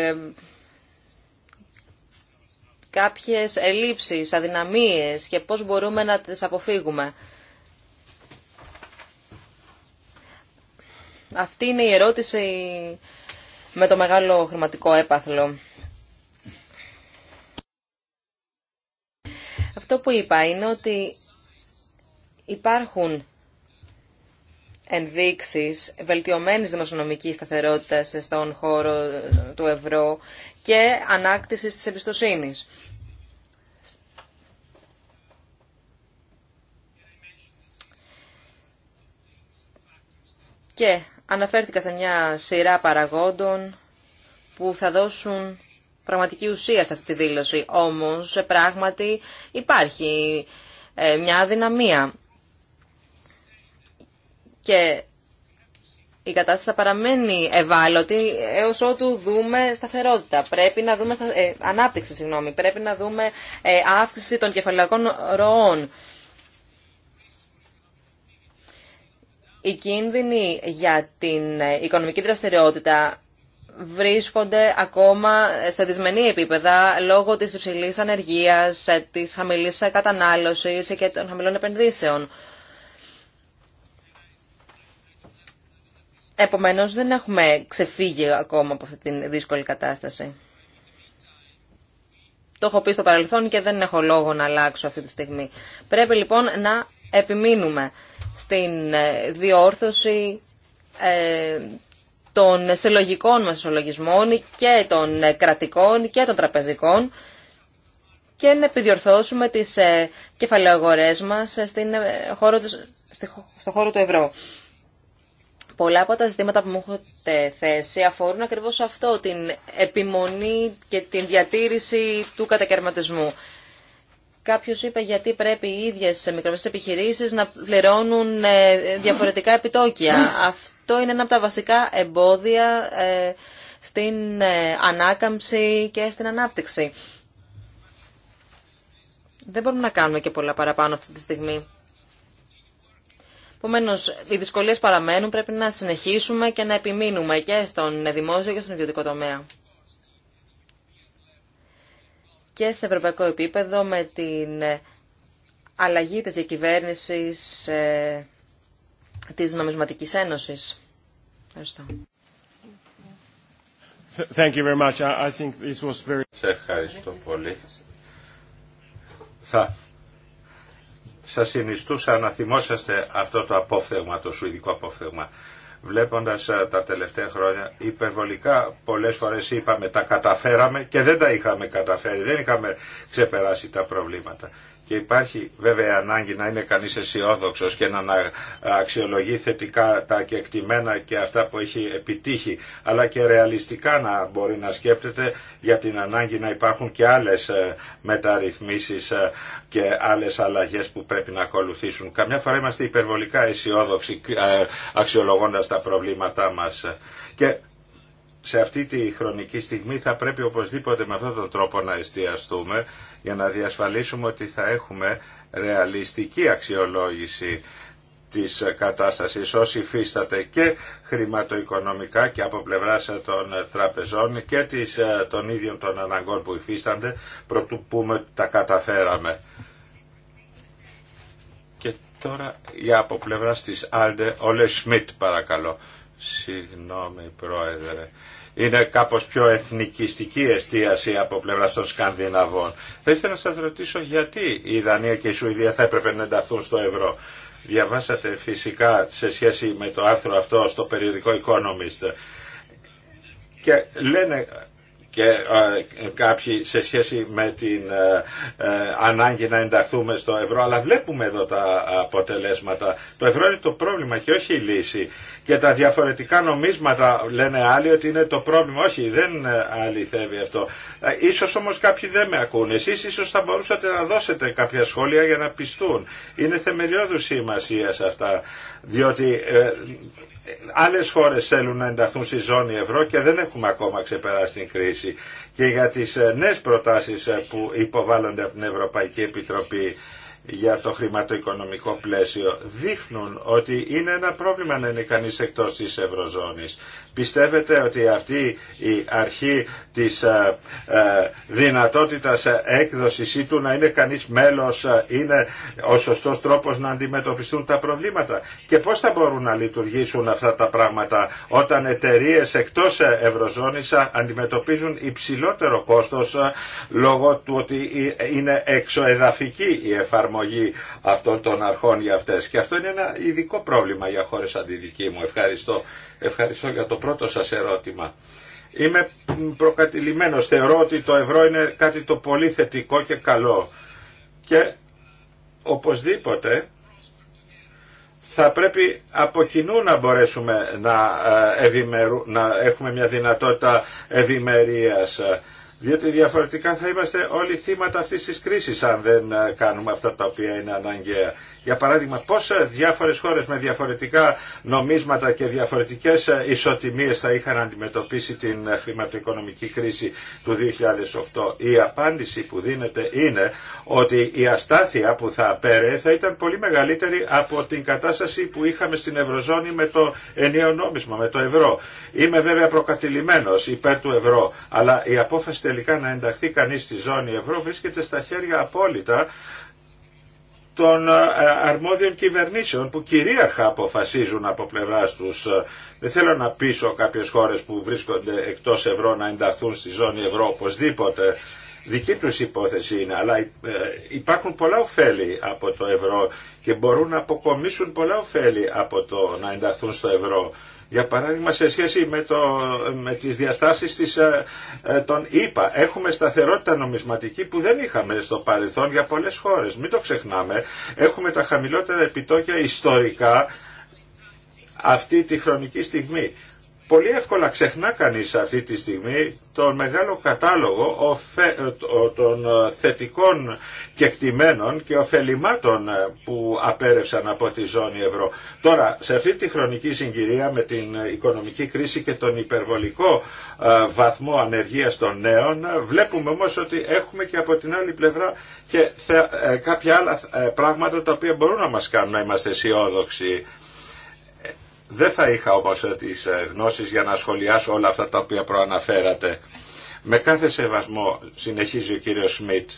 κάποιες ελλείψεις, αδυναμίες και πώς μπορούμε να τις αποφύγουμε. Αυτή είναι η ερώτηση με το μεγάλο χρηματικό έπαθλο. Αυτό που είπα είναι ότι υπάρχουν ενδείξεις βελτιωμένης δημοσιονομικής σταθερότητας στον χώρο του ευρώ και ανάκτησης της εμπιστοσύνης. Και αναφέρθηκα σε μια σειρά παραγόντων που θα δώσουν πραγματική ουσία σε αυτή τη δήλωση. Όμως, πράγματι υπάρχει ε, μια αδυναμία. Και η κατάσταση θα παραμένει ευάλωτη έως ότου δούμε σταθερότητα. Πρέπει να δούμε, ε, ανάπτυξη, συγγνώμη, πρέπει να δούμε ε, αύξηση των κεφαλαϊκών ροών. οι κίνδυνοι για την οικονομική δραστηριότητα βρίσκονται ακόμα σε δυσμενή επίπεδα λόγω της υψηλής ανεργίας, της χαμηλής κατανάλωσης και των χαμηλών επενδύσεων. Επομένως δεν έχουμε ξεφύγει ακόμα από αυτή τη δύσκολη κατάσταση. Το έχω πει στο παρελθόν και δεν έχω λόγο να αλλάξω αυτή τη στιγμή. Πρέπει λοιπόν να επιμείνουμε στην ε, διόρθωση ε, των συλλογικών μας συλλογισμών και των ε, κρατικών και των τραπεζικών και να επιδιορθώσουμε τις κεφαλαιογορές μας στην χώρο, στο χώρο του ευρώ. Πολλά από τα ζητήματα που μου έχετε θέσει αφορούν ακριβώς αυτό, την επιμονή και την διατήρηση του κατακαιρματισμού. Κάποιο είπε γιατί πρέπει οι ίδιε μικρομεσαίε επιχειρήσει να πληρώνουν ε, διαφορετικά επιτόκια. Αυτό είναι ένα από τα βασικά εμπόδια ε, στην ε, ανάκαμψη και στην ανάπτυξη. Δεν μπορούμε να κάνουμε και πολλά παραπάνω αυτή τη στιγμή. Επομένω, οι δυσκολίε παραμένουν, πρέπει να συνεχίσουμε και να επιμείνουμε και στον δημόσιο και στον ιδιωτικό τομέα και σε ευρωπαϊκό επίπεδο με την αλλαγή της διακυβέρνησης ε, της Νομισματικής Ένωσης. Ευχαριστώ. Thank you very much. I think this was very... Σε ευχαριστώ πολύ. Θα σας συνιστούσα να θυμόσαστε αυτό το απόφθεγμα, το σουηδικό απόφθεγμα βλέποντας ε, τα τελευταία χρόνια υπερβολικά πολλές φορές είπαμε τα καταφέραμε και δεν τα είχαμε καταφέρει, δεν είχαμε ξεπεράσει τα προβλήματα και υπάρχει βέβαια ανάγκη να είναι κανείς αισιόδοξο και να αξιολογεί θετικά τα κεκτημένα και αυτά που έχει επιτύχει αλλά και ρεαλιστικά να μπορεί να σκέπτεται για την ανάγκη να υπάρχουν και άλλες ε, μεταρρυθμίσεις ε, και άλλες αλλαγές που πρέπει να ακολουθήσουν. Καμιά φορά είμαστε υπερβολικά αισιόδοξοι ε, αξιολογώντας τα προβλήματά μας και σε αυτή τη χρονική στιγμή θα πρέπει οπωσδήποτε με αυτόν τον τρόπο να εστιαστούμε για να διασφαλίσουμε ότι θα έχουμε ρεαλιστική αξιολόγηση της κατάστασης όσοι υφίσταται και χρηματοοικονομικά και από πλευρά των τραπεζών και της, των ίδιων των αναγκών που υφίστανται προτού πούμε τα καταφέραμε. Και τώρα για από πλευρά της Άλντε Όλε Σμιτ παρακαλώ. Συγγνώμη πρόεδρε. Είναι κάπως πιο εθνικιστική εστίαση από πλευρά των Σκανδιναβών. Θα ήθελα να σας ρωτήσω γιατί η Δανία και η Σουηδία θα έπρεπε να ενταθούν στο ευρώ. Διαβάσατε φυσικά σε σχέση με το άρθρο αυτό στο περιοδικό Economist. Και λένε και ε, κάποιοι σε σχέση με την ε, ε, ανάγκη να ενταχθούμε στο ευρώ, αλλά βλέπουμε εδώ τα αποτελέσματα. Το ευρώ είναι το πρόβλημα και όχι η λύση. Και τα διαφορετικά νομίσματα λένε άλλοι ότι είναι το πρόβλημα. Όχι, δεν αληθεύει αυτό. Ίσως όμως κάποιοι δεν με ακούν. Εσείς ίσως θα μπορούσατε να δώσετε κάποια σχόλια για να πιστούν. Είναι θεμελιώδους σημασία αυτά. Διότι Άλλε χώρε θέλουν να ενταχθούν στη ζώνη ευρώ και δεν έχουμε ακόμα ξεπεράσει την κρίση. Και για τι ε, νέε προτάσει ε, που υποβάλλονται από την Ευρωπαϊκή Επιτροπή για το χρηματοοικονομικό πλαίσιο δείχνουν ότι είναι ένα πρόβλημα να είναι κανείς εκτός της Ευρωζώνης. Πιστεύετε ότι αυτή η αρχή της ε, ε, δυνατότητας ε, έκδοσης ή του να είναι κανείς μέλος είναι ο σωστός τρόπος να αντιμετωπιστούν τα προβλήματα και πώς θα μπορούν να λειτουργήσουν αυτά τα πράγματα όταν εταιρείε εκτός Ευρωζώνης αντιμετωπίζουν υψηλότερο κόστος λόγω του ότι είναι εξοεδαφική η εφαρμογή αυτών των αρχών για αυτές και αυτό είναι ένα ειδικό πρόβλημα για χώρες αντιδική μου. Ευχαριστώ. Ευχαριστώ για το πρώτο σας ερώτημα. Είμαι προκατηλημένος. Θεωρώ ότι το ευρώ είναι κάτι το πολύ θετικό και καλό. Και οπωσδήποτε θα πρέπει από κοινού να μπορέσουμε να, ε, να έχουμε μια δυνατότητα ευημερίας. Διότι διαφορετικά θα είμαστε όλοι θύματα αυτής της κρίσης αν δεν ε, κάνουμε αυτά τα οποία είναι αναγκαία. Για παράδειγμα, πόσα διάφορες χώρες με διαφορετικά νομίσματα και διαφορετικές ε, ισοτιμίες θα είχαν αντιμετωπίσει την ε, χρηματοοικονομική κρίση του 2008. Η απάντηση που δίνεται είναι ότι η αστάθεια που θα απέρεε θα ήταν πολύ μεγαλύτερη από την κατάσταση που είχαμε στην Ευρωζώνη με το ενιαίο νόμισμα, με το ευρώ. Είμαι βέβαια προκατηλημένο υπέρ του ευρώ, αλλά η απόφαση τελικά να ενταχθεί κανεί στη ζώνη ευρώ βρίσκεται στα χέρια απόλυτα των ε, αρμόδιων κυβερνήσεων που κυρίαρχα αποφασίζουν από πλευράς τους. Ε, δεν θέλω να πείσω κάποιες χώρε που βρίσκονται εκτός ευρώ να ενταχθούν στη ζώνη ευρώ οπωσδήποτε. Δική τους υπόθεση είναι, αλλά ε, υπάρχουν πολλά ωφέλη από το ευρώ και μπορούν να αποκομίσουν πολλά ωφέλη από το να ενταχθούν στο ευρώ. Για παράδειγμα σε σχέση με, το, με τις διαστάσεις της, ε, ε, των ΙΠΑ έχουμε σταθερότητα νομισματική που δεν είχαμε στο παρελθόν για πολλές χώρες. Μην το ξεχνάμε. Έχουμε τα χαμηλότερα επιτόκια ιστορικά αυτή τη χρονική στιγμή. Πολύ εύκολα ξεχνά κανείς αυτή τη στιγμή τον μεγάλο κατάλογο των ε, θετικών κεκτημένων και ωφελημάτων ε, που απέρευσαν από τη ζώνη ευρώ. Τώρα, σε αυτή τη χρονική συγκυρία με την ε, οικονομική κρίση και τον υπερβολικό βαθμό ανεργίας των νέων, βλέπουμε όμως ότι έχουμε και από την άλλη πλευρά και κάποια άλλα πράγματα τα οποία μπορούν να μας κάνουν να είμαστε αισιόδοξοι. Δεν θα είχα όμως τις ε, γνώσεις για να σχολιάσω όλα αυτά τα οποία προαναφέρατε. Με κάθε σεβασμό συνεχίζει ο κύριος Σμιτ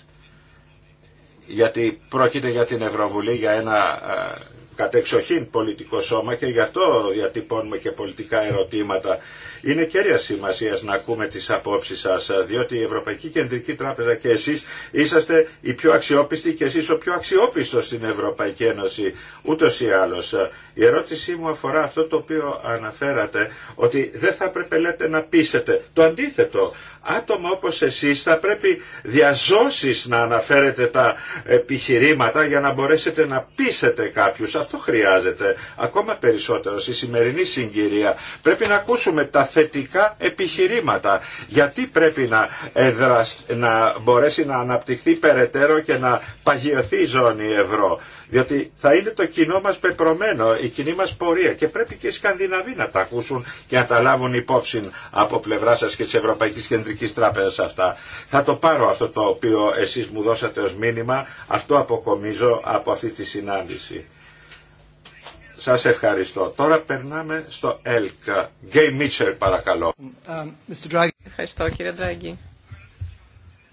γιατί πρόκειται για την Ευρωβουλή για ένα ε, κατεξοχήν πολιτικό σώμα και γι' αυτό διατυπώνουμε και πολιτικά ερωτήματα. Είναι κέρια σημασία να ακούμε τις απόψει σας, διότι η Ευρωπαϊκή Κεντρική Τράπεζα και εσείς είσαστε οι πιο αξιόπιστοι και εσείς ο πιο αξιόπιστος στην Ευρωπαϊκή Ένωση, ούτως ή άλλω. Η αλλω η ερωτηση μου αφορά αυτό το οποίο αναφέρατε, ότι δεν θα έπρεπε λέτε να πείσετε. Το αντίθετο, άτομα όπως εσείς θα πρέπει διαζώσεις να αναφέρετε τα επιχειρήματα για να μπορέσετε να πείσετε κάποιους. Αυτό χρειάζεται ακόμα περισσότερο στη σημερινή συγκυρία. Πρέπει να ακούσουμε τα θετικά επιχειρήματα. Γιατί πρέπει να, να μπορέσει να αναπτυχθεί περαιτέρω και να παγιωθεί η ζώνη ευρώ. Διότι θα είναι το κοινό μας πεπρωμένο, η κοινή μας πορεία και πρέπει και οι Σκανδιναβοί να τα ακούσουν και να τα λάβουν υπόψη από πλευρά σας και της Ευρωπαϊκής Κεντρικής Τράπεζας αυτά. Θα το πάρω αυτό το οποίο εσείς μου δώσατε ως μήνυμα, αυτό αποκομίζω από αυτή τη συνάντηση. Σας ευχαριστώ. Τώρα περνάμε στο ΕΛΚ. Γκέι Μίτσερ, παρακαλώ. Ευχαριστώ κύριε Ντράγκη.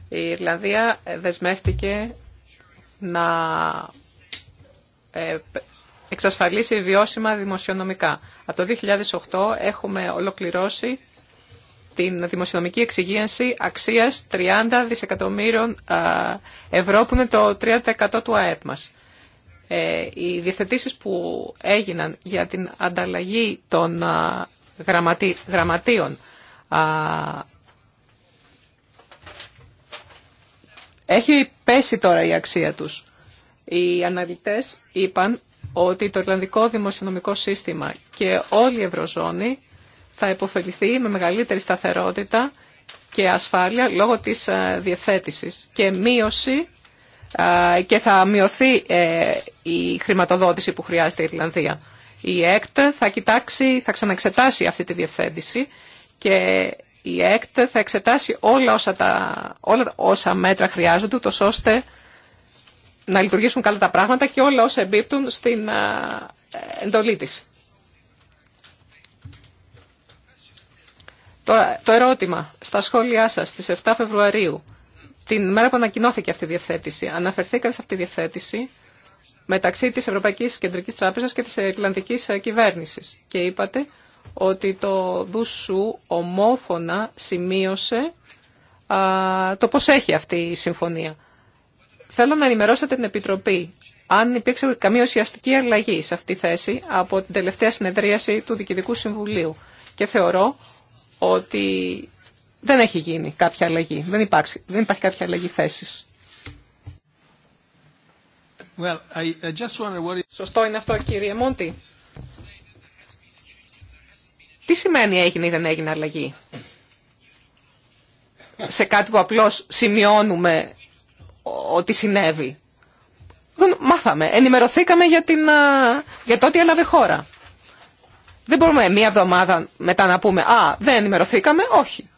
Η Ιρλανδία δεσμεύτηκε να ε, εξασφαλίσει βιώσιμα δημοσιονομικά. Από το 2008 έχουμε ολοκληρώσει την δημοσιονομική εξυγίανση αξίας 30 δισεκατομμύρων ευρώ που είναι το 30% του ΑΕΠ μας. Ε, οι διευθετήσεις που έγιναν για την ανταλλαγή των γραμματείων έχει πέσει τώρα η αξία τους. Οι αναλυτές είπαν ότι το Ιρλανδικό Δημοσιονομικό Σύστημα και όλη η Ευρωζώνη θα υποφεληθεί με μεγαλύτερη σταθερότητα και ασφάλεια λόγω της ε, διευθέτησης και μείωση ε, και θα μειωθεί ε, η χρηματοδότηση που χρειάζεται η Ιρλανδία. Η ΕΚΤ θα κοιτάξει, θα ξαναεξετάσει αυτή τη διευθέτηση και η ΕΚΤ θα εξετάσει όλα όσα, τα, όλα όσα μέτρα χρειάζονται, ώστε να λειτουργήσουν καλά τα πράγματα και όλα όσα εμπίπτουν στην εντολή της. το ερώτημα στα σχόλιά σας στις 7 Φεβρουαρίου, την μέρα που ανακοινώθηκε αυτή η διευθέτηση, αναφερθήκατε σε αυτή τη διευθέτηση μεταξύ της Ευρωπαϊκής Κεντρικής Τράπεζας και της Ιρλανδικής ε, Κυβέρνησης και είπατε ότι το Δουσού ομόφωνα σημείωσε α, το πώς έχει αυτή η συμφωνία. Θέλω να ενημερώσετε την Επιτροπή αν υπήρξε καμία ουσιαστική αλλαγή σε αυτή τη θέση από την τελευταία συνεδρίαση του Διοικητικού Συμβουλίου. Και θεωρώ ότι δεν έχει γίνει κάποια αλλαγή. Δεν υπάρχει, δεν υπάρχει κάποια αλλαγή θέσης. Well, Σωστό είναι αυτό, κύριε Μόντι. Τι σημαίνει έγινε ή δεν έγινε αλλαγή. σε κάτι που απλώς σημειώνουμε ότι συνέβη. Μάθαμε, ενημερωθήκαμε για, την, για το ότι έλαβε χώρα. Δεν μπορούμε μία εβδομάδα μετά να πούμε «Α, δεν ενημερωθήκαμε». Όχι.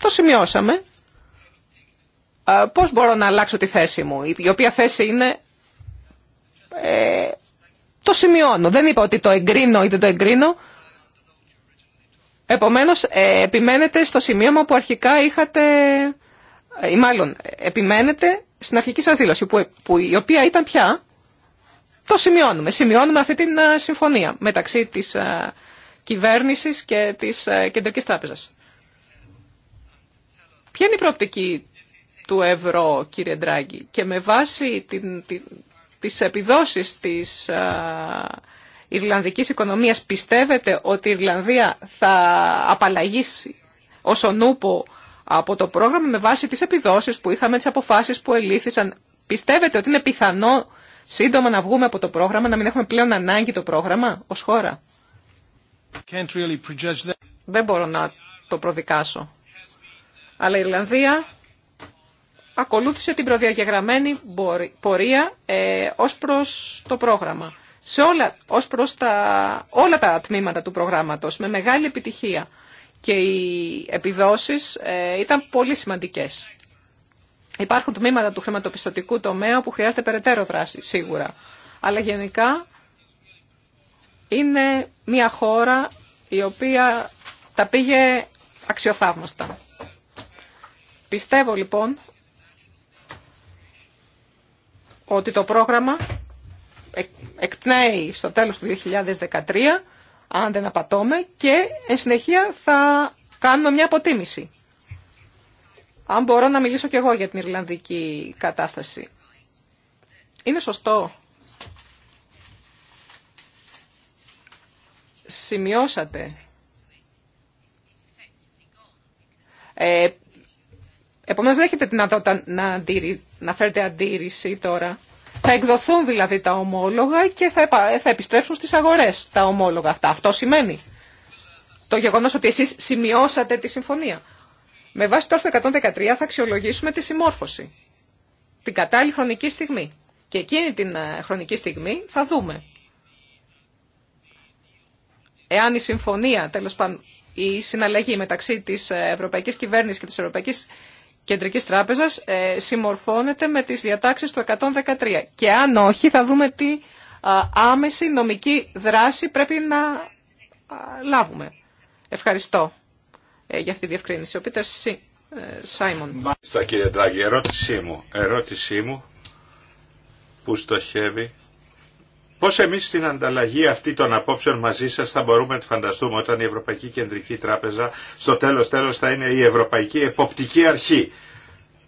Το σημειώσαμε. α πώς μπορώ να αλλάξω τη θέση μου, η οποία θέση είναι... Ε, το σημειώνω. Δεν είπα ότι το εγκρίνω ή δεν το εγκρίνω. Επομένως, ε, επιμένετε στο σημείωμα που αρχικά είχατε... Ε, ή μάλλον, ε, επιμένετε στην αρχική σας δήλωση, που, που, η οποία ήταν πια, το σημειώνουμε. Σημειώνουμε αυτή την ε, συμφωνία μεταξύ της α, ε, κυβέρνησης και της α, ε, Κεντρικής Τράπεζας. Ποια είναι η προοπτική του ευρώ, κύριε Ντράγκη, και με βάση την, την, τις επιδόσεις της Ιρλανδικής οικονομίας πιστεύετε ότι η Ιρλανδία θα απαλλαγήσει ως νούπο από το πρόγραμμα με βάση τις επιδόσεις που είχαμε, τις αποφάσεις που ελήφθησαν. Πιστεύετε ότι είναι πιθανό σύντομα να βγούμε από το πρόγραμμα, να μην έχουμε πλέον ανάγκη το πρόγραμμα ως χώρα. Δεν μπορώ να το προδικάσω. Αλλά η Ιρλανδία ακολούθησε την προδιαγεγραμμένη πορεία ε, ως προς το πρόγραμμα. Σε όλα, ως προς τα, όλα τα τμήματα του προγράμματος, με μεγάλη επιτυχία και οι επιδόσεις ε, ήταν πολύ σημαντικές. Υπάρχουν τμήματα του χρηματοπιστωτικού τομέα που χρειάζεται περαιτέρω δράση, σίγουρα. Αλλά γενικά είναι μια χώρα η οποία τα πήγε αξιοθαύμαστα. Πιστεύω λοιπόν ότι το πρόγραμμα ε, εκπνέει στο τέλος του 2013 αν δεν απατώμε, και εν συνεχεία θα κάνουμε μια αποτίμηση. Αν μπορώ να μιλήσω κι εγώ για την Ιρλανδική κατάσταση. Είναι σωστό. Σημειώσατε. Ε, Επομένως δεν έχετε την να, να φέρετε αντίρρηση τώρα θα εκδοθούν δηλαδή τα ομόλογα και θα επιστρέψουν στις αγορές τα ομόλογα αυτά. Αυτό σημαίνει το γεγονός ότι εσείς σημειώσατε τη συμφωνία. Με βάση το άρθρο 113 θα αξιολογήσουμε τη συμμόρφωση, την κατάλληλη χρονική στιγμή. Και εκείνη την ε, χρονική στιγμή θα δούμε εάν η συμφωνία, τέλος πάντων, η συναλλαγή μεταξύ της ε, Ευρωπαϊκής Κυβέρνησης και της Ευρωπαϊκής Κεντρικής Τράπεζας ε, συμμορφώνεται με τις διατάξεις του 113. Και αν όχι θα δούμε τι άμεση νομική δράση πρέπει να λάβουμε. Ευχαριστώ ε, για αυτή τη διευκρίνηση. Ο Πίτερ ε, Σάιμον. Μάλιστα κύριε Ντράγκη, ερώτησή μου, ερώτησή μου που στοχεύει Πώς εμείς στην ανταλλαγή αυτή των απόψεων μαζί σας θα μπορούμε να φανταστούμε όταν η Ευρωπαϊκή Κεντρική Τράπεζα στο τέλος τέλος θα είναι η Ευρωπαϊκή Εποπτική Αρχή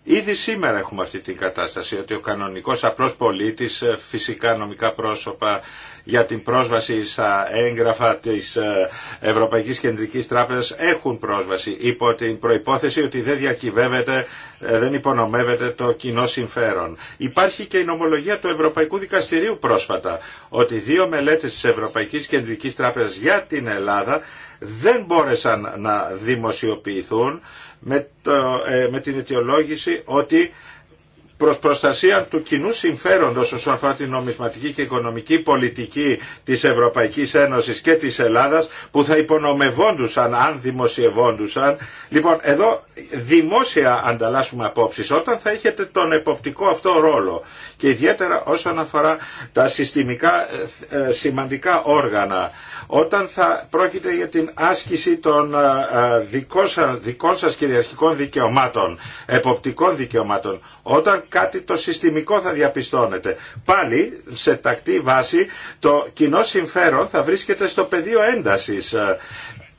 Ήδη σήμερα έχουμε αυτή την κατάσταση ότι ο κανονικός απλός πολίτης, ε, φυσικά νομικά πρόσωπα για την πρόσβαση στα έγγραφα της ε, Ευρωπαϊκής Κεντρικής Τράπεζας έχουν πρόσβαση υπό την προϋπόθεση ότι δεν διακυβεύεται, ε, δεν υπονομεύεται το κοινό συμφέρον. Υπάρχει και η νομολογία του Ευρωπαϊκού Δικαστηρίου πρόσφατα ότι δύο μελέτες της Ευρωπαϊκής Κεντρικής Τράπεζας για την Ελλάδα δεν μπόρεσαν να δημοσιοποιηθούν ε, με, την αιτιολόγηση ότι Προ προστασία του κοινού συμφέροντος όσον αφορά την νομισματική και οικονομική πολιτική της Ευρωπαϊκής Ένωσης και της Ελλάδας που θα υπονομευόντουσαν αν δημοσιευόντουσαν. Λοιπόν, εδώ δημόσια ανταλλάσσουμε απόψει όταν θα έχετε τον εποπτικό αυτό ρόλο και ιδιαίτερα όσον αφορά τα συστημικά ε, ε, σημαντικά όργανα όταν θα πρόκειται για την άσκηση των ε, δικών σας, κυριαρχικών δικαιωμάτων, εποπτικών δικαιωμάτων, όταν κάτι το συστημικό θα διαπιστώνεται. Πάλι σε τακτή βάση το κοινό συμφέρον θα βρίσκεται στο πεδίο έντασης ε,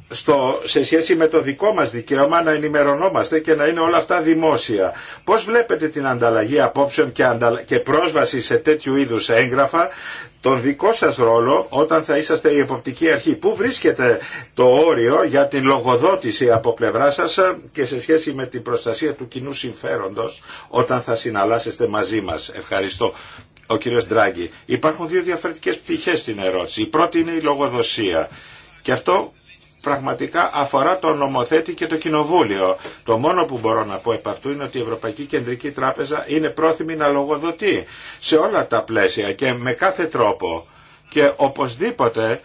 στο, σε σχέση με το δικό μας δικαίωμα να ενημερωνόμαστε και να είναι όλα αυτά δημόσια. Πώς βλέπετε την ανταλλαγή απόψεων και, και πρόσβαση σε τέτοιου είδους έγγραφα τον δικό σας ρόλο όταν θα είσαστε η εποπτική αρχή. Πού βρίσκεται το όριο για την λογοδότηση από πλευρά σας ε, και σε σχέση με την προστασία του κοινού συμφέροντος όταν θα συναλλάσσεστε μαζί μας. Ευχαριστώ. Ο κύριος Ντράγκη. Υπάρχουν δύο διαφορετικές πτυχές στην ερώτηση. Η πρώτη είναι η λογοδοσία. Και αυτό πραγματικά αφορά τον νομοθέτη και το κοινοβούλιο. Το μόνο που μπορώ να πω επ' αυτού είναι ότι η Ευρωπαϊκή Κεντρική Τράπεζα είναι πρόθυμη να λογοδοτεί σε όλα τα πλαίσια και με κάθε τρόπο. Και οπωσδήποτε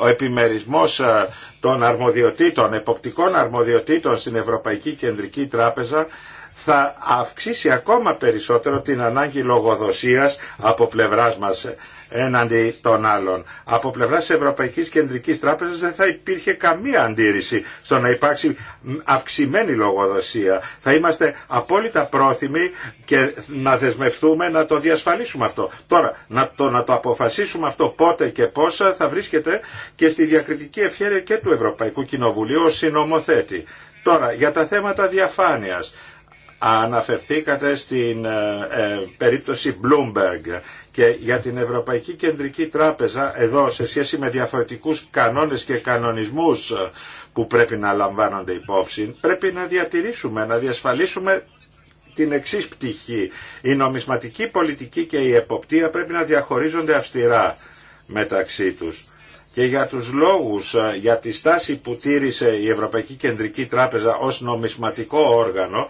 ο επιμερισμός ε, των αρμοδιοτήτων, εποπτικών αρμοδιοτήτων στην Ευρωπαϊκή Κεντρική Τράπεζα θα αυξήσει ακόμα περισσότερο την ανάγκη λογοδοσίας από πλευράς μας έναντι των άλλων. Από πλευρά τη Ευρωπαϊκή Κεντρική Τράπεζα δεν θα υπήρχε καμία αντίρρηση στο να υπάρξει αυξημένη λογοδοσία. Θα είμαστε απόλυτα πρόθυμοι και να δεσμευτούμε να το διασφαλίσουμε αυτό. Τώρα, να το, να το αποφασίσουμε αυτό πότε και πόσα θα βρίσκεται και στη διακριτική ευχαίρεια και του Ευρωπαϊκού Κοινοβουλίου ως συνομοθέτη. Τώρα, για τα θέματα διαφάνειας. Αναφερθήκατε στην ε, ε, περίπτωση Bloomberg και για την Ευρωπαϊκή Κεντρική Τράπεζα εδώ σε σχέση με διαφορετικούς κανόνες και κανονισμούς που πρέπει να λαμβάνονται υπόψη πρέπει να διατηρήσουμε, να διασφαλίσουμε την εξή πτυχή. Η νομισματική πολιτική και η εποπτεία πρέπει να διαχωρίζονται αυστηρά μεταξύ τους. Και για τους λόγους, ε, για τη στάση που τήρησε η Ευρωπαϊκή Κεντρική Τράπεζα ως νομισματικό όργανο,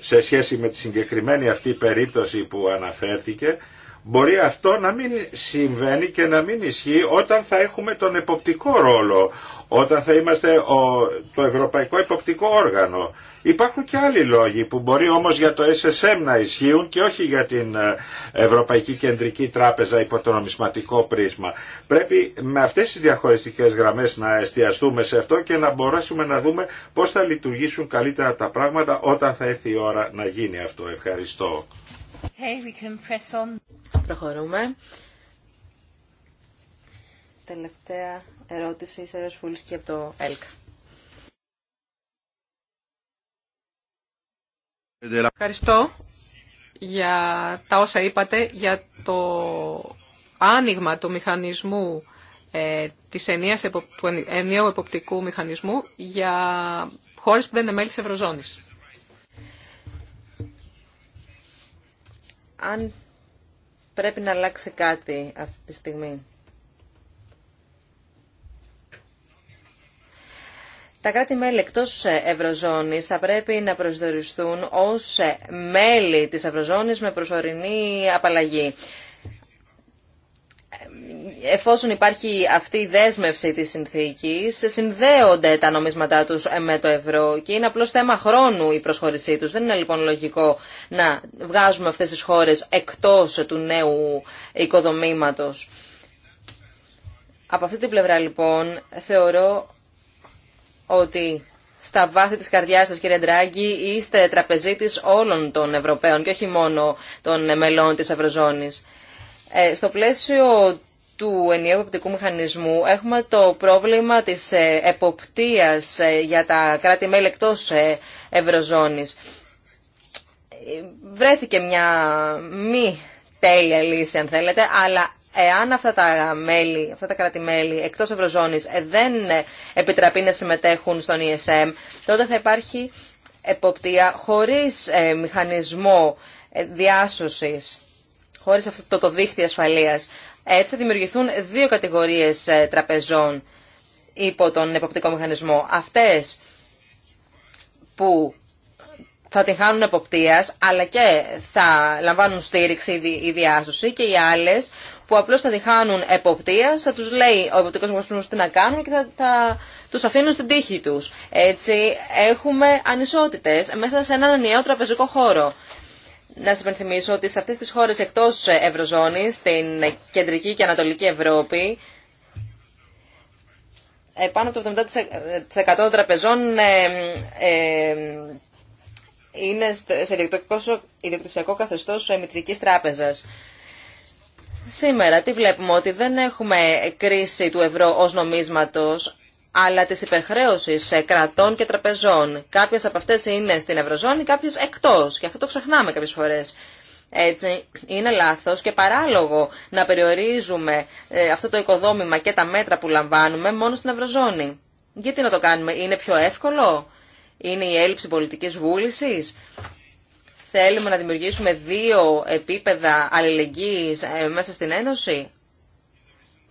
σε σχέση με τη συγκεκριμένη αυτή περίπτωση που αναφέρθηκε, μπορεί αυτό να μην συμβαίνει και να μην ισχύει όταν θα έχουμε τον εποπτικό ρόλο, όταν θα είμαστε το Ευρωπαϊκό Εποπτικό Όργανο. Υπάρχουν και άλλοι λόγοι που μπορεί όμως για το SSM να ισχύουν και όχι για την ε, Ευρωπαϊκή Κεντρική Τράπεζα υπό το νομισματικό πρίσμα. Πρέπει με αυτές τις διαχωριστικές γραμμές να εστιαστούμε σε αυτό και να μπορέσουμε να δούμε πώς θα λειτουργήσουν καλύτερα τα πράγματα όταν θα έρθει η ώρα να γίνει αυτό. Ευχαριστώ. we can press Προχωρούμε. Τελευταία ερώτηση, και από το ΕΛΚ. Ευχαριστώ για τα όσα είπατε για το άνοιγμα του μηχανισμού ε, της του ενιαίου εποπτικού μηχανισμού για χώρες που δεν είναι μέλη της Ευρωζώνης. Αν πρέπει να αλλάξει κάτι αυτή τη στιγμή Τα κράτη-μέλη εκτός Ευρωζώνης θα πρέπει να προσδιοριστούν ως μέλη της Ευρωζώνης με προσωρινή απαλλαγή. Εφόσον υπάρχει αυτή η δέσμευση της συνθήκης, συνδέονται τα νομίσματά τους με το ευρώ και είναι απλώς θέμα χρόνου η προσχώρησή τους. Δεν είναι λοιπόν λογικό να βγάζουμε αυτές τις χώρες εκτός του νέου οικοδομήματος. Από αυτή την πλευρά λοιπόν θεωρώ ότι στα βάθη της καρδιάς σας κύριε Ντράγκη είστε τραπεζίτης όλων των Ευρωπαίων και όχι μόνο των μελών της Ευρωζώνης. Ε, στο πλαίσιο του ενιαίου εποπτικού μηχανισμού έχουμε το πρόβλημα της ε, εποπτείας ε, για τα κράτη-μέλη εκτός Ευρωζώνης. Βρέθηκε μια μη τέλεια λύση αν θέλετε, αλλά εάν αυτά τα μέλη, αυτά τα κράτη-μέλη εκτός Ευρωζώνης ε, δεν επιτραπεί να συμμετέχουν στον ESM, τότε θα υπάρχει εποπτεία χωρίς ε, μηχανισμό ε, διάσωσης, χωρίς αυτό το δίχτυ ασφαλείας. Έτσι θα δημιουργηθούν δύο κατηγορίες τραπεζών υπό τον εποπτικό μηχανισμό. Αυτές που θα τη χάνουν εποπτείας, αλλά και θα λαμβάνουν στήριξη η διάσωση και οι άλλε που απλώς θα τη χάνουν εποπτείας, θα τους λέει ο εποπτικό μηχανισμός τι να κάνουν και θα, θα τους αφήνουν στην τύχη τους. Έτσι έχουμε ανισότητες μέσα σε έναν νέο τραπεζικό χώρο. Να σας υπενθυμίσω ότι σε αυτές τις χώρες εκτός ευρωζώνη στην Κεντρική και Ανατολική Ευρώπη, ε, πάνω από το 70% των τραπεζών ε, ε είναι σε ιδιοκτησιακό καθεστώς μητρικής τράπεζας. Σήμερα τι βλέπουμε, ότι δεν έχουμε κρίση του ευρώ ως νομίσματος, αλλά της υπερχρέωσης κρατών και τραπεζών. Κάποιες από αυτές είναι στην Ευρωζώνη, κάποιες εκτός. Και αυτό το ξεχνάμε κάποιες φορές. Έτσι, είναι λάθος και παράλογο να περιορίζουμε ε, αυτό το οικοδόμημα και τα μέτρα που λαμβάνουμε μόνο στην Ευρωζώνη. Γιατί να το κάνουμε, είναι πιο εύκολο, είναι η έλλειψη πολιτικής βούλησης. Θέλουμε να δημιουργήσουμε δύο επίπεδα αλληλεγγύης ε, μέσα στην Ένωση.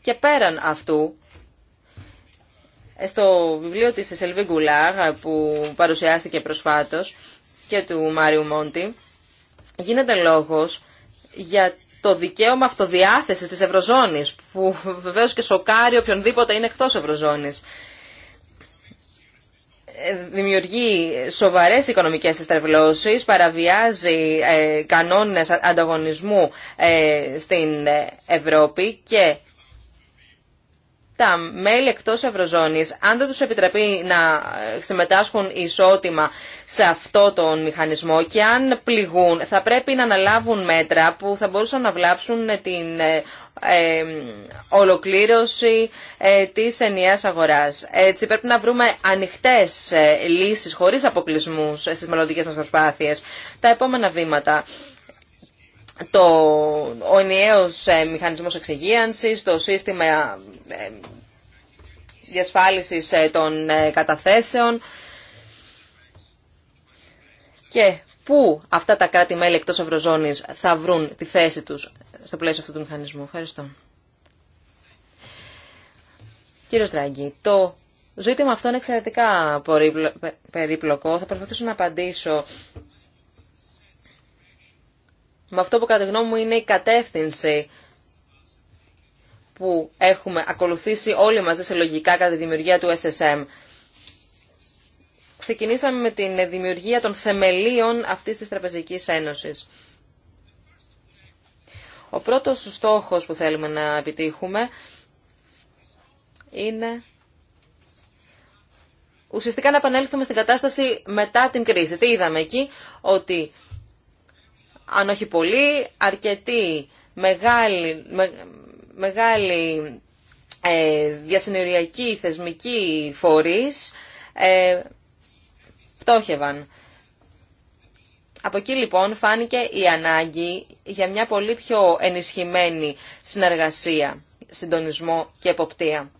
Και πέραν αυτού, ε, στο βιβλίο της Σελβί Γκουλάγ που παρουσιάστηκε προσφάτως και του Μάριου Μόντι, γίνεται λόγος για το δικαίωμα αυτοδιάθεσης της Ευρωζώνης, που βεβαίως και σοκάρει οποιονδήποτε είναι εκτός Ευρωζώνης. Ε, δημιουργεί σοβαρές οικονομικές εστρεβλώσεις, παραβιάζει ε, κανόνες ανταγωνισμού ε, στην Ευρώπη και τα μέλη εκτός Ευρωζώνης, αν δεν τους επιτραπεί να συμμετάσχουν ισότιμα σε αυτό τον μηχανισμό και αν πληγούν, θα πρέπει να αναλάβουν μέτρα που θα μπορούσαν να βλάψουν την ολοκλήρωση ε, της ενιαίας αγοράς. Έτσι πρέπει να βρούμε ανοιχτές ε, λύσεις χωρίς αποκλεισμούς ε, στις μελλοντικές μας προσπάθειες. Τα επόμενα βήματα το, ο ενιαίος ε, μηχανισμός εξυγίανσης, το σύστημα ε, διασφάλισης των καταθέσεων και πού αυτά τα κράτη-μέλη εκτός Ευρωζώνης θα βρουν τη θέση τους στο πλαίσιο αυτού του μηχανισμού. Ευχαριστώ. Κύριο Στράγκη, το ζήτημα αυτό είναι εξαιρετικά περίπλοκο. Θα προσπαθήσω να απαντήσω με αυτό που κατά τη γνώμη μου είναι η κατεύθυνση που έχουμε ακολουθήσει όλοι μαζί λογικά κατά τη δημιουργία του SSM. Ξεκινήσαμε με την δημιουργία των θεμελίων αυτής της Τραπεζικής Ένωσης. Ο πρώτος στόχος που θέλουμε να επιτύχουμε είναι ουσιαστικά να επανέλθουμε στην κατάσταση μετά την κρίση. Τι είδαμε εκεί, ότι αν όχι πολύ, αρκετοί μεγάλοι, με, μεγάλοι ε, διασυνοριακοί θεσμικοί φορείς ε, πτώχευαν. Από εκεί λοιπόν φάνηκε η ανάγκη για μια πολύ πιο ενισχυμένη συνεργασία, συντονισμό και εποπτεία.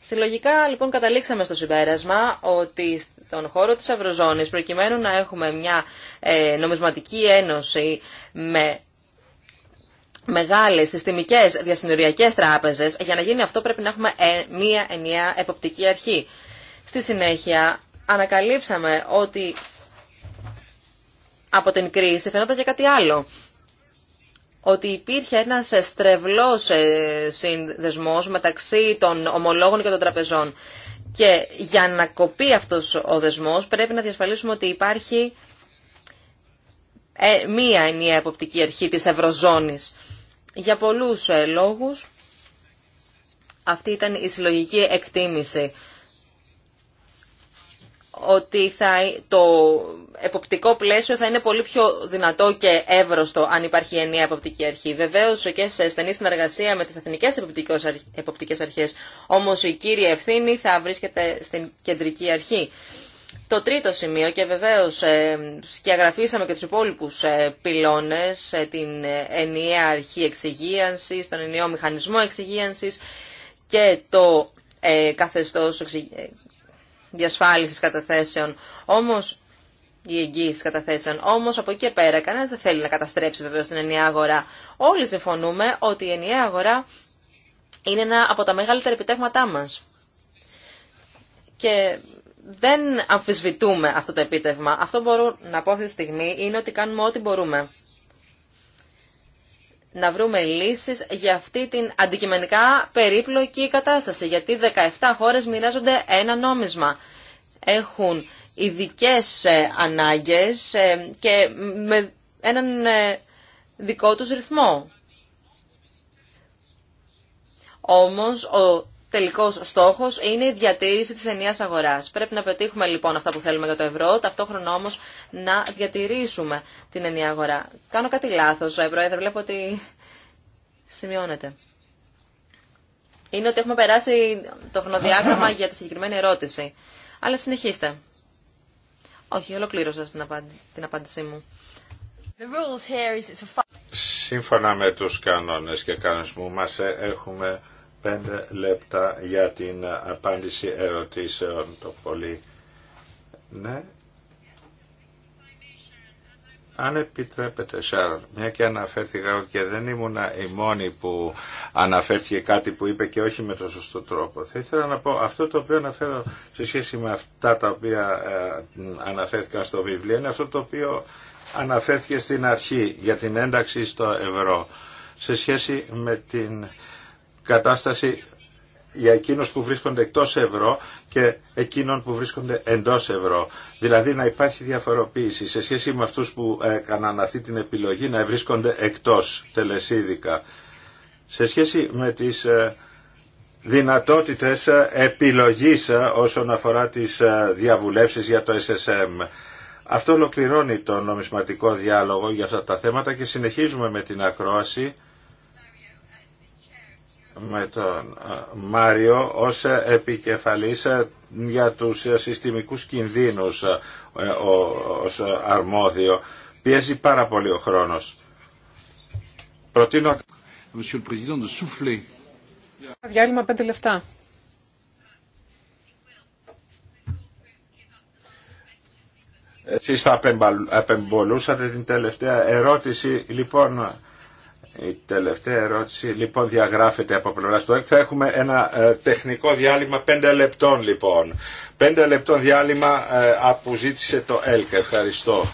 Συλλογικά λοιπόν καταλήξαμε στο συμπέρασμα ότι στον χώρο της Ευρωζώνης προκειμένου να έχουμε μια ε, νομισματική ένωση με μεγάλες συστημικές διασυνοριακές τράπεζες, για να γίνει αυτό πρέπει να έχουμε ε, μία ενιαία εποπτική αρχή. Στη συνέχεια ανακαλύψαμε ότι από την κρίση φαινόταν και κάτι άλλο. Ότι υπήρχε ένας στρεβλός ε, συνδεσμός μεταξύ των ομολόγων και των τραπεζών. Και για να κοπεί αυτός ο δεσμός πρέπει να διασφαλίσουμε ότι υπάρχει ε, μία ενιαία εποπτική αρχή της Ευρωζώνης. Για πολλούς ε, λόγους αυτή ήταν η συλλογική εκτίμηση ότι θα, το εποπτικό πλαίσιο θα είναι πολύ πιο δυνατό και εύρωστο αν υπάρχει ενιαία εποπτική αρχή. Βεβαίω και σε στενή συνεργασία με τι εθνικέ εποπτικέ αρχέ. Όμω η κύρια ευθύνη θα βρίσκεται στην κεντρική αρχή. Το τρίτο σημείο και βεβαίως ε, σκιαγραφίσαμε και τους υπόλοιπους ε, πυλώνες, ε, την ενιαία αρχή εξυγίανση, τον ενιαίο μηχανισμό εξυγίανση και το καθεστώς διασφάλισης καταθέσεων. Όμως, η εγγύηση καταθέσεων. Όμω από εκεί και πέρα κανένα δεν θέλει να καταστρέψει βεβαίω την ενιαία αγορά. Όλοι συμφωνούμε ότι η ενιαία αγορά είναι ένα από τα μεγαλύτερα επιτεύγματά μα. Και δεν αμφισβητούμε αυτό το επίτευγμα. Αυτό μπορώ να πω αυτή τη στιγμή είναι ότι κάνουμε ό,τι μπορούμε να βρούμε λύσεις για αυτή την αντικειμενικά περίπλοκη κατάσταση. Γιατί 17 χώρες μοιράζονται ένα νόμισμα. Έχουν ειδικέ ε, ανάγκες ε, και με έναν ε, δικό τους ρυθμό. Όμως ο τελικός στόχος είναι η διατήρηση της ενιαία αγοράς. Πρέπει να πετύχουμε λοιπόν αυτά που θέλουμε για το ευρώ, ταυτόχρονα όμως να διατηρήσουμε την ενιαία αγορά. Κάνω κάτι λάθο, ε, Πρόεδρε, βλέπω ότι σημειώνεται. Είναι ότι έχουμε περάσει το χρονοδιάγραμμα για τη συγκεκριμένη ερώτηση. Αλλά συνεχίστε. Όχι, ολοκλήρωσα την απάντησή μου. Σύμφωνα με τους κανόνες και κανονισμού μας ε, έχουμε πέντε λεπτά για την απάντηση ερωτήσεων το πολύ. Ναι. Αν επιτρέπετε, Σάρων, μια και αναφέρθηκα και δεν ήμουν η μόνη που αναφέρθηκε κάτι που είπε και όχι με το σωστό τρόπο. Θα ήθελα να πω αυτό το οποίο αναφέρω σε σχέση με αυτά τα οποία ε, αναφέρθηκαν στο βιβλίο είναι αυτό το οποίο αναφέρθηκε στην αρχή για την ένταξη στο ευρώ σε σχέση με την κατάσταση για εκείνους που βρίσκονται εκτός ευρώ και εκείνων που βρίσκονται εντός ευρώ. Δηλαδή να υπάρχει διαφοροποίηση σε σχέση με αυτούς που έκαναν αυτή την επιλογή να βρίσκονται εκτός τελεσίδικα. Σε σχέση με τις ε, δυνατότητες ε, επιλογής ε, όσον αφορά τις διαβουλεύσεις για το SSM. Αυτό ολοκληρώνει το νομισματικό διάλογο για αυτά τα θέματα και συνεχίζουμε με την ακρόαση με τον ε, Μάριο ως ε, επικεφαλής ε, για τους συστημικούς κινδύνους ως αρμόδιο. Πιέζει πάρα πολύ ο χρόνος. Προτείνω... Διάλειμμα πέντε λεφτά. Εσείς θα απεμπολούσατε την τελευταία ερώτηση. Λοιπόν, η τελευταία ερώτηση λοιπόν διαγράφεται από πλευρά του ΕΚ. Θα έχουμε ένα ε, τεχνικό διάλειμμα πέντε λεπτών λοιπόν. 5 λεπτών διάλειμμα ε, που ζήτησε το ΕΛΚ. Ευχαριστώ.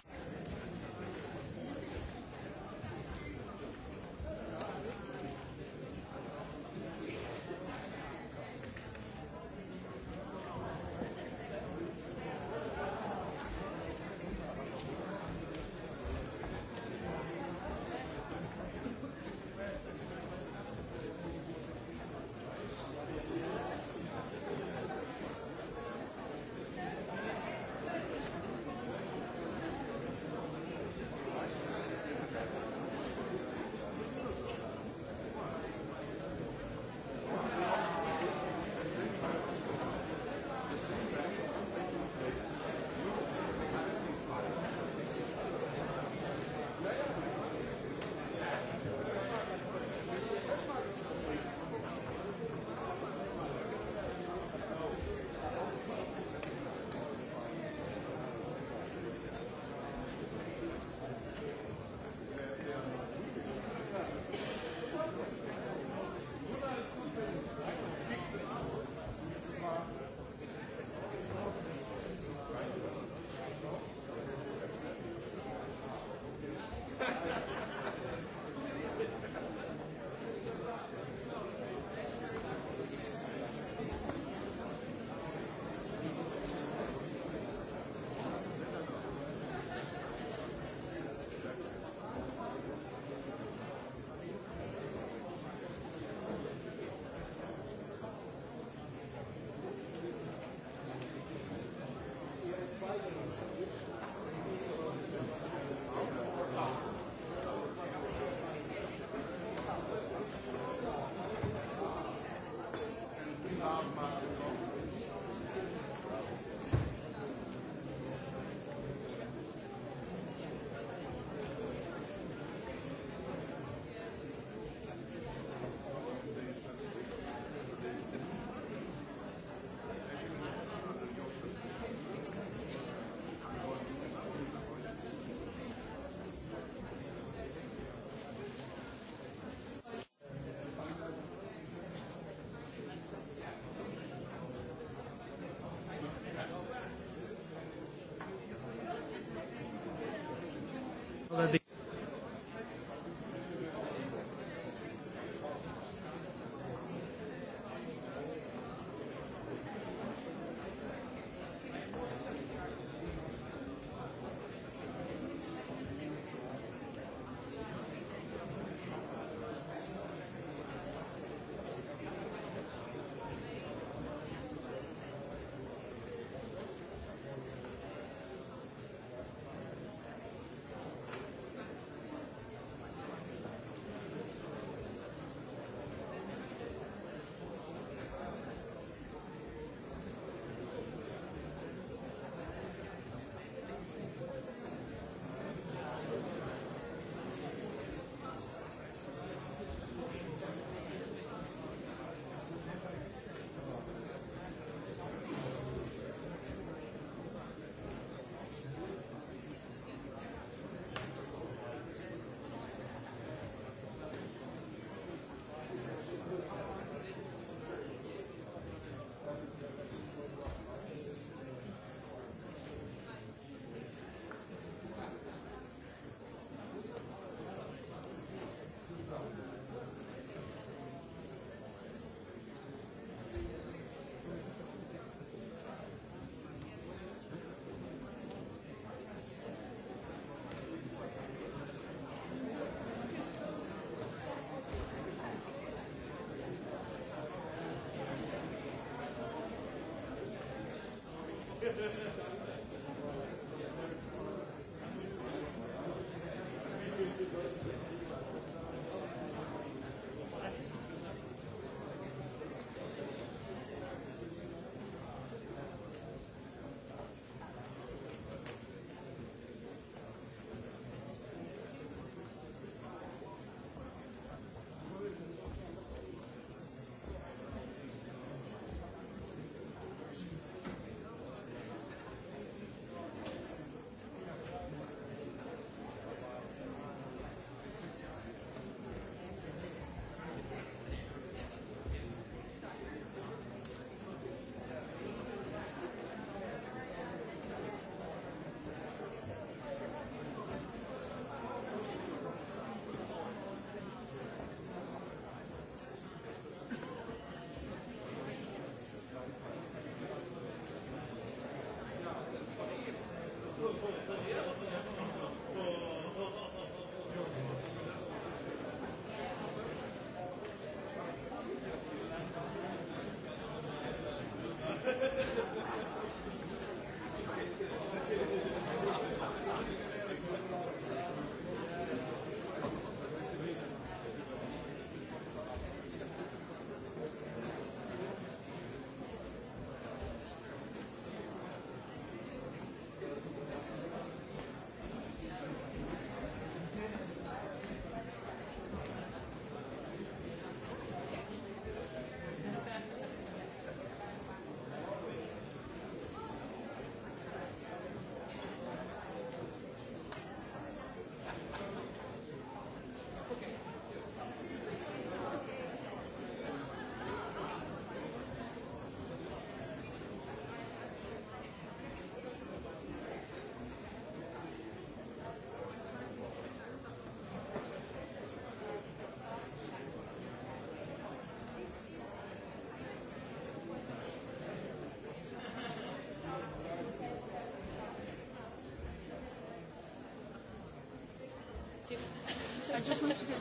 I just want to say,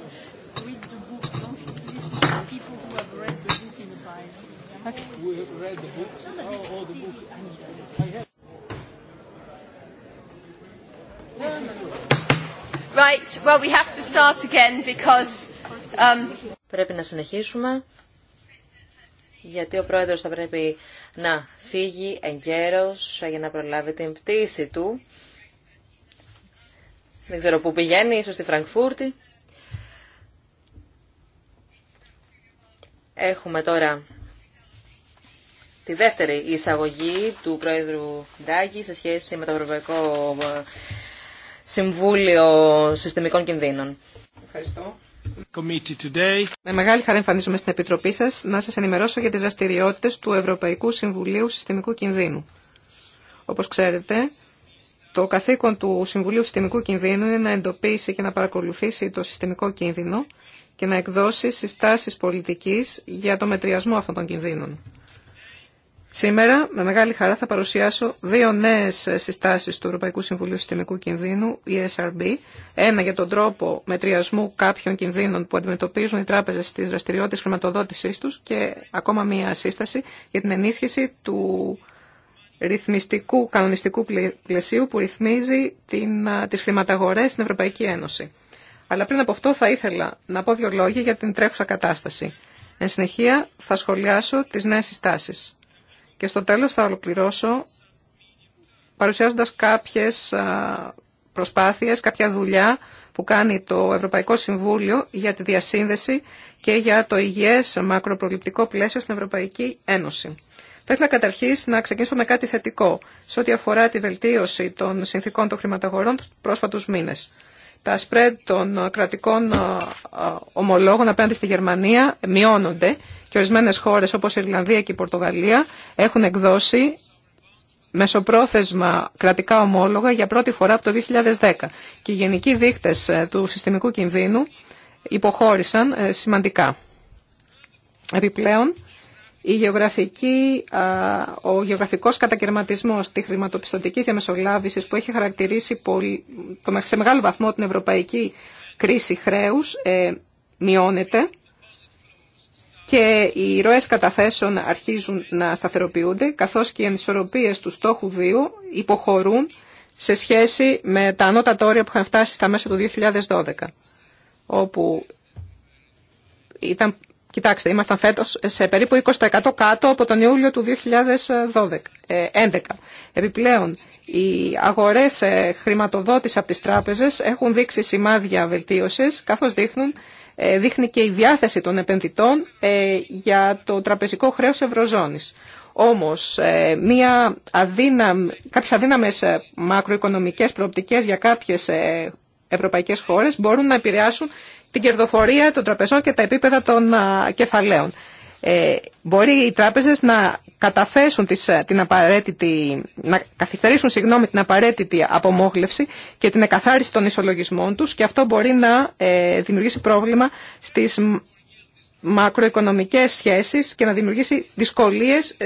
read the book. Don't listen to people who have read the book in the past. We have read the books. Oh, all the books. I have. Right, well we have to start again because... Um... Πρέπει να συνεχίσουμε γιατί ο πρόεδρος θα πρέπει να φύγει εγκαίρως για να προλάβει την πτήση του. Δεν ξέρω πού πηγαίνει, ίσως στη Φραγκφούρτη. Έχουμε τώρα τη δεύτερη εισαγωγή του Πρόεδρου Ντάγκη σε σχέση με το Ευρωπαϊκό ε, Συμβούλιο Συστημικών Κινδύνων. Ευχαριστώ. Με μεγάλη χαρά εμφανίζομαι στην Επιτροπή σας να σας ενημερώσω για τις δραστηριότητε του Ευρωπαϊκού Συμβουλίου Συστημικού Κινδύνου. Όπω ξέρετε, το καθήκον του Συμβουλίου Συστημικού Κινδύνου είναι να εντοπίσει και να παρακολουθήσει το συστημικό κίνδυνο και να εκδώσει συστάσεις πολιτικής για το μετριασμό αυτών των κινδύνων. Σήμερα, με μεγάλη χαρά, θα παρουσιάσω δύο νέες συστάσεις του Ευρωπαϊκού Συμβουλίου Συστημικού Κινδύνου, ESRB. Ένα για τον τρόπο μετριασμού κάποιων κινδύνων που αντιμετωπίζουν οι τράπεζες στις δραστηριότητες χρηματοδότησής τους και ακόμα μία σύσταση για την ενίσχυση του ρυθμιστικού, κανονιστικού πλαισίου που ρυθμίζει την, τις χρηματαγορές στην Ευρωπαϊκή Ένωση. Αλλά πριν από αυτό θα ήθελα να πω δύο λόγια για την τρέχουσα κατάσταση. Εν συνεχεία θα σχολιάσω τις νέες συστάσεις. Και στο τέλος θα ολοκληρώσω παρουσιάζοντας κάποιες προσπάθειες, κάποια δουλειά που κάνει το Ευρωπαϊκό Συμβούλιο για τη διασύνδεση και για το υγιές μακροπροληπτικό πλαίσιο στην Ευρωπαϊκή Ένωση. Θα ήθελα καταρχήν να ξεκινήσω με κάτι θετικό σε ό,τι αφορά τη βελτίωση των συνθήκων των χρηματαγορών του πρόσφατου μήνε. Τα spread των κρατικών ε, ε, ομολόγων απέναντι στη Γερμανία μειώνονται και ορισμένε χώρε όπω η Ιρλανδία και η Πορτογαλία έχουν εκδώσει μεσοπρόθεσμα κρατικά ομόλογα για πρώτη φορά από το 2010 και οι γενικοί δείκτες ε, του συστημικού κινδύνου υποχώρησαν σημαντικά. Επιπλέον, η γεωγραφική, ο γεωγραφικός κατακαιρματισμός τη χρηματοπιστωτική διαμεσολάβησης που έχει χαρακτηρίσει σε μεγάλο βαθμό την ευρωπαϊκή κρίση χρέους ε, μειώνεται και οι ροές καταθέσεων αρχίζουν να σταθεροποιούνται καθώς και οι ανισορροπίες του στόχου 2 υποχωρούν σε σχέση με τα ανώτατα όρια που είχαν φτάσει στα μέσα του 2012 όπου ήταν Κοιτάξτε, ήμασταν φέτος σε περίπου 20% κάτω από τον Ιούλιο του 2011. Ε, Επιπλέον, οι αγορές ε, χρηματοδότης από τις τράπεζες έχουν δείξει σημάδια βελτίωσης, καθώς δείχνουν, ε, δείχνει και η διάθεση των επενδυτών για το τραπεζικό χρέος ευρωζώνης. Όμως, μια αδύναμ, κάποιες αδύναμες μακροοικονομικές προοπτικές για κάποιες ευρωπαϊκές χώρες μπορούν να επηρεάσουν την κερδοφορία των τραπεζών και τα επίπεδα των κεφαλαίων. Ε, μπορεί οι τράπεζες να καταθέσουν τις, την απαραίτητη, να καθυστερήσουν συγγνώμη, την απαραίτητη απομόχλευση και την εκαθάριση των ισολογισμών τους και αυτό μπορεί να ε, δημιουργήσει πρόβλημα στις μακροοικονομικές σχέσεις και να δημιουργήσει δυσκολίες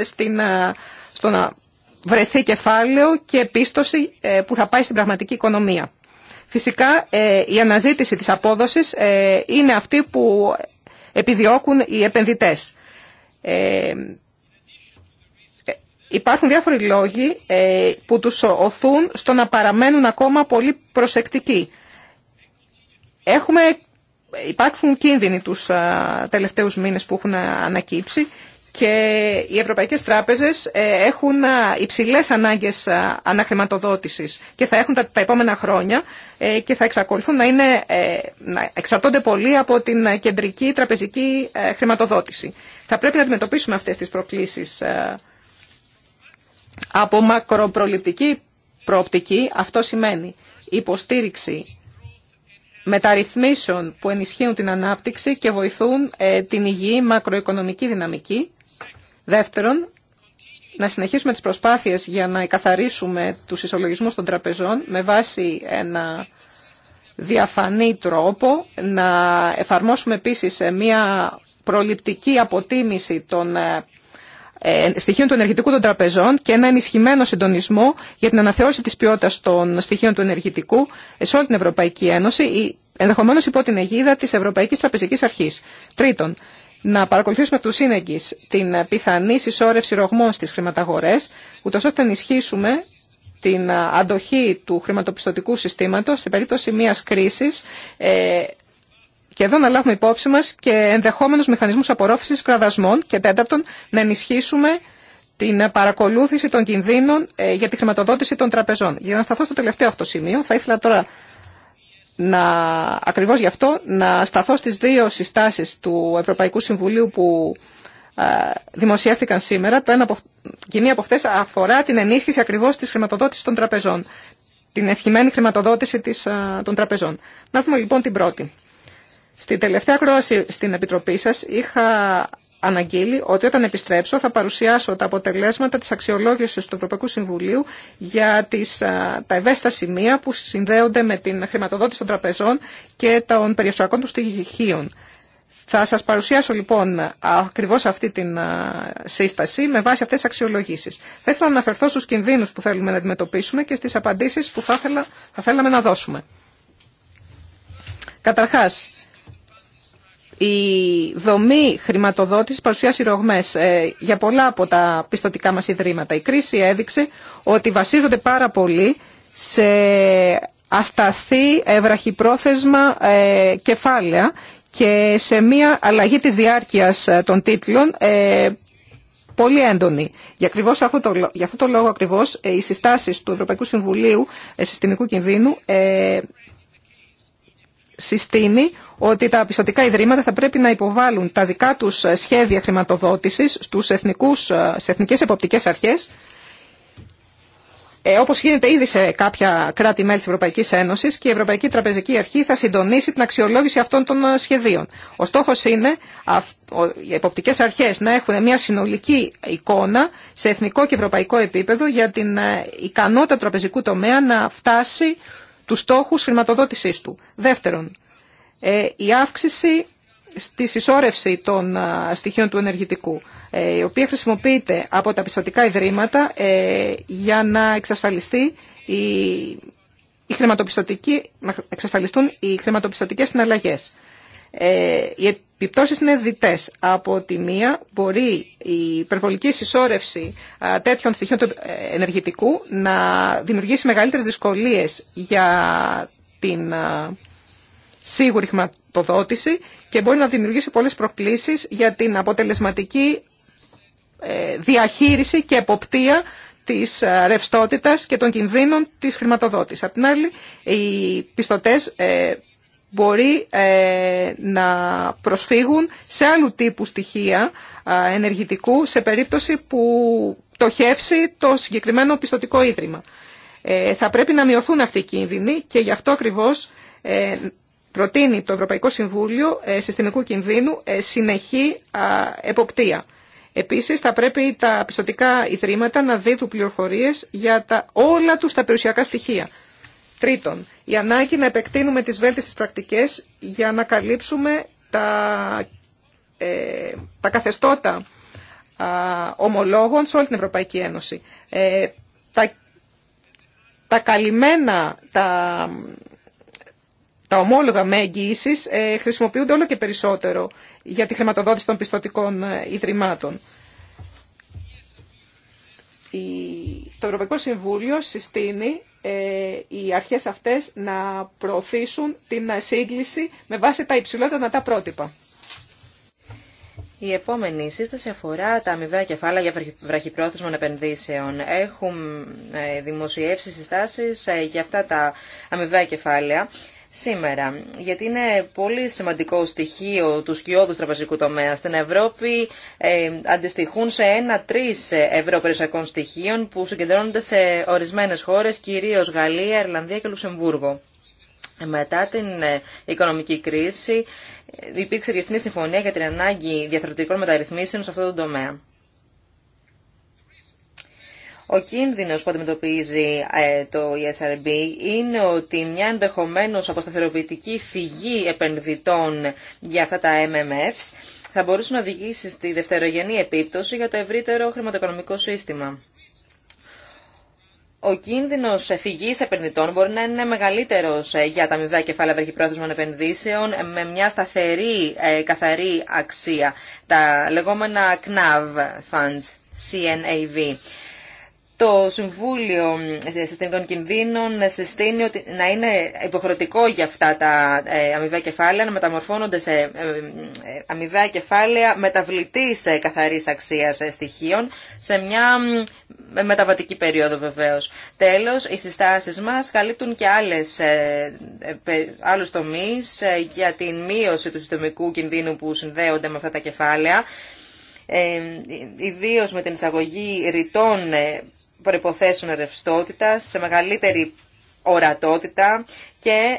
στο να βρεθεί κεφάλαιο και πίστοση ε, που θα πάει στην πραγματική οικονομία. Φυσικά ε, η αναζήτηση της απόδοσης ε, είναι αυτή που επιδιώκουν οι επενδυτές. Ε, υπάρχουν διάφοροι λόγοι που τους οθούν στο να παραμένουν ακόμα πολύ προσεκτικοί. Έχουμε, υπάρχουν κίνδυνοι τους τελευταίους μήνες που έχουν ανακύψει και οι ευρωπαϊκές τράπεζες ε, έχουν ε, υψηλές ανάγκες ε, αναχρηματοδότησης και θα έχουν τα, επόμενα χρόνια και θα εξακολουθούν να, είναι, να εξαρτώνται πολύ από την κεντρική τραπεζική χρηματοδότηση. Θα πρέπει να αντιμετωπίσουμε αυτές τις προκλήσεις από μακροπροληπτική προοπτική. Αυτό σημαίνει υποστήριξη μεταρρυθμίσεων που ενισχύουν την ανάπτυξη και βοηθούν την υγιή μακροοικονομική δυναμική Δεύτερον, να συνεχίσουμε τις προσπάθειες για να εκαθαρίσουμε τους ισολογισμούς των τραπεζών με βάση ένα διαφανή τρόπο, να εφαρμόσουμε επίσης μια προληπτική αποτίμηση των ε, ε, στοιχείων του ενεργητικού των τραπεζών και ένα ενισχυμένο συντονισμό για την αναθεώρηση της ποιότητας των στοιχείων του ενεργητικού σε όλη την Ευρωπαϊκή Ένωση, ενδεχομένως υπό την αιγίδα της Ευρωπαϊκής Τραπεζικής Αρχής. Τρίτον, να παρακολουθήσουμε του σύνεγγυ την πιθανή συσσόρευση ρογμών στι χρηματαγορέ, ούτω ώστε να ενισχύσουμε την αντοχή του χρηματοπιστωτικού συστήματος σε περίπτωση μιας κρίσης ε, και εδώ να λάβουμε υπόψη μα και ενδεχόμενους μηχανισμούς απορρόφησης κραδασμών και τέταρτον να ενισχύσουμε την παρακολούθηση των κινδύνων ε, για τη χρηματοδότηση των τραπεζών. Για να σταθώ στο τελευταίο αυτό σημείο, θα ήθελα τώρα να, ακριβώς γι' αυτό να σταθώ στις δύο συστάσεις του Ευρωπαϊκού Συμβουλίου που ε, δημοσιεύθηκαν σήμερα. Το ένα από, μια από αυτές αφορά την ενίσχυση ακριβώς της χρηματοδότησης των τραπεζών, την ενισχυμένη χρηματοδότηση της, ε, των τραπεζών. Να δούμε λοιπόν την πρώτη. Στη τελευταία κρόαση στην Επιτροπή σας είχα αναγγείλει ότι όταν επιστρέψω θα παρουσιάσω τα αποτελέσματα της αξιολόγησης του Ευρωπαϊκού Συμβουλίου για τις, τα ευαίσθητα σημεία που συνδέονται με την χρηματοδότηση των τραπεζών και των περιουσιακών του στοιχείων. Θα σας παρουσιάσω λοιπόν ακριβώς αυτή την σύσταση με βάση αυτές τις αξιολογήσεις. Θα ήθελα να αναφερθώ στους κινδύνους που θέλουμε να αντιμετωπίσουμε και στις απαντήσεις που θα, θέλα, θέλαμε να δώσουμε. Καταρχάς, η δομή χρηματοδότηση παρουσιάσει ρογμέ ε, για πολλά από τα πιστοτικά μα ιδρύματα. Η κρίση έδειξε ότι βασίζονται πάρα πολύ σε ασταθή, ε, κεφάλαια και σε μια αλλαγή της διάρκειας ε, των τίτλων ε, πολύ έντονη. Για, ακριβώς αυτό το, για αυτό το λόγο ακριβώς οι συστάσεις του Ευρωπαϊκού Συμβουλίου Συστημικού Κινδύνου συστήνει ότι τα πιστωτικά ιδρύματα θα πρέπει να υποβάλουν τα δικά τους σχέδια χρηματοδότησης στους εθνικούς, ε, στις εθνικές εποπτικές αρχές, ε, όπως γίνεται ήδη σε κάποια κράτη-μέλη της Ευρωπαϊκής Ένωσης και η Ευρωπαϊκή Τραπεζική Αρχή θα συντονίσει την αξιολόγηση αυτών των ε, σχεδίων. Ο στόχος είναι οι εποπτικές αρχές να έχουν μια συνολική εικόνα σε εθνικό και ευρωπαϊκό επίπεδο για την ε, ικανότητα του τραπεζικού τομέα να φτάσει τους στόχους χρηματοδότησής του. Δεύτερον, ε, η αύξηση στη συσσόρευση των ε, στοιχείων του ενεργητικού, ε, η οποία χρησιμοποιείται από τα πιστοτικά ιδρύματα για να εξασφαλιστεί η, η χρηματοπιστωτική, εξασφαλιστούν οι χρηματοπιστωτικές συναλλαγές. Ε, οι επιπτώσεις είναι διτές. Από τη μία μπορεί η υπερβολική συσσόρευση τέτοιων στοιχείων του ε, ενεργητικού να δημιουργήσει μεγαλύτερες δυσκολίες για την σίγουρη χρηματοδότηση και μπορεί να δημιουργήσει πολλές προκλήσεις για την αποτελεσματική ε, διαχείριση και εποπτεία της ρευστότητας και των κινδύνων της χρηματοδότησης. Απ' την άλλη, οι πιστωτές μπορεί ε, να προσφύγουν σε άλλου τύπου στοιχεία ε, ενεργητικού σε περίπτωση που τοχεύσει το συγκεκριμένο πιστοτικό ίδρυμα. Ε, θα πρέπει να μειωθούν αυτοί οι κίνδυνοι και γι' αυτό ακριβώς προτείνει το Ευρωπαϊκό Συμβούλιο Συστημικού Κινδύνου συνεχή εποπτεία. Επίσης θα πρέπει τα πιστοτικά ιδρύματα να δίδουν πληροφορίες για τα, όλα τους τα περιουσιακά στοιχεία Τρίτον, η ανάγκη να επεκτείνουμε τις βέλτιστες πρακτικές για να καλύψουμε τα, ε, τα καθεστώτα ομολόγων σε όλη την Ευρωπαϊκή Ένωση. Ε, τα, τα καλυμμένα, τα, τα ομόλογα με εγγυήσεις ε, χρησιμοποιούνται όλο και περισσότερο για τη χρηματοδότηση των πιστοτικών ιδρυμάτων το Ευρωπαϊκό Συμβούλιο συστήνει ε, οι αρχές αυτές να προωθήσουν την σύγκληση με βάση τα υψηλότερα τα πρότυπα. Η επόμενη σύσταση αφορά τα αμοιβαία κεφάλαια για βραχυπρόθεσμων επενδύσεων. Έχουν ε, δημοσιεύσει συστάσεις ε, για αυτά τα αμοιβαία κεφάλαια σήμερα. Γιατί είναι πολύ σημαντικό στοιχείο του σκιώδου τραπεζικού τομέα. Στην Ευρώπη ε, αντιστοιχούν σε ένα-τρει ευρώ στοιχείων που συγκεντρώνονται σε ορισμένε χώρε, κυρίω Γαλλία, Ιρλανδία και Λουξεμβούργο. Μετά την ε, οικονομική κρίση ε, υπήρξε διεθνή συμφωνία για την ανάγκη διαθροτικών μεταρρυθμίσεων σε αυτό το τομέα. Ο κίνδυνος που αντιμετωπίζει ε, το ESRB είναι ότι μια ενδεχομένω αποσταθεροποιητική φυγή επενδυτών για αυτά τα MMFs θα μπορούσε να οδηγήσει στη δευτερογενή επίπτωση για το ευρύτερο χρηματοοικονομικό σύστημα. Ο κίνδυνο φυγή επενδυτών μπορεί να είναι μεγαλύτερο ε, για τα αμοιβαία κεφάλαια βραχυπρόθεσμων επενδύσεων με μια σταθερή ε, καθαρή αξία, τα λεγόμενα CNAV funds, CNAV. Το Συμβούλιο Συστημικών Κινδύνων συστήνει ότι να είναι υποχρεωτικό για αυτά τα ε, αμοιβαία κεφάλαια να μεταμορφώνονται σε ε, ε, αμοιβαία κεφάλαια μεταβλητής καθαρής αξίας στοιχείων σε μια μεταβατική περίοδο βεβαίως. Τέλος, οι συστάσεις μας καλύπτουν και άλλες, άλλους τομείς για την μείωση του συστημικού κινδύνου που συνδέονται με αυτά τα κεφάλαια ε, ιδίω με την εισαγωγή ρητών προϋποθέσεων ρευστότητα, σε μεγαλύτερη ορατότητα και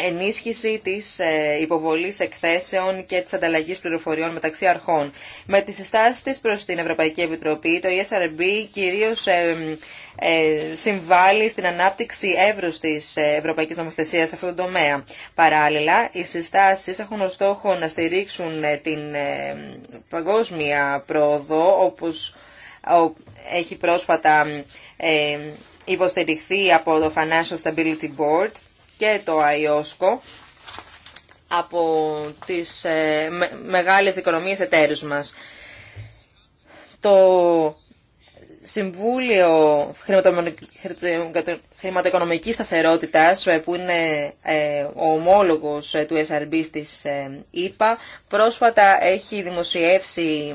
ενίσχυση της ε, υποβολής εκθέσεων και της ανταλλαγής πληροφοριών μεταξύ αρχών. Με τις συστάσεις της προς την Ευρωπαϊκή Επιτροπή, το ESRB κυρίως ε, συμβάλλει στην ανάπτυξη εύρους της ε, Ευρωπαϊκής Νομοθεσίας σε αυτό τον τομέα. Παράλληλα, οι συστάσεις έχουν ως στόχο να στηρίξουν την παγκόσμια πρόοδο, όπως έχει πρόσφατα ε, υποστηριχθεί από το Financial Stability Board και το IOSCO από τις ε, μεγάλες οικονομίες εταίρους μας. Το Συμβούλιο Χρηματοοικονομικής Σταθερότητας, ε, που είναι ο ομόλογος του SRB της ΕΠΑ, πρόσφατα έχει δημοσιεύσει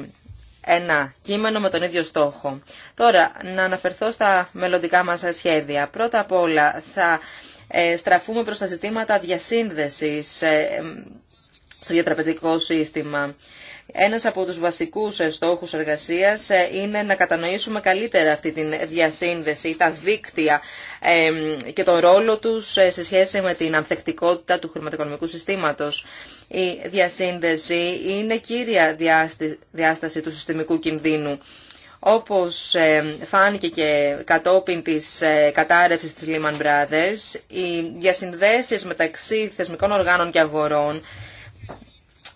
ένα κείμενο με τον ίδιο στόχο. Τώρα, να αναφερθώ στα μελλοντικά μας σχέδια. Πρώτα απ' όλα, θα ε, στραφούμε προς τα ζητήματα διασύνδεσης ε, στο διατραπετικό σύστημα. Ένας από τους βασικούς ε, στόχους εργασίας ε, είναι να κατανοήσουμε καλύτερα αυτή τη διασύνδεση, τα δίκτυα και τον ρόλο τους ε, σε σχέση με την ανθεκτικότητα του χρηματοοικονομικού συστήματος. Η διασύνδεση είναι κύρια διάσταση του συστημικού κινδύνου. Όπως φάνηκε και κατόπιν της κατάρρευσης της Lehman Brothers, οι διασυνδέσεις μεταξύ θεσμικών οργάνων και αγορών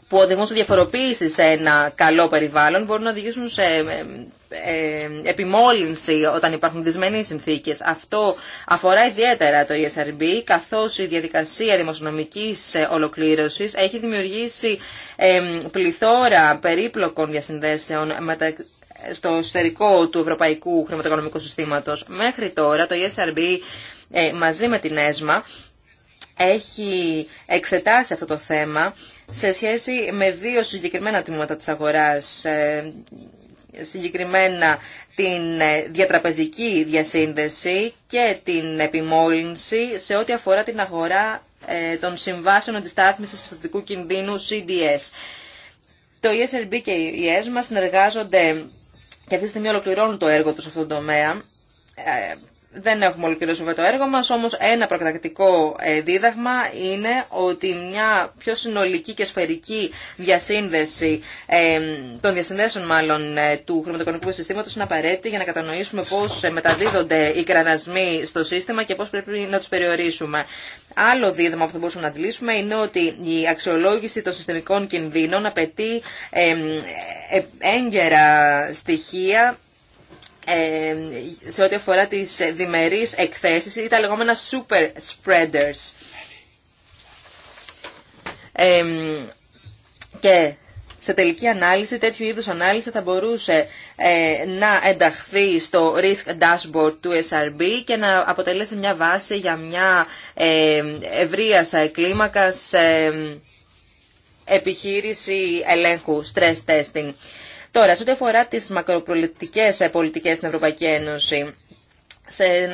που οδηγούν σε διαφοροποίηση σε ένα καλό περιβάλλον μπορούν να οδηγήσουν σε ε, ε, επιμόλυνση όταν υπάρχουν δυσμενείς συνθήκες. Αυτό αφορά ιδιαίτερα το ESRB, καθώς η διαδικασία δημοσιονομικής ε, ολοκλήρωσης έχει δημιουργήσει πληθώρα περίπλοκων διασυνδέσεων στο εσωτερικό του ευρωπαϊκού χρηματοοικονομικού συστήματος. Μέχρι τώρα το ESRB μαζί με την ΕΣΜΑ έχει εξετάσει αυτό το θέμα σε σχέση με δύο συγκεκριμένα τμήματα της αγοράς, ε, συγκεκριμένα την ε, διατραπεζική διασύνδεση και την επιμόλυνση σε ό,τι αφορά την αγορά ε, των συμβάσεων αντιστάθμισης πιστοτικού κινδύνου CDS. Το ESRB και η ESMA συνεργάζονται και αυτή τη στιγμή ολοκληρώνουν το έργο τους σε αυτόν τον τομέα δεν έχουμε ολοκληρώσει το έργο μας, όμως ένα προκατακτικό ε, δίδαγμα είναι ότι μια πιο συνολική και σφαιρική διασύνδεση ε, των διασυνδέσεων μάλλον ε, του χρηματοοικονομικού συστήματος είναι απαραίτητη για να κατανοήσουμε πώς μεταδίδονται οι κρανασμοί στο σύστημα και πώς πρέπει να τους περιορίσουμε. Άλλο δίδυμα που θα μπορούσαμε να αντιλήσουμε είναι ότι η αξιολόγηση των συστημικών κινδύνων απαιτεί έγκαιρα στοιχεία ε, σε ό,τι αφορά τις διμερείς εκθέσεις ή τα λεγόμενα super spreaders. Ε, και σε τελική ανάλυση, τέτοιου είδους ανάλυση θα μπορούσε ε, να ενταχθεί στο risk dashboard του SRB και να αποτελέσει μια βάση για μια ε, σα κλίμακας επιχείρηση ελέγχου, stress testing. Τώρα, σε ό,τι αφορά τι μακροπολιτικέ ε, πολιτικέ στην Ευρωπαϊκή Ένωση,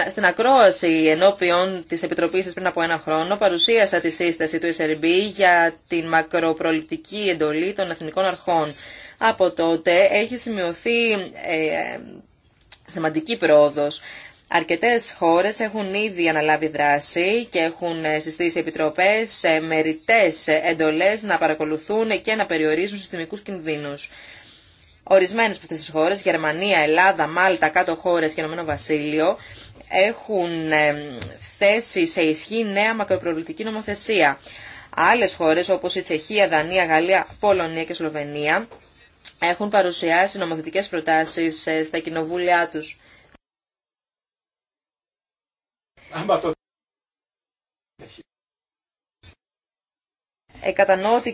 στην ακρόαση ενώπιον τη Επιτροπή πριν από ένα χρόνο παρουσίασα τη σύσταση του SRB για την μακροπροληπτική εντολή των εθνικών αρχών. Από τότε έχει σημειωθεί ε, σημαντική πρόοδος. Αρκετές χώρες έχουν ήδη αναλάβει δράση και έχουν ε, συστήσει επιτροπές, ε, μεριτές εντολές να παρακολουθούν και να περιορίζουν συστημικούς κινδύνους. Ορισμένες από αυτέ τι χώρες, Γερμανία, Ελλάδα, Μάλτα, κάτω χώρες και Ηνωμένο Βασίλειο, έχουν θέσει σε ισχύ νέα μακροπροληπτική νομοθεσία. Άλλε χώρες όπως η Τσεχία, Δανία, Γαλλία, Πολωνία και Σλοβενία έχουν παρουσιάσει νομοθετικές προτάσεις ε, στα κοινοβούλια τους. Ε, κατανοώ ότι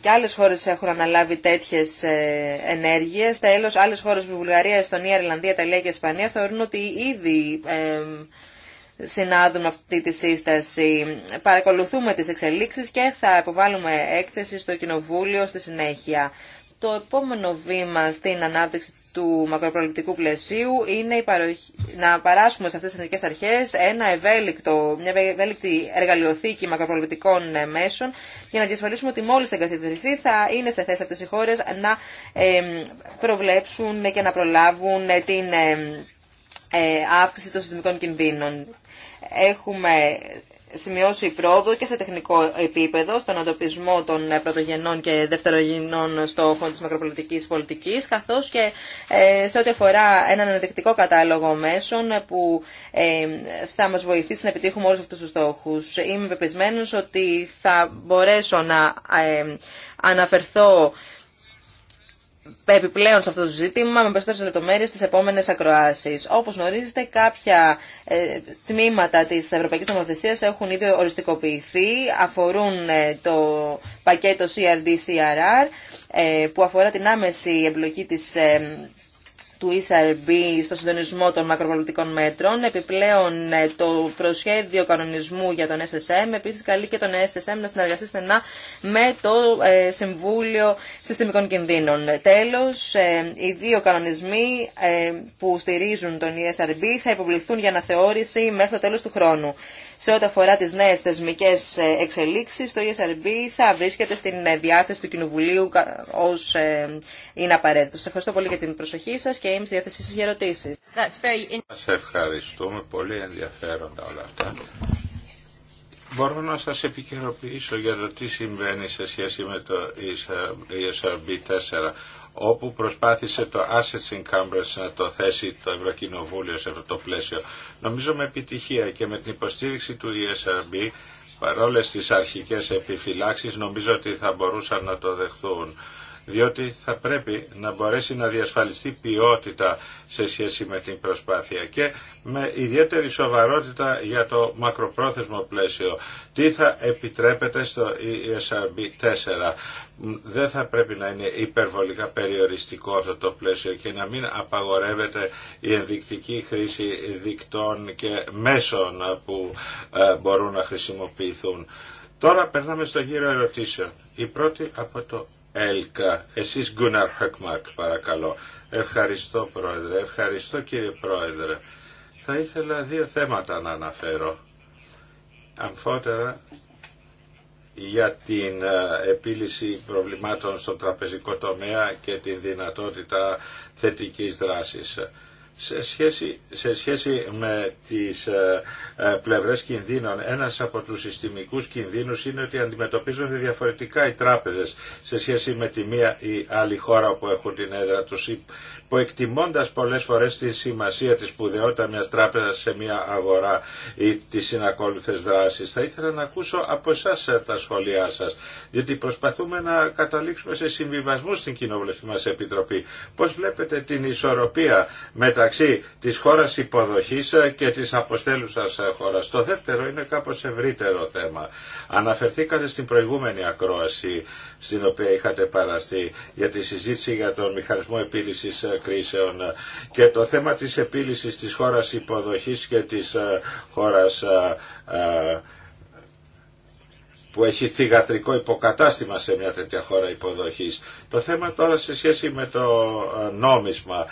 και άλλες χώρες έχουν αναλάβει τέτοιες ε, ενέργειες. Τέλος, άλλες χώρες που η Βουλγαρία, η Εστονία, η Ιρλανδία, Ιταλία και η Ισπανία θεωρούν ότι ήδη συνάδουν αυτή τη σύσταση. Παρακολουθούμε τις εξελίξεις και θα υποβάλουμε έκθεση στο Κοινοβούλιο στη συνέχεια. Το επόμενο βήμα στην ανάπτυξη του μακροπροληπτικού πλαισίου είναι να παράσχουμε σε αυτές τις εθνικές αρχές ένα ευέλικτο, μια ευέλικτη εργαλειοθήκη μακροπροληπτικών ε, μέσων για να διασφαλίσουμε ότι μόλις εγκαθιδρυθεί θα είναι σε θέση αυτές οι χώρες να προβλέψουν και να προλάβουν ε, την ε, αύξηση των συστημικών κινδύνων. Έχουμε σημειώσει πρόοδο και σε τεχνικό επίπεδο στον αντοπισμό των ε, πρωτογενών και δευτερογενών στόχων της μακροπολιτικής πολιτικής, καθώς και ε, σε ό,τι αφορά έναν ενδεικτικό κατάλογο μέσων που ε, θα μας βοηθήσει να επιτύχουμε όλους αυτούς τους στόχους. Είμαι πεπισμένος ότι θα μπορέσω να αναφερθώ επιπλέον σε αυτό το ζήτημα με περισσότερες λεπτομέρειες στις επόμενες ακροάσεις. Όπως γνωρίζετε, κάποια ε, τμήματα της Ευρωπαϊκής Νομοθεσίας έχουν ήδη οριστικοποιηθεί, αφορούν ε, το πακέτο CRD-CRR ε, που αφορά την άμεση εμπλοκή της του ESRB στο συντονισμό των μακροπολιτικών μέτρων. Επιπλέον, ε, το προσχέδιο κανονισμού για τον SSM επίση καλεί και τον SSM να συνεργαστεί στενά με το ε, Συμβούλιο Συστημικών Κινδύνων. Τέλος, ε, οι δύο κανονισμοί που στηρίζουν τον ESRB θα υποβληθούν για αναθεώρηση μέχρι το τέλο του χρόνου. Σε ό,τι αφορά τι νέε θεσμικέ ε, εξελίξει, το ESRB θα βρίσκεται στην ε, διάθεση του Κοινοβουλίου ω ε, είναι απαραίτητο. Σα ευχαριστώ πολύ για την προσοχή σα και είμαι στη διάθεσή σα για ερωτήσει. Very... ευχαριστούμε. Πολύ ενδιαφέροντα όλα αυτά. Μπορώ να σα επικαιροποιήσω για το τι συμβαίνει σε σχέση με το ESRB4. E όπου προσπάθησε το Assets Encumbrance να το θέσει το Ευρωκοινοβούλιο σε αυτό το πλαίσιο. Νομίζω με επιτυχία και με την υποστήριξη του ESRB, παρόλες τις αρχικές επιφυλάξεις, νομίζω ότι θα μπορούσαν να το δεχθούν διότι θα πρέπει να μπορέσει να διασφαλιστεί ποιότητα σε σχέση με την προσπάθεια και με ιδιαίτερη σοβαρότητα για το μακροπρόθεσμο πλαίσιο. Τι θα επιτρέπεται στο ESRB 4. Δεν θα πρέπει να είναι υπερβολικά περιοριστικό αυτό το πλαίσιο και να μην απαγορεύεται η ενδεικτική χρήση δικτών και μέσων που ε, μπορούν να χρησιμοποιηθούν. Τώρα περνάμε στο γύρο ερωτήσεων. Η πρώτη από το Ελκα, Εσείς Γκούναρ Χεκμαρκ παρακαλώ. Ευχαριστώ Πρόεδρε, ευχαριστώ κύριε Πρόεδρε. Θα ήθελα δύο θέματα να αναφέρω. Αμφότερα για την ε, επίλυση προβλημάτων στο τραπεζικό τομέα και την δυνατότητα θετικής δράσης σε σχέση, σε σχέση με τις ε, ε, πλευρές κινδύνων, ένας από τους συστημικούς κινδύνους είναι ότι αντιμετωπίζονται διαφορετικά οι τράπεζες σε σχέση με τη μία ή άλλη χώρα που έχουν την έδρα τους που εκτιμώντας πολλές φορές τη σημασία της σπουδαιότητα μιας τράπεζας σε μια αγορά ή τις συνακόλουθες δράσεις. Θα ήθελα να ακούσω από εσά τα σχόλιά σας, διότι προσπαθούμε να καταλήξουμε σε συμβιβασμού στην κοινοβουλευτική μας Επιτροπή. Πώς βλέπετε την ισορροπία μεταξύ της χώρας υποδοχής και της αποστέλουσας χώρας. Το δεύτερο είναι κάπως ευρύτερο θέμα. Αναφερθήκατε στην προηγούμενη ακρόαση στην οποία είχατε παραστεί για τη συζήτηση για τον μηχανισμό επίλυσης ε, κρίσεων ε, και το θέμα της επίλυσης της χώρας υποδοχής και της ε, χώρας που έχει θηγατρικό υποκατάστημα σε μια τέτοια χώρα υποδοχής. Το θέμα τώρα σε σχέση με το νόμισμα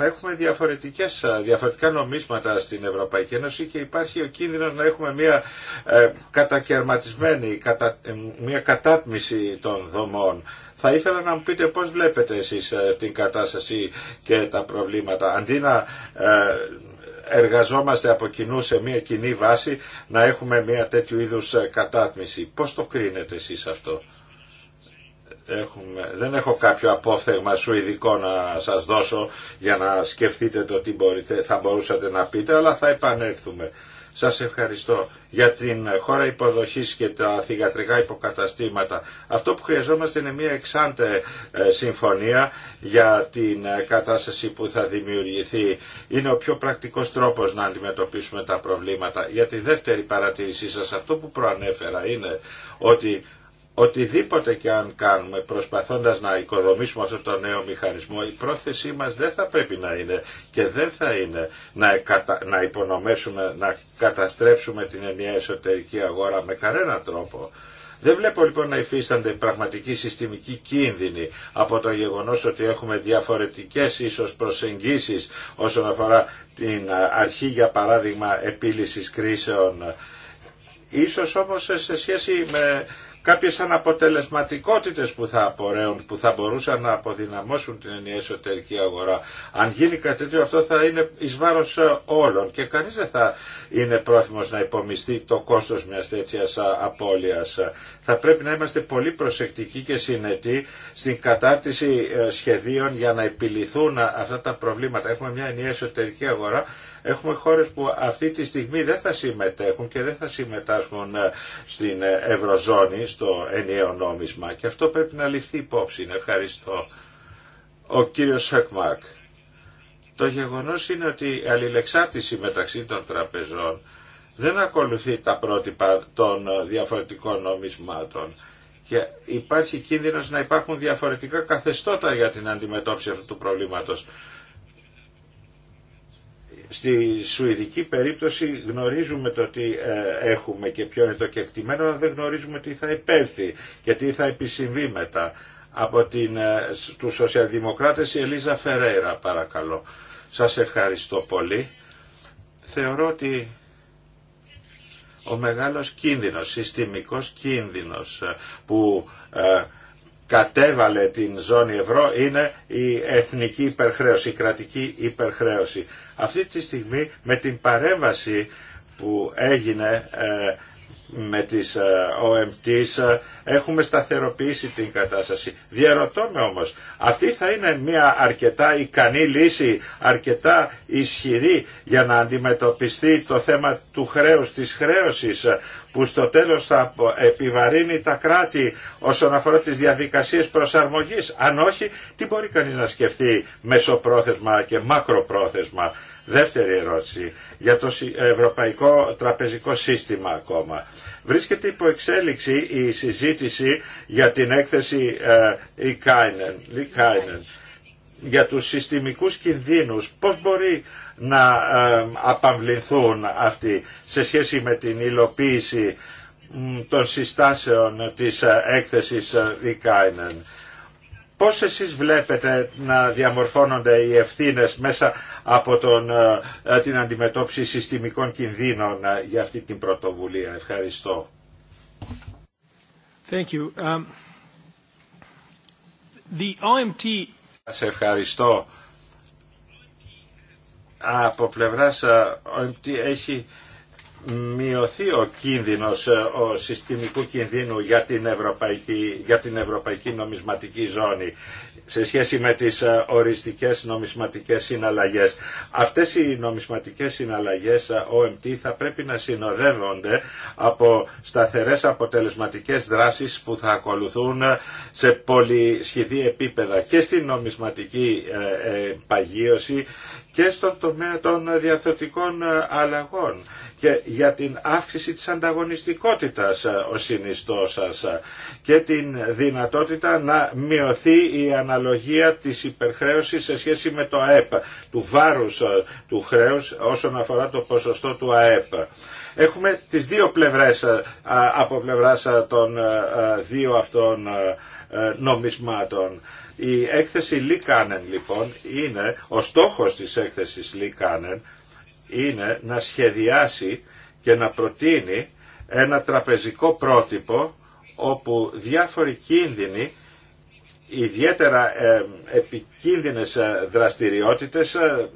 θα έχουμε διαφορετικές, διαφορετικά νομίσματα στην Ευρωπαϊκή Ένωση και υπάρχει ο κίνδυνος να έχουμε μια ε, κατακαιρματισμένη, ε, μια κατάτμιση των δομών. Θα ήθελα να μου πείτε πώς βλέπετε εσείς ε, την κατάσταση και τα προβλήματα. Αντί να ε, εργαζόμαστε από κοινού σε μια κοινή βάση, να έχουμε μια τέτοιου είδους κατάτμιση. Πώς το κρίνετε εσείς αυτό δεν έχω κάποιο απόφθεγμα σου ειδικό να σας δώσω για να σκεφτείτε το τι θα μπορούσατε να πείτε, αλλά θα επανέλθουμε. Σας ευχαριστώ για την χώρα υποδοχής και τα θηγατρικά υποκαταστήματα. Αυτό που χρειαζόμαστε είναι μια εξάντε ε, συμφωνία για την ε, κατάσταση που θα δημιουργηθεί. Είναι ο πιο πρακτικός τρόπος να αντιμετωπίσουμε τα προβλήματα. Για τη δεύτερη παρατήρησή σας, αυτό που προανέφερα είναι ότι οτιδήποτε και αν κάνουμε προσπαθώντας να οικοδομήσουμε αυτό το νέο μηχανισμό, η πρόθεσή μας δεν θα πρέπει να είναι και δεν θα είναι να, να υπονομεύσουμε, να καταστρέψουμε την ενιαία εσωτερική αγορά με κανένα τρόπο. Δεν βλέπω λοιπόν να υφίστανται πραγματικοί συστημικοί κίνδυνοι από το γεγονός ότι έχουμε διαφορετικές ίσως προσεγγίσεις όσον αφορά την αρχή για παράδειγμα επίλυσης κρίσεων. Ίσως όμως σε σχέση με κάποιες αναποτελεσματικότητες που θα απορρέουν, που θα μπορούσαν να αποδυναμώσουν την ενιαία εσωτερική αγορά. Αν γίνει κάτι τέτοιο αυτό θα είναι εις βάρος ε, όλων και κανείς δεν θα είναι πρόθυμος να υπομειστεί το κόστος μιας τέτοιας ε, απώλειας. Θα πρέπει να είμαστε πολύ προσεκτικοί και συνετοί στην κατάρτιση ε, σχεδίων για να επιληθούν αυτά τα προβλήματα. Έχουμε μια ενιαία εσωτερική αγορά Έχουμε χώρες που αυτή τη στιγμή δεν θα συμμετέχουν και δεν θα συμμετάσχουν ε, στην ε, Ευρωζώνη, στο ενιαίο νόμισμα. Και αυτό πρέπει να ληφθεί υπόψη. Ευχαριστώ. Ο κύριος Σακμάκ. Το γεγονός είναι ότι η αλληλεξάρτηση μεταξύ των τραπεζών δεν ακολουθεί τα πρότυπα των ε, διαφορετικών νομισμάτων και υπάρχει κίνδυνος να υπάρχουν διαφορετικά καθεστώτα για την αντιμετώπιση αυτού του προβλήματος στη σουηδική περίπτωση γνωρίζουμε το τι ε, έχουμε και ποιο είναι το κεκτημένο, αλλά δεν γνωρίζουμε τι θα υπέρθει και τι θα επισυμβεί μετά. Από την, ε, τους σοσιαλδημοκράτες η Ελίζα Φερέιρα παρακαλώ. Σας ευχαριστώ πολύ. Θεωρώ ότι ο μεγάλος κίνδυνος, συστημικός κίνδυνος ε, που κατέβαλε την ζώνη ευρώ είναι η εθνική υπερχρέωση, η κρατική υπερχρέωση. Αυτή τη στιγμή με την παρέμβαση που έγινε ε, με τις OMTs ε, ε, έχουμε σταθεροποιήσει την κατάσταση. Διερωτώμε όμως, αυτή θα είναι μια αρκετά ικανή λύση, αρκετά ισχυρή για να αντιμετωπιστεί το θέμα του χρέους, της χρέωσης που στο τέλος θα επιβαρύνει τα κράτη όσον αφορά τις διαδικασίες προσαρμογής. Αν όχι, τι μπορεί κανείς να σκεφτεί μεσοπρόθεσμα και μακροπρόθεσμα. Δεύτερη ερώτηση, για το ευρωπαϊκό τραπεζικό σύστημα ακόμα. Βρίσκεται υπό εξέλιξη η συζήτηση για την έκθεση Λικάινεν, ε, για τους συστημικούς κινδύνους. Πώς μπορεί να ε, απαμβληθούν αυτοί σε σχέση με την υλοποίηση των συστάσεων της ε, έκθεσης Λικάινεν Πώς εσείς βλέπετε να διαμορφώνονται οι ευθύνες μέσα από τον, ε, ε, την αντιμετώπιση συστημικών κινδύνων ε, για αυτή την πρωτοβουλία. Ευχαριστώ. Thank you. Um, the OMT... Σας ευχαριστώ. Από πλευράς OMT έχει μειωθεί ο κίνδυνος ε, ο συστημικού κινδύνου για την Ευρωπαϊκή, για την Ευρωπαϊκή Νομισματική Ζώνη σε σχέση με τις ε, οριστικές νομισματικές συναλλαγές. Αυτές οι νομισματικές συναλλαγές OMT ε, θα πρέπει να συνοδεύονται από σταθερές αποτελεσματικές δράσεις που θα ακολουθούν σε πολυσχηδή επίπεδα και στην νομισματική παγίωση και στον τομέα των διαθετικών ε, αλλαγών και για την αύξηση της ανταγωνιστικότητας ε, ο συνιστός σας ε, και την δυνατότητα να μειωθεί η αναλογία της υπερχρέωσης σε σχέση με το ΑΕΠ, του βάρους του χρέους όσον αφορά το ποσοστό του ΑΕΠ. Έχουμε τις δύο πλευρές από πλευράς των δύο αυτών νομισμάτων. Η έκθεση Λίκανεν λοιπόν είναι, ο στόχος της έκθεσης Λίκανεν είναι να σχεδιάσει και να προτείνει ένα τραπεζικό πρότυπο όπου διάφοροι κίνδυνοι ιδιαίτερα επικίνδυνες ε, δραστηριότητες, ε,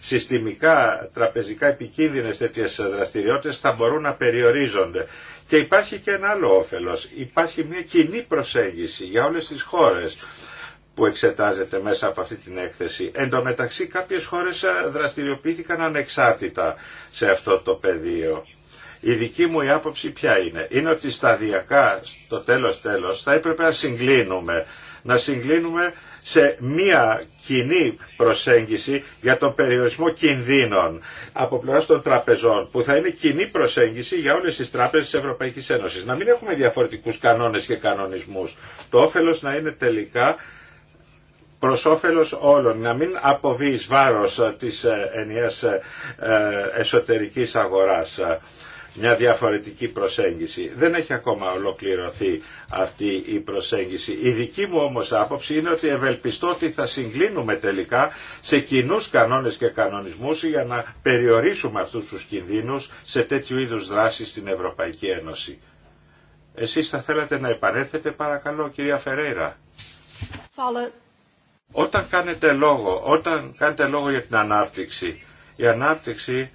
συστημικά τραπεζικά επικίνδυνες τέτοιες δραστηριότητες θα μπορούν να περιορίζονται. Και υπάρχει και ένα άλλο όφελος. Υπάρχει μια κοινή προσέγγιση για όλες τις χώρες που εξετάζεται μέσα από αυτή την έκθεση. Εν τω μεταξύ κάποιες χώρες ε, δραστηριοποιήθηκαν ανεξάρτητα σε αυτό το πεδίο. Η δική μου η άποψη ποια είναι. Είναι ότι σταδιακά στο τέλος τέλος θα έπρεπε να συγκλίνουμε. Να συγκλίνουμε σε μία κοινή προσέγγιση για τον περιορισμό κινδύνων από πλευρά των τραπεζών, που θα είναι κοινή προσέγγιση για όλες τις τράπεζες της Ευρωπαϊκής Ένωσης. Να μην έχουμε διαφορετικούς κανόνες και κανονισμούς. Το όφελος να είναι τελικά προς όφελος όλων, να μην αποβεί βάρος ε, της ε, ενιαίας ε, εσωτερικής αγοράς μια διαφορετική προσέγγιση. Δεν έχει ακόμα ολοκληρωθεί αυτή η προσέγγιση. Η δική μου όμως άποψη είναι ότι ευελπιστώ ότι θα συγκλίνουμε τελικά σε κοινού κανόνες και κανονισμούς για να περιορίσουμε αυτούς τους κινδύνους σε τέτοιου είδους δράσεις στην Ευρωπαϊκή Ένωση. Εσείς θα θέλατε να επανέλθετε παρακαλώ κυρία Φερέιρα. Όταν κάνετε λόγο, όταν κάνετε λόγο για την ανάπτυξη, η ανάπτυξη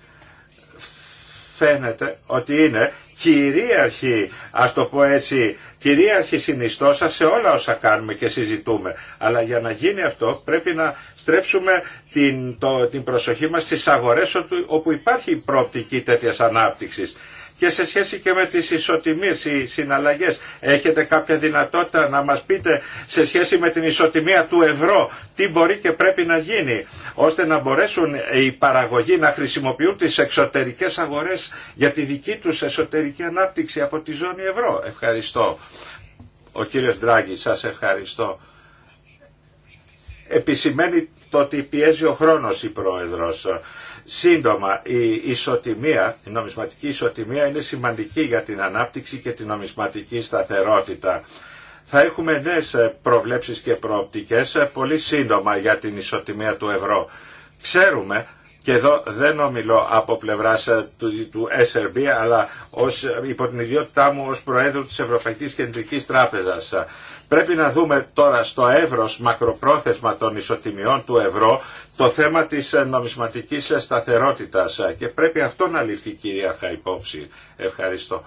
φαίνεται ότι είναι κυρίαρχη, ας το πω έτσι, κυρίαρχη συνιστόσα σε όλα όσα κάνουμε και συζητούμε. Αλλά για να γίνει αυτό πρέπει να στρέψουμε την, την προσοχή μας στις αγορές όπου, υπάρχει η προοπτική τέτοιας ανάπτυξης και σε σχέση και με τις ισοτιμίες, οι συναλλαγές. Έχετε κάποια δυνατότητα να μας πείτε σε σχέση με την ισοτιμία του ευρώ τι μπορεί και πρέπει να γίνει ώστε να μπορέσουν οι παραγωγοί να χρησιμοποιούν τις εξωτερικές αγορές για τη δική τους εσωτερική ανάπτυξη από τη ζώνη ευρώ. Ευχαριστώ. Ο κύριος Ντράγκη, σας ευχαριστώ. Επισημαίνει το ότι πιέζει ο χρόνος η πρόεδρος Σύντομα, η ισοτιμία, η νομισματική ισοτιμία είναι σημαντική για την ανάπτυξη και την νομισματική σταθερότητα. Θα έχουμε νέες προβλέψεις και προοπτικές ε, πολύ σύντομα για την ισοτιμία του ευρώ. Ξέρουμε και εδώ δεν ομιλώ από πλευρά ε, του, του SRB αλλά ως, υπό την ιδιότητά μου ως Προέδρου της Ευρωπαϊκής Κεντρικής Τράπεζας. Πρέπει να δούμε τώρα στο εύρος μακροπρόθεσμα των ισοτιμιών του ευρώ το θέμα της ε, νομισματικής σταθερότητας και πρέπει αυτό να ληφθεί κυρίαρχα υπόψη. Ευχαριστώ.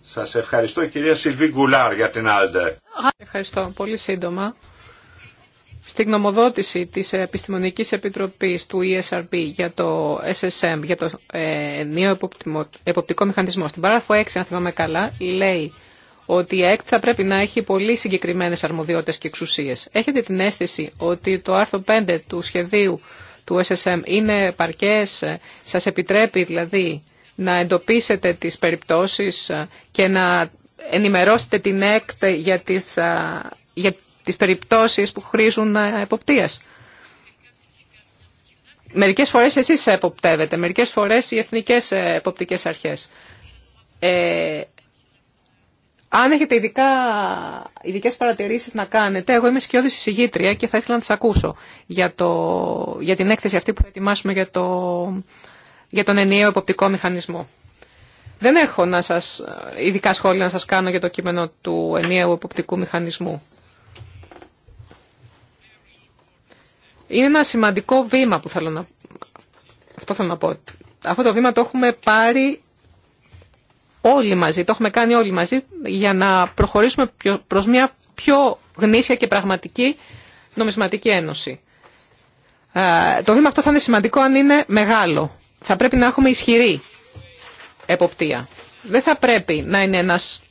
Σας ευχαριστώ κυρία Σιλβί Γκουλάρ για την Άλντε. Ευχαριστώ. Πολύ σύντομα. Στη γνωμοδότηση της Επιστημονικής Επιτροπής του ESRB για το SSM, για το ε, νέο εποπτικό μηχανισμό, στην παράγραφο 6, αν θυμάμαι καλά, λέει ότι η ΕΚΤ θα πρέπει να έχει πολύ συγκεκριμένες αρμοδιότητες και εξουσίες. Έχετε την αίσθηση ότι το άρθρο 5 του σχεδίου του SSM είναι παρκές, σας επιτρέπει δηλαδή να εντοπίσετε τις περιπτώσεις και να ενημερώσετε την ΕΚΤ για, τις, για τις περιπτώσεις που χρήζουν ε, εποπτείας. Μερικές φορές εσείς εποπτεύετε, μερικές φορές οι εθνικές ε, εποπτικές αρχές. Ε, αν έχετε ειδικά, ειδικές παρατηρήσεις να κάνετε, εγώ είμαι σκιώδης εισηγήτρια και θα ήθελα να τις ακούσω για, το, για την έκθεση αυτή που θα ετοιμάσουμε για, το, για τον ενιαίο εποπτικό μηχανισμό. Δεν έχω να σας, ειδικά σχόλια να σας κάνω για το κείμενο του ενιαίου εποπτικού μηχανισμού. Είναι ένα σημαντικό βήμα που θέλω να... Αυτό θέλω να πω. Αυτό το βήμα το έχουμε πάρει όλοι μαζί, το έχουμε κάνει όλοι μαζί για να προχωρήσουμε προς μια πιο γνήσια και πραγματική νομισματική ένωση. Ε, το βήμα αυτό θα είναι σημαντικό αν είναι μεγάλο. Θα πρέπει να έχουμε ισχυρή εποπτεία. Δεν θα πρέπει να είναι ένας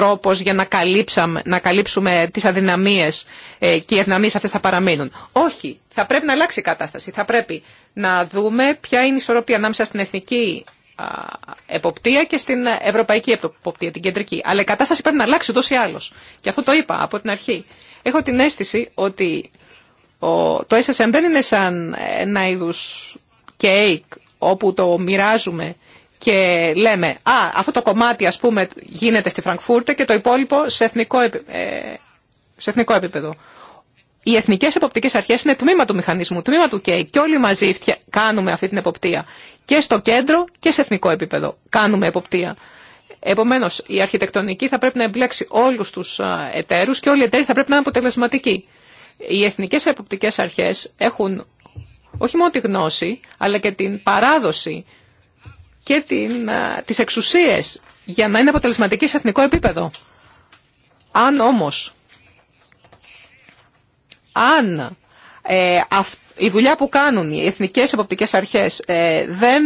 τρόπος για να, καλύψαμε, να καλύψουμε τις αδυναμίες ε, και οι αδυναμίες αυτές θα παραμείνουν. Όχι, θα πρέπει να αλλάξει η κατάσταση. Θα πρέπει να δούμε ποια είναι η ισορροπία ανάμεσα στην εθνική εποπτεία και στην ευρωπαϊκή εποπτεία, την κεντρική. Αλλά η κατάσταση πρέπει να αλλάξει ούτως ή άλλως. Και αυτό το είπα από την αρχή. Έχω την αίσθηση ότι το SSM δεν είναι σαν ένα είδους κέικ όπου το μοιράζουμε και λέμε «Α, αυτό το κομμάτι ας πούμε γίνεται στη Φραγκφούρτε και το υπόλοιπο σε εθνικό, ε... σε εθνικό επίπεδο». Οι εθνικές εποπτικές αρχές είναι τμήμα του μηχανισμού, τμήμα του ΚΕΙ και όλοι μαζί κάνουμε αυτή την εποπτεία. Και στο κέντρο και σε εθνικό επίπεδο κάνουμε εποπτεία. Επομένως, η αρχιτεκτονική θα πρέπει να εμπλέξει όλους τους εταίρους και όλοι οι εταίροι θα πρέπει να είναι αποτελεσματικοί. Οι εθνικές εποπτικές αρχές έχουν όχι μόνο τη γνώση, αλλά και την παράδοση και την, τις εξουσίες για να είναι αποτελεσματική σε εθνικό επίπεδο. Αν όμως, αν ε, η δουλειά που κάνουν οι εθνικές εποπτικές αρχές ε, δεν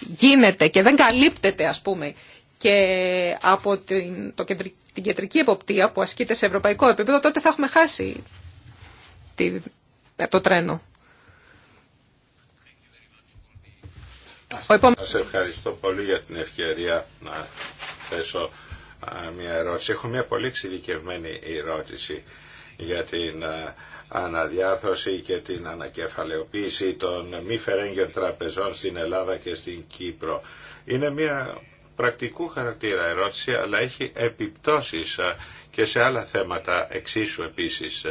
γίνεται και δεν καλύπτεται ας πούμε και από την, το την κεντρική εποπτεία που ασκείται σε ευρωπαϊκό επίπεδο, τότε θα έχουμε χάσει τη, το τρένο. Σας ευχαριστώ πολύ για την ευκαιρία να θέσω μια ερώτηση. Έχω μια πολύ εξειδικευμένη ερώτηση για την αναδιάρθρωση και την ανακεφαλαιοποίηση των μη φερέγγιων τραπεζών στην Ελλάδα και στην Κύπρο. Είναι μια πρακτικού χαρακτήρα ερώτηση, αλλά έχει επιπτώσεις και σε άλλα θέματα εξίσου επίσης.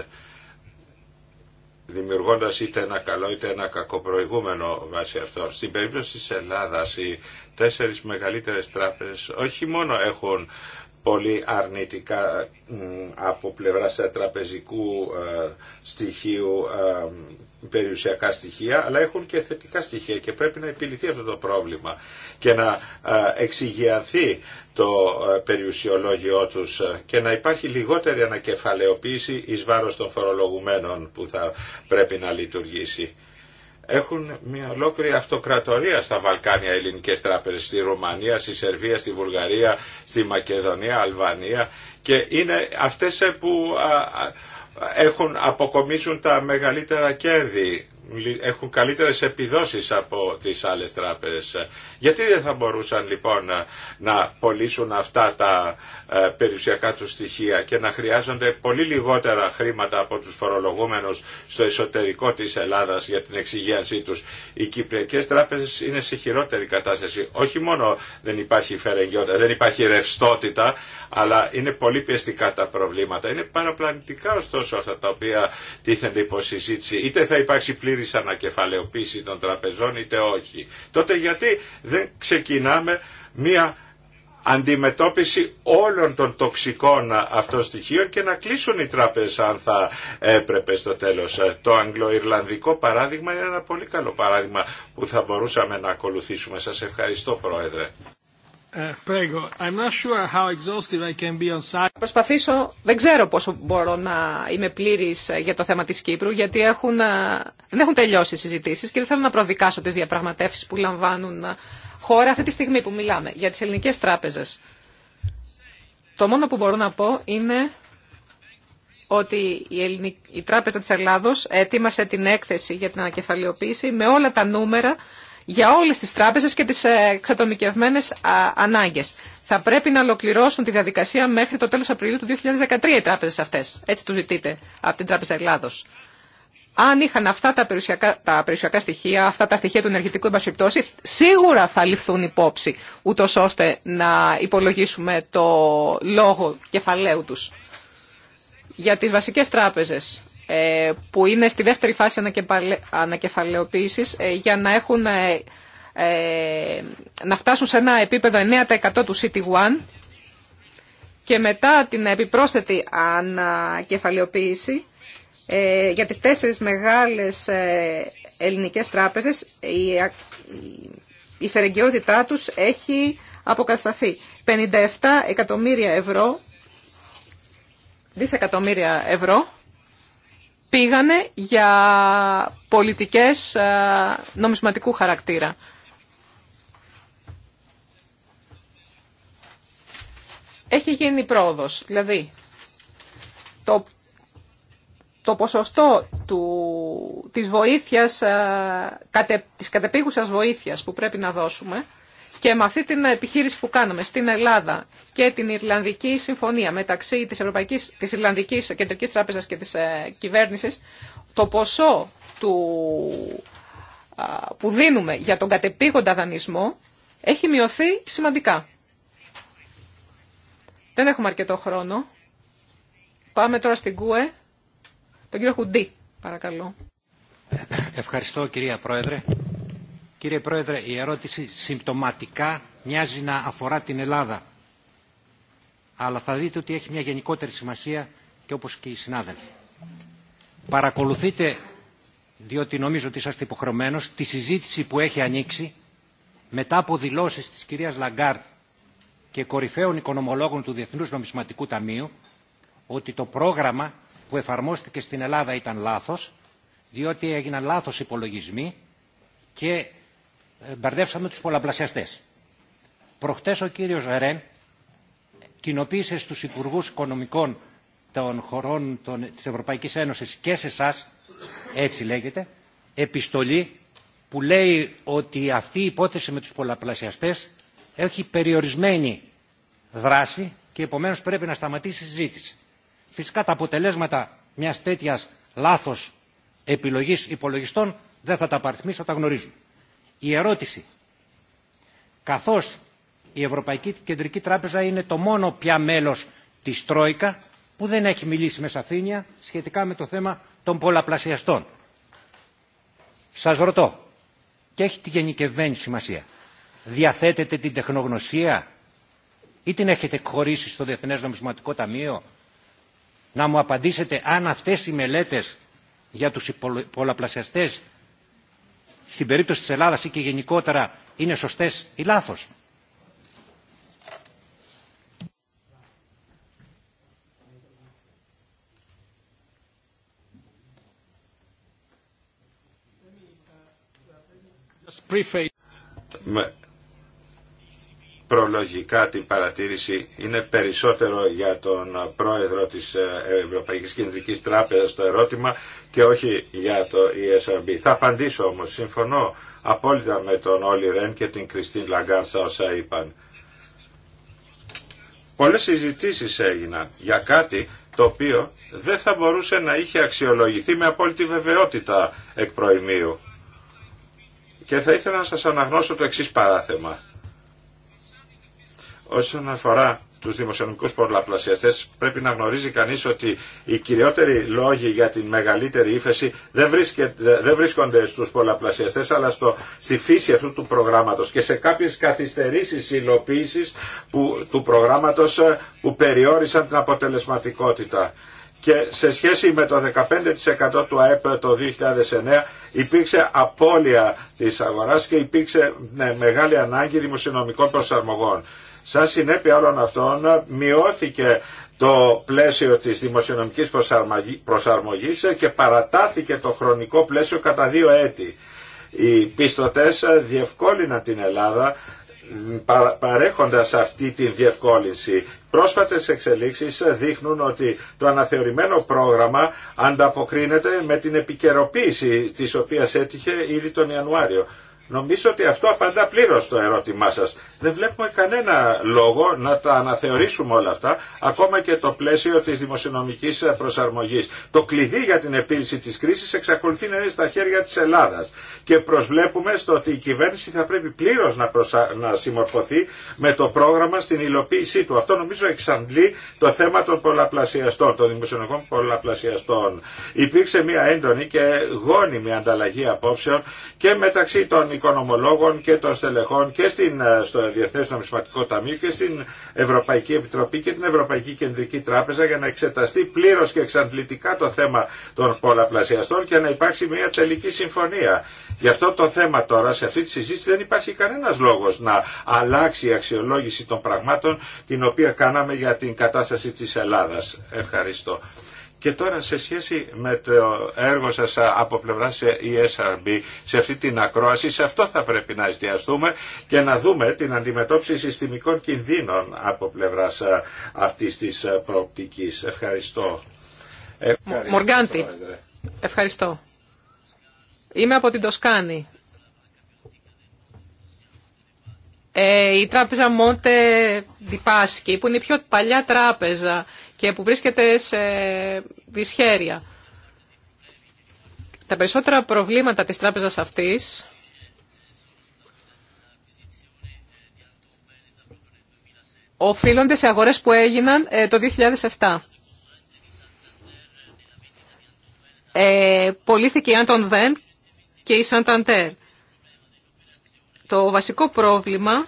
Δημιουργώντα είτε ένα καλό είτε ένα κακό προηγούμενο βάσει αυτό. Στην περίπτωση τη Ελλάδα οι τέσσερι μεγαλύτερε τράπεζες όχι μόνο έχουν πολύ αρνητικά από πλευράς τραπεζικού ε, στοιχείου ε, περιουσιακά στοιχεία, αλλά έχουν και θετικά στοιχεία και πρέπει να επιληθεί αυτό το πρόβλημα και να ε, εξηγιαθεί το ε, περιουσιολόγιο τους ε, και να υπάρχει λιγότερη ανακεφαλαιοποίηση εις βάρος των φορολογουμένων που θα πρέπει να λειτουργήσει. Έχουν μια ολόκληρη αυτοκρατορία στα Βαλκάνια ελληνικές τράπεζες, στη Ρουμανία, στη Σερβία, στη Βουλγαρία, στη Μακεδονία, Αλβανία και είναι αυτές που έχουν, αποκομίσουν τα μεγαλύτερα κέρδη έχουν καλύτερες επιδόσεις από τις άλλες τράπεζες. Γιατί δεν θα μπορούσαν λοιπόν να πωλήσουν αυτά τα ε, περιουσιακά του στοιχεία και να χρειάζονται πολύ λιγότερα χρήματα από τους φορολογούμενους στο εσωτερικό της Ελλάδας για την εξυγίανσή τους. Οι κυπριακές τράπεζες είναι σε χειρότερη κατάσταση. Όχι μόνο δεν υπάρχει φερεγγιότητα, δεν υπάρχει ρευστότητα, αλλά είναι πολύ πιεστικά τα προβλήματα. Είναι παραπλανητικά ωστόσο αυτά τα οποία τίθενται συζήτηση. Είτε θα υπάρξει πλήρης ανακεφαλαιοποίηση των τραπεζών είτε όχι. Τότε γιατί δεν ξεκινάμε μία αντιμετώπιση όλων των τοξικών αυτών στοιχείων και να κλείσουν οι τράπεζες αν θα έπρεπε στο τέλος. Το αγγλο-ιρλανδικό παράδειγμα είναι ένα πολύ καλό παράδειγμα που θα μπορούσαμε να ακολουθήσουμε. Σας ευχαριστώ Πρόεδρε. Προσπαθήσω, δεν ξέρω πόσο μπορώ να είμαι πλήρης ε, για το θέμα της Κύπρου, γιατί έχουν, ε, δεν έχουν τελειώσει οι συζητήσεις και δεν θέλω να προδικάσω τις διαπραγματεύσεις που λαμβάνουν ε, χώρα αυτή τη στιγμή που μιλάμε για τις ελληνικές τράπεζες. Το μόνο που μπορώ να πω είναι ότι η, η Τράπεζα της Ελλάδος ετοίμασε την έκθεση για την ανακεφαλαιοποίηση με όλα τα νούμερα για όλες τις τράπεζες και τις ε, εξατομικευμένες ανάγκες. Θα πρέπει να ολοκληρώσουν τη διαδικασία μέχρι το τέλος Απριλίου του 2013 οι τράπεζες αυτές. Έτσι του ζητείτε από την Τράπεζα Ελλάδος. Αν είχαν αυτά τα περιουσιακά, τα περιουσιακά στοιχεία, αυτά τα στοιχεία του ενεργητικού εμπασχεπτώσει, σίγουρα θα ληφθούν υπόψη, ούτω ώστε να υπολογίσουμε το λόγο κεφαλαίου τους. Για τις βασικές τράπεζες, ε, που είναι στη δεύτερη φάση ανακεφαλαιοποίησης ε, για να, έχουν, ε, να φτάσουν σε ένα επίπεδο 9% του CT1 και μετά την επιπρόσθετη ανακεφαλαιοποίηση για τις τέσσερις μεγάλες ελληνικές τράπεζες η φερεγγιότητά τους έχει αποκατασταθεί. 57 εκατομμύρια ευρώ, δισεκατομμύρια ευρώ πήγανε για πολιτικές ε, νομισματικού χαρακτήρα. Έχει γίνει πρόοδος, δηλαδή το, το ποσοστό του, της, βοήθειας, ε, κατε, της κατεπήγουσας βοήθειας που πρέπει να δώσουμε και με αυτή την επιχείρηση που κάναμε στην Ελλάδα και την Ιρλανδική συμφωνία μεταξύ της, Ευρωπαϊκής, της Ιρλανδικής Κεντρικής Τράπεζας και της ε, κυβέρνησης, το ποσό του, που δίνουμε για τον κατεπήγοντα δανεισμό έχει μειωθεί σημαντικά. Δεν έχουμε αρκετό χρόνο. Πάμε τώρα στην ΚΟΕ. Τον κύριο Χουντή, παρακαλώ. Ευχαριστώ κυρία Πρόεδρε. Κύριε Πρόεδρε, η ερώτηση συμπτωματικά μοιάζει να αφορά την Ελλάδα. Αλλά θα δείτε ότι έχει μια γενικότερη σημασία και όπως και οι συνάδελφοι. Παρακολουθείτε, διότι νομίζω ότι είσαστε υποχρεωμένος, τη συζήτηση που έχει ανοίξει μετά από δηλώσεις της κυρίας Λαγκάρτ και κορυφαίων οικονομολόγων του Διεθνούς Νομισματικού Ταμείου ότι το πρόγραμμα που εφαρμόστηκε στην Ελλάδα ήταν λάθος, διότι έγιναν λάθος υπολογισμοί και ε, μπαρδεύσαμε τους πολλαπλασιαστές. Προχτές ο κύριος Ρεν κοινοποίησε στους Υπουργούς Οικονομικών των χωρών των, της Ευρωπαϊκής Ένωσης και σε εσά, έτσι λέγεται, επιστολή που λέει ότι αυτή η υπόθεση με τους πολλαπλασιαστές έχει περιορισμένη δράση και επομένως πρέπει να σταματήσει η συζήτηση. Φυσικά τα αποτελέσματα μιας τέτοιας λάθος επιλογής υπολογιστών δεν θα τα παριθμίσω, τα γνωρίζουμε. Η ερώτηση, καθώς η Ευρωπαϊκή Κεντρική Τράπεζα είναι το μόνο πια μέλος της Τρόικα που δεν έχει μιλήσει με σαφήνεια σχετικά με το θέμα των πολλαπλασιαστών. Σας ρωτώ, και έχει τη γενικευμένη σημασία, διαθέτετε την τεχνογνωσία ή την έχετε εκχωρήσει στο Διεθνές Νομισματικό Ταμείο να μου απαντήσετε αν αυτές οι μελέτες για τους πολλαπλασιαστές στην περίπτωση της Ελλάδας ή και γενικότερα είναι σωστές ή λάθος προλογικά την παρατήρηση είναι περισσότερο για τον πρόεδρο της ε, Ευρωπαϊκής Κεντρικής Τράπεζας το ερώτημα και όχι για το ESRB. Θα απαντήσω όμως, συμφωνώ απόλυτα με τον Όλι Ρεν και την Κριστίν Λαγκάνσα όσα είπαν. Πολλές συζητήσεις έγιναν για κάτι το οποίο δεν θα μπορούσε να είχε αξιολογηθεί με απόλυτη βεβαιότητα εκ προημίου. Και θα ήθελα να σας αναγνώσω το εξής παράθεμα. Όσον αφορά του δημοσιονομικού πολλαπλασιαστές πρέπει να γνωρίζει κανείς ότι οι κυριότεροι λόγοι για την μεγαλύτερη ύφεση δεν, βρίσκονται στους πολλαπλασιαστές αλλά στο, στη φύση αυτού του προγράμματος και σε κάποιες καθυστερήσεις υλοποίηση του προγράμματος ε, που περιόρισαν την αποτελεσματικότητα και σε σχέση με το 15% του ΑΕΠ το 2009 υπήρξε απώλεια της αγοράς και υπήρξε ναι, μεγάλη ανάγκη δημοσιονομικών προσαρμογών. Σαν συνέπεια όλων αυτών μειώθηκε το πλαίσιο της δημοσιονομικής προσαρμογής και παρατάθηκε το χρονικό πλαίσιο κατά δύο έτη. Οι πιστωτές διευκόλυναν την Ελλάδα παρέχοντας αυτή τη διευκόλυνση. Πρόσφατες εξελίξεις δείχνουν ότι το αναθεωρημένο πρόγραμμα ανταποκρίνεται με την επικαιροποίηση της οποίας έτυχε ήδη τον Ιανουάριο. Νομίζω ότι αυτό απαντά πλήρως στο ερώτημά σας. Δεν βλέπουμε κανένα λόγο να τα αναθεωρήσουμε όλα αυτά, ακόμα και το πλαίσιο της δημοσιονομικής προσαρμογής. Το κλειδί για την επίλυση της κρίσης εξακολουθεί να είναι στα χέρια της Ελλάδας. Και προσβλέπουμε στο ότι η κυβέρνηση θα πρέπει πλήρως να, προσα... να συμμορφωθεί με το πρόγραμμα στην υλοποίησή του. Αυτό νομίζω εξαντλεί το θέμα των πολλαπλασιαστών, των δημοσιονομικών πολλαπλασιαστών. Υπήρξε μια έντονη και γόνιμη ανταλλαγή απόψεων και μεταξύ των οικονομολόγων και των στελεχών και στην, ε, στο Διεθνέ Νομισματικό Ταμείο και στην Ευρωπαϊκή Επιτροπή και την Ευρωπαϊκή Κεντρική Τράπεζα για να εξεταστεί πλήρως και εξαντλητικά το θέμα των πολλαπλασιαστών και να υπάρξει μια τελική συμφωνία. Γι' αυτό το θέμα τώρα, σε αυτή τη συζήτηση δεν υπάρχει κανένας λόγος να αλλάξει η αξιολόγηση των πραγμάτων την οποία κάναμε για την κατάσταση τη Ελλάδα. Ευχαριστώ. Και τώρα σε σχέση με το έργο σας από πλευρά σε ESRB, σε αυτή την ακρόαση, σε αυτό θα πρέπει να εστιαστούμε και να δούμε την αντιμετώπιση συστημικών κινδύνων από πλευρά αυτής της προοπτικής. Ευχαριστώ. Ε, Μοργάντη, ευχαριστώ. Είμαι από την Τοσκάνη. Ε, η τράπεζα Μόντε Διπάσκη, που είναι η πιο παλιά τράπεζα και που βρίσκεται σε δυσχέρεια. Τα περισσότερα προβλήματα της τράπεζας αυτής οφείλονται σε αγορές που έγιναν ε, το 2007. Ε, πολύθηκε η Άντων Βεν και η Σανταντέρ. Το βασικό πρόβλημα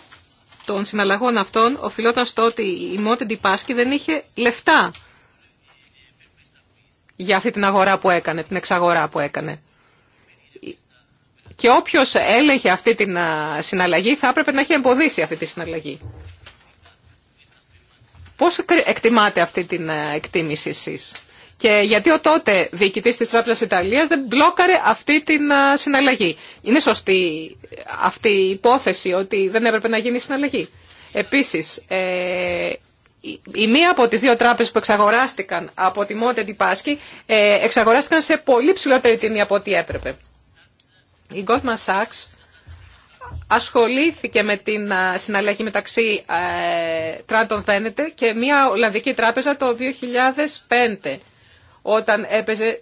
των συναλλαγών αυτών οφειλόταν στο ότι η τη Πάσκη δεν είχε λεφτά για αυτή την αγορά που έκανε, την εξαγορά που έκανε. Και όποιος έλεγε αυτή την συναλλαγή θα έπρεπε να έχει εμποδίσει αυτή τη συναλλαγή. Πώς εκτιμάτε αυτή την εκτίμηση εσείς. Και γιατί ο τότε διοικητή της Τράπεζας Ιταλίας δεν μπλόκαρε αυτή την συναλλαγή. Είναι σωστή αυτή η υπόθεση ότι δεν έπρεπε να γίνει συναλλαγή. Επίσης, ε, η μία από τις δύο τράπεζες που εξαγοράστηκαν από τη Μόντε Πάσκη ε, εξαγοράστηκαν σε πολύ ψηλότερη τιμή από ό,τι έπρεπε. Η Goldman Sachs ασχολήθηκε με την συναλλαγή μεταξύ ε, Τράντον Βένετε και μία Ολλανδική τράπεζα το 2005 όταν έπαιζε...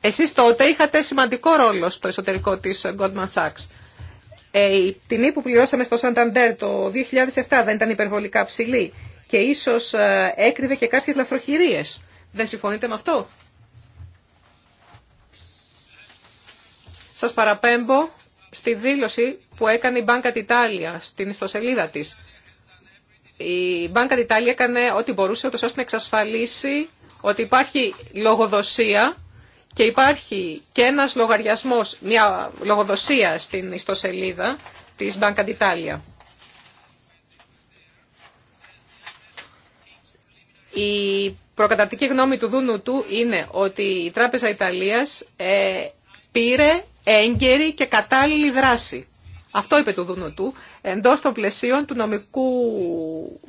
Εσείς τότε είχατε σημαντικό ρόλο στο εσωτερικό της Goldman Sachs. Ε, η τιμή που πληρώσαμε στο Santander το 2007 δεν ήταν υπερβολικά ψηλή και ίσως ε, έκρυβε και κάποιες λαθροχειρίες. Δεν συμφωνείτε με αυτό? Σας παραπέμπω στη δήλωση που έκανε η Banca d'Italia στην ιστοσελίδα της. Η Banca d'Italia έκανε ό,τι μπορούσε ώστε να εξασφαλίσει ότι υπάρχει λογοδοσία και υπάρχει και ένας λογαριασμός, μια λογοδοσία στην ιστοσελίδα της Banca d'Italia. Η προκαταρτική γνώμη του Δούνου του είναι ότι η Τράπεζα Ιταλίας ε, πήρε έγκαιρη και κατάλληλη δράση. Αυτό είπε του Δούνου του, εντός των πλαισίων του νομικού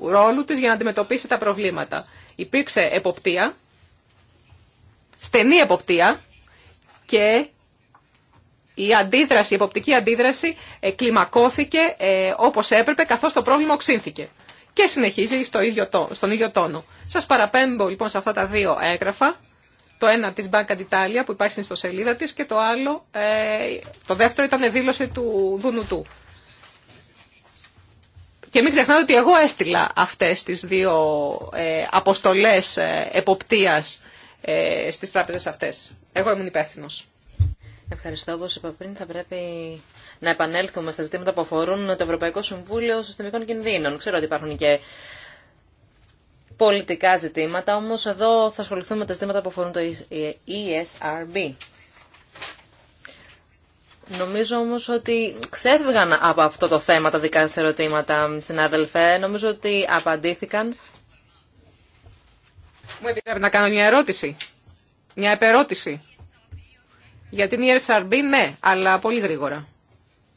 ρόλου της για να αντιμετωπίσει τα προβλήματα. Υπήρξε εποπτεία στενή εποπτεία και η αντίδραση, η εποπτική αντίδραση ε, κλιμακώθηκε ε, όπως έπρεπε καθώς το πρόβλημα οξύνθηκε. Και συνεχίζει στο ίδιο, στον ίδιο τόνο. Σας παραπέμπω λοιπόν σε αυτά τα δύο έγγραφα. Το ένα της Banca d'Italia που υπάρχει στην ιστοσελίδα της και το άλλο, ε, το δεύτερο ήταν δήλωση του Δουνουτού. Και μην ξεχνάτε ότι εγώ έστειλα αυτές τις δύο αποστολές εποπτείας ε, στις τράπεζες αυτές. Εγώ ήμουν υπεύθυνο. Ευχαριστώ. όπω είπα πριν, θα πρέπει να επανέλθουμε στα ζητήματα που αφορούν το Ευρωπαϊκό Συμβούλιο Συστημικών Κινδύνων. Ξέρω ότι υπάρχουν και πολιτικά ζητήματα, όμως εδώ θα ασχοληθούμε με τα ζητήματα που αφορούν το ESRB. Νομίζω όμω ότι ξέφυγαν από αυτό το θέμα τα δικά σα ερωτήματα, συνάδελφε. Νομίζω ότι απαντήθηκαν μου επιτρέπετε να κάνω μια ερώτηση. Μια επερώτηση. Για την ESRB ναι, αλλά πολύ γρήγορα.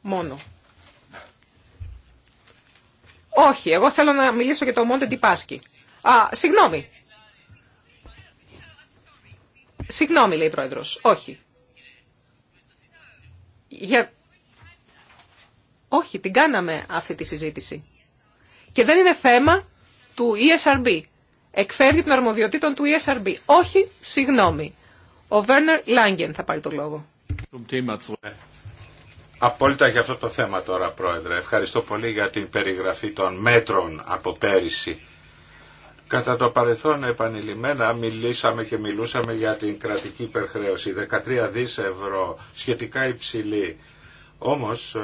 Μόνο. Όχι, εγώ θέλω να μιλήσω για το Monte Τιπάσκι. Α, συγγνώμη. Συγγνώμη, λέει η Πρόεδρος. Όχι. Για... Όχι, την κάναμε αυτή τη συζήτηση. Και δεν είναι θέμα του ESRB εκφεύγει των αρμοδιοτήτων του ESRB. Όχι, συγγνώμη. Ο Βέρνερ Λάγκεν θα πάρει το λόγο. Απόλυτα για αυτό το θέμα τώρα, Πρόεδρε. Ευχαριστώ πολύ για την περιγραφή των μέτρων από πέρυσι. Κατά το παρελθόν επανειλημμένα μιλήσαμε και μιλούσαμε για την κρατική υπερχρέωση. 13 δις ευρώ, σχετικά υψηλή. Όμως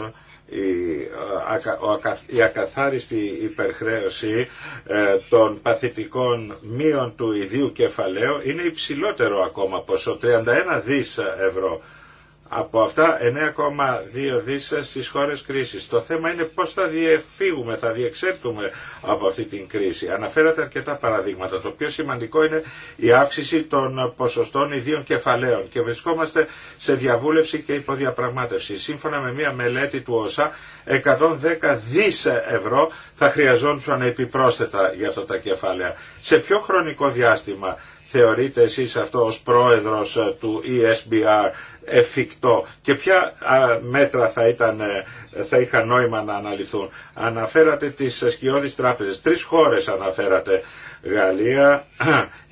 η ακαθάριστη υπερχρέωση ε, των παθητικών μείων του ιδίου κεφαλαίου είναι υψηλότερο ακόμα ποσό, 31 δις ευρώ από αυτά 9,2 δις στις χώρες κρίσης. Το θέμα είναι πώς θα διεφύγουμε, θα διεξέλθουμε από αυτή την κρίση. Αναφέρατε αρκετά παραδείγματα. Το πιο σημαντικό είναι η αύξηση των ποσοστών ιδίων κεφαλαίων και βρισκόμαστε σε διαβούλευση και υποδιαπραγμάτευση. Σύμφωνα με μια μελέτη του ΩΣΑ, 110 δις ευρώ θα χρειαζόντουσαν επιπρόσθετα για αυτά τα κεφάλαια. Σε ποιο χρονικό διάστημα θεωρείτε εσείς αυτό ως πρόεδρος ε, του ESBR εφικτό και ποια μέτρα θα, ήταν, ε, θα είχαν νόημα να αναλυθούν. Αναφέρατε τις σκιώδεις τράπεζες. Τρεις χώρες αναφέρατε. Γαλλία,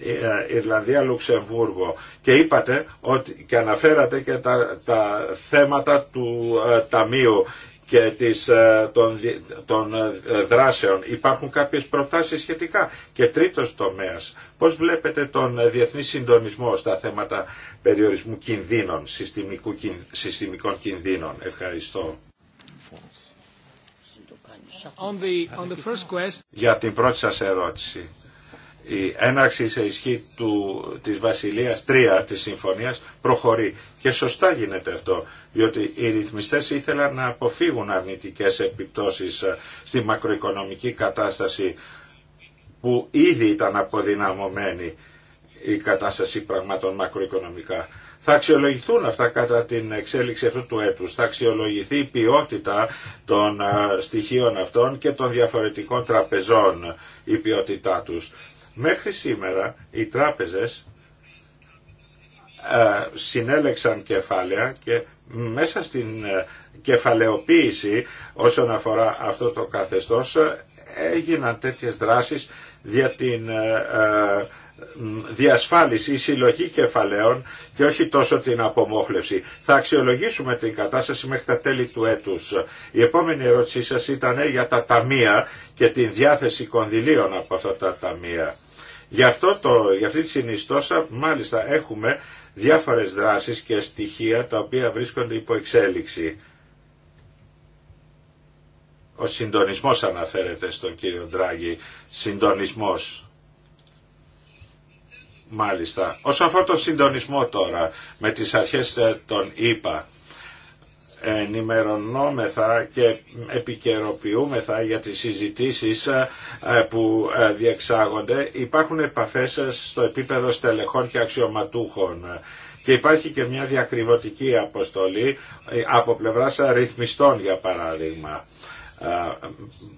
ε, Ιρλανδία, Λουξεμβούργο. Και είπατε ότι, και αναφέρατε και τα, τα θέματα του Ταμείου και της, ε, των, των ε, δράσεων. Υπάρχουν κάποιες προτάσεις σχετικά. Και τρίτος τομέας, πώς βλέπετε τον ε, διεθνή συντονισμό στα θέματα περιορισμού κινδύνων, συστημικού, συστημικών κινδύνων. Ευχαριστώ. Για την πρώτη σας ερώτηση η έναρξη σε ισχύ του, της Βασιλείας 3 της Συμφωνίας προχωρεί. Και σωστά γίνεται αυτό, διότι οι ρυθμιστές ήθελαν να αποφύγουν αρνητικές επιπτώσεις ε, στη μακροοικονομική κατάσταση που ήδη ήταν αποδυναμωμένη η κατάσταση πραγμάτων μακροοικονομικά. Θα αξιολογηθούν αυτά κατά την εξέλιξη αυτού του έτους. Θα αξιολογηθεί η ποιότητα των ε, στοιχείων αυτών και των διαφορετικών τραπεζών η ποιότητά τους. Μέχρι σήμερα οι τράπεζες ε, συνέλεξαν κεφάλαια και μέσα στην ε, κεφαλαιοποίηση όσον αφορά αυτό το καθεστώς ε, έγιναν τέτοιες δράσεις για την διασφάλιση, συλλογή κεφαλαίων και όχι τόσο την απομόχλευση. Θα αξιολογήσουμε την κατάσταση μέχρι τα τέλη του έτους. Η επόμενη ερώτησή σας ήταν για τα ταμεία και την διάθεση κονδυλίων από αυτά τα ταμεία. Γι' αυτό το, για αυτή τη συνιστόσα μάλιστα έχουμε διάφορες δράσεις και στοιχεία τα οποία βρίσκονται υπό εξέλιξη. Ο συντονισμός αναφέρεται στον κύριο Ντράγκη. Συντονισμός. Μάλιστα. Όσον αφορά τον συντονισμό τώρα με τις αρχές ε, των ΙΠΑ ενημερωνόμεθα και επικαιροποιούμεθα για τις συζητήσεις ε, που ε, διεξάγονται. Υπάρχουν επαφές ε, στο επίπεδο στελεχών και αξιωματούχων και υπάρχει και μια διακριβωτική αποστολή από πλευράς αριθμιστών για παράδειγμα.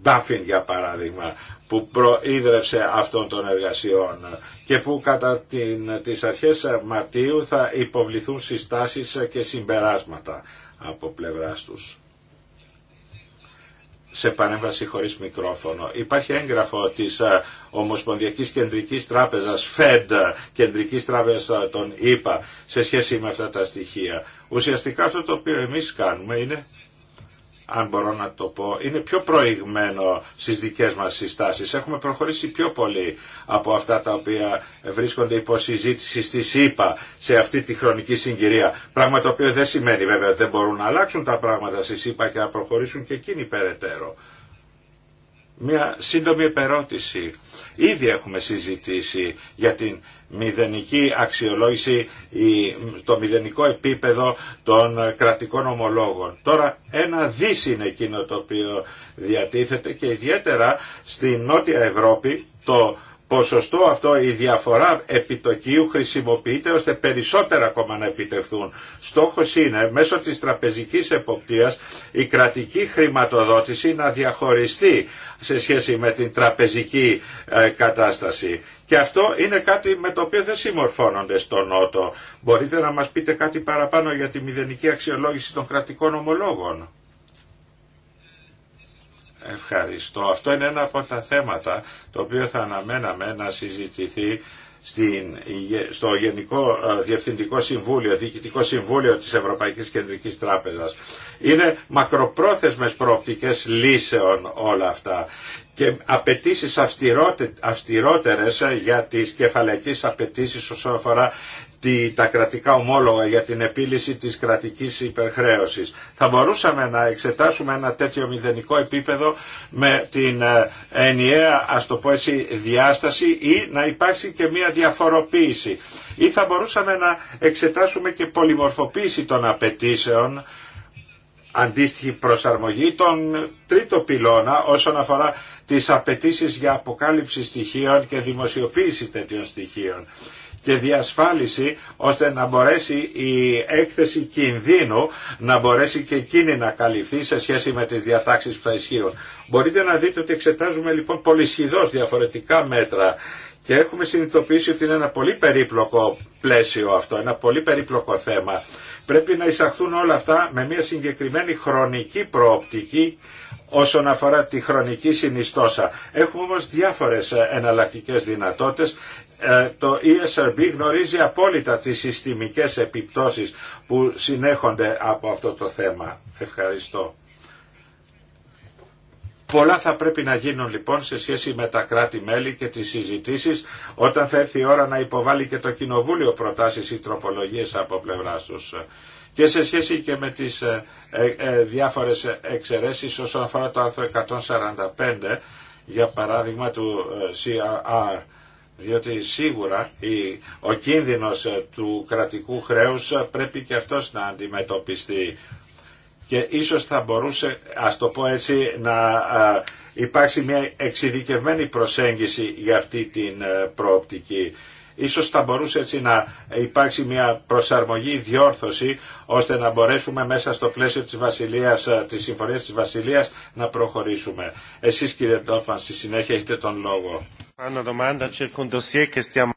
Μπάφιν για παράδειγμα που προείδρευσε αυτών των εργασιών και που κατά την, τις αρχές Μαρτίου θα υποβληθούν συστάσεις και συμπεράσματα από πλευράς τους. Σε παρέμβαση χωρίς μικρόφωνο. Υπάρχει έγγραφο της ε, Ομοσπονδιακής Κεντρικής Τράπεζας, Fed, Κεντρικής Τράπεζας ε, των ΗΠΑ, σε σχέση με αυτά τα στοιχεία. Ουσιαστικά αυτό το οποίο εμείς κάνουμε είναι αν μπορώ να το πω, είναι πιο προηγμένο στις δικές μας συστάσεις. Έχουμε προχωρήσει πιο πολύ από αυτά τα οποία βρίσκονται υπό συζήτηση στη ΣΥΠΑ σε αυτή τη χρονική συγκυρία. Πράγμα το οποίο δεν σημαίνει βέβαια ότι δεν μπορούν να αλλάξουν τα πράγματα στη ΣΥΠΑ και να προχωρήσουν και εκείνοι περαιτέρω. Μια σύντομη επερώτηση Ήδη έχουμε συζητήσει για την μηδενική αξιολόγηση, το μηδενικό επίπεδο των κρατικών ομολόγων. Τώρα ένα δις είναι εκείνο το οποίο διατίθεται και ιδιαίτερα στη Νότια Ευρώπη το ποσοστό αυτό, η διαφορά επιτοκίου χρησιμοποιείται ώστε περισσότερα ακόμα να επιτευχθούν. Στόχος είναι μέσω της τραπεζικής εποπτείας η κρατική χρηματοδότηση να διαχωριστεί σε σχέση με την τραπεζική ε, κατάσταση. Και αυτό είναι κάτι με το οποίο δεν συμμορφώνονται στο Νότο. Μπορείτε να μας πείτε κάτι παραπάνω για τη μηδενική αξιολόγηση των κρατικών ομολόγων. Ευχαριστώ. Αυτό είναι ένα από τα θέματα το οποίο θα αναμέναμε να συζητηθεί στην, στο Γενικό ε, Διευθυντικό Συμβούλιο, Διοικητικό Συμβούλιο της Ευρωπαϊκής Κεντρικής Τράπεζας. Είναι μακροπρόθεσμες προοπτικές λύσεων όλα αυτά και απαιτήσει αυστηρότερες για τις κεφαλαϊκές απαιτήσει όσον αφορά τα κρατικά ομόλογα για την επίλυση της κρατικής υπερχρέωσης. Θα μπορούσαμε να εξετάσουμε ένα τέτοιο μηδενικό επίπεδο με την ε, ενιαία, ας το πω διάσταση ή να υπάρξει και μια διαφοροποίηση. Ή θα μπορούσαμε να εξετάσουμε και πολυμορφοποίηση των απαιτήσεων αντίστοιχη προσαρμογή των τρίτο πυλώνα όσον αφορά τις απαιτήσει για αποκάλυψη στοιχείων και δημοσιοποίηση τέτοιων στοιχείων και διασφάλιση ώστε να μπορέσει η έκθεση κινδύνου να μπορέσει και εκείνη να καλυφθεί σε σχέση με τις διατάξεις που θα ισχύουν. Μπορείτε να δείτε ότι εξετάζουμε λοιπόν πολυσχηδώς διαφορετικά μέτρα και έχουμε συνειδητοποιήσει ότι είναι ένα πολύ περίπλοκο πλαίσιο αυτό, ένα πολύ περίπλοκο θέμα. Πρέπει να εισαχθούν όλα αυτά με μια συγκεκριμένη χρονική προοπτική όσον αφορά τη χρονική συνιστόσα. Έχουμε όμως διάφορες ε, εναλλακτικές δυνατότητες. Ε, το ESRB γνωρίζει απόλυτα τις συστημικές επιπτώσεις που συνέχονται από αυτό το θέμα. Ευχαριστώ. Πολλά θα πρέπει να γίνουν λοιπόν σε σχέση με τα κράτη-μέλη και τις συζητήσεις όταν θα έρθει η ώρα να υποβάλει και το Κοινοβούλιο προτάσεις ή τροπολογίες από πλευρά τους και σε σχέση και με τις ε, ε, ε, διάφορες εξαιρέσεις όσον αφορά το άρθρο 145 για παράδειγμα του CRR διότι σίγουρα ο κίνδυνος του κρατικού χρέους πρέπει και αυτός να αντιμετωπιστεί και ίσως θα μπορούσε, ας το πω έτσι, να υπάρξει μια εξειδικευμένη προσέγγιση για αυτή την προοπτική. Ίσως θα μπορούσε έτσι να υπάρξει μια προσαρμογή, διόρθωση, ώστε να μπορέσουμε μέσα στο πλαίσιο της, Βασιλείας, ε, της Συμφωνίας της Βασιλείας να προχωρήσουμε. Εσείς κύριε Ντόφαν, στη συνέχεια έχετε τον λόγο.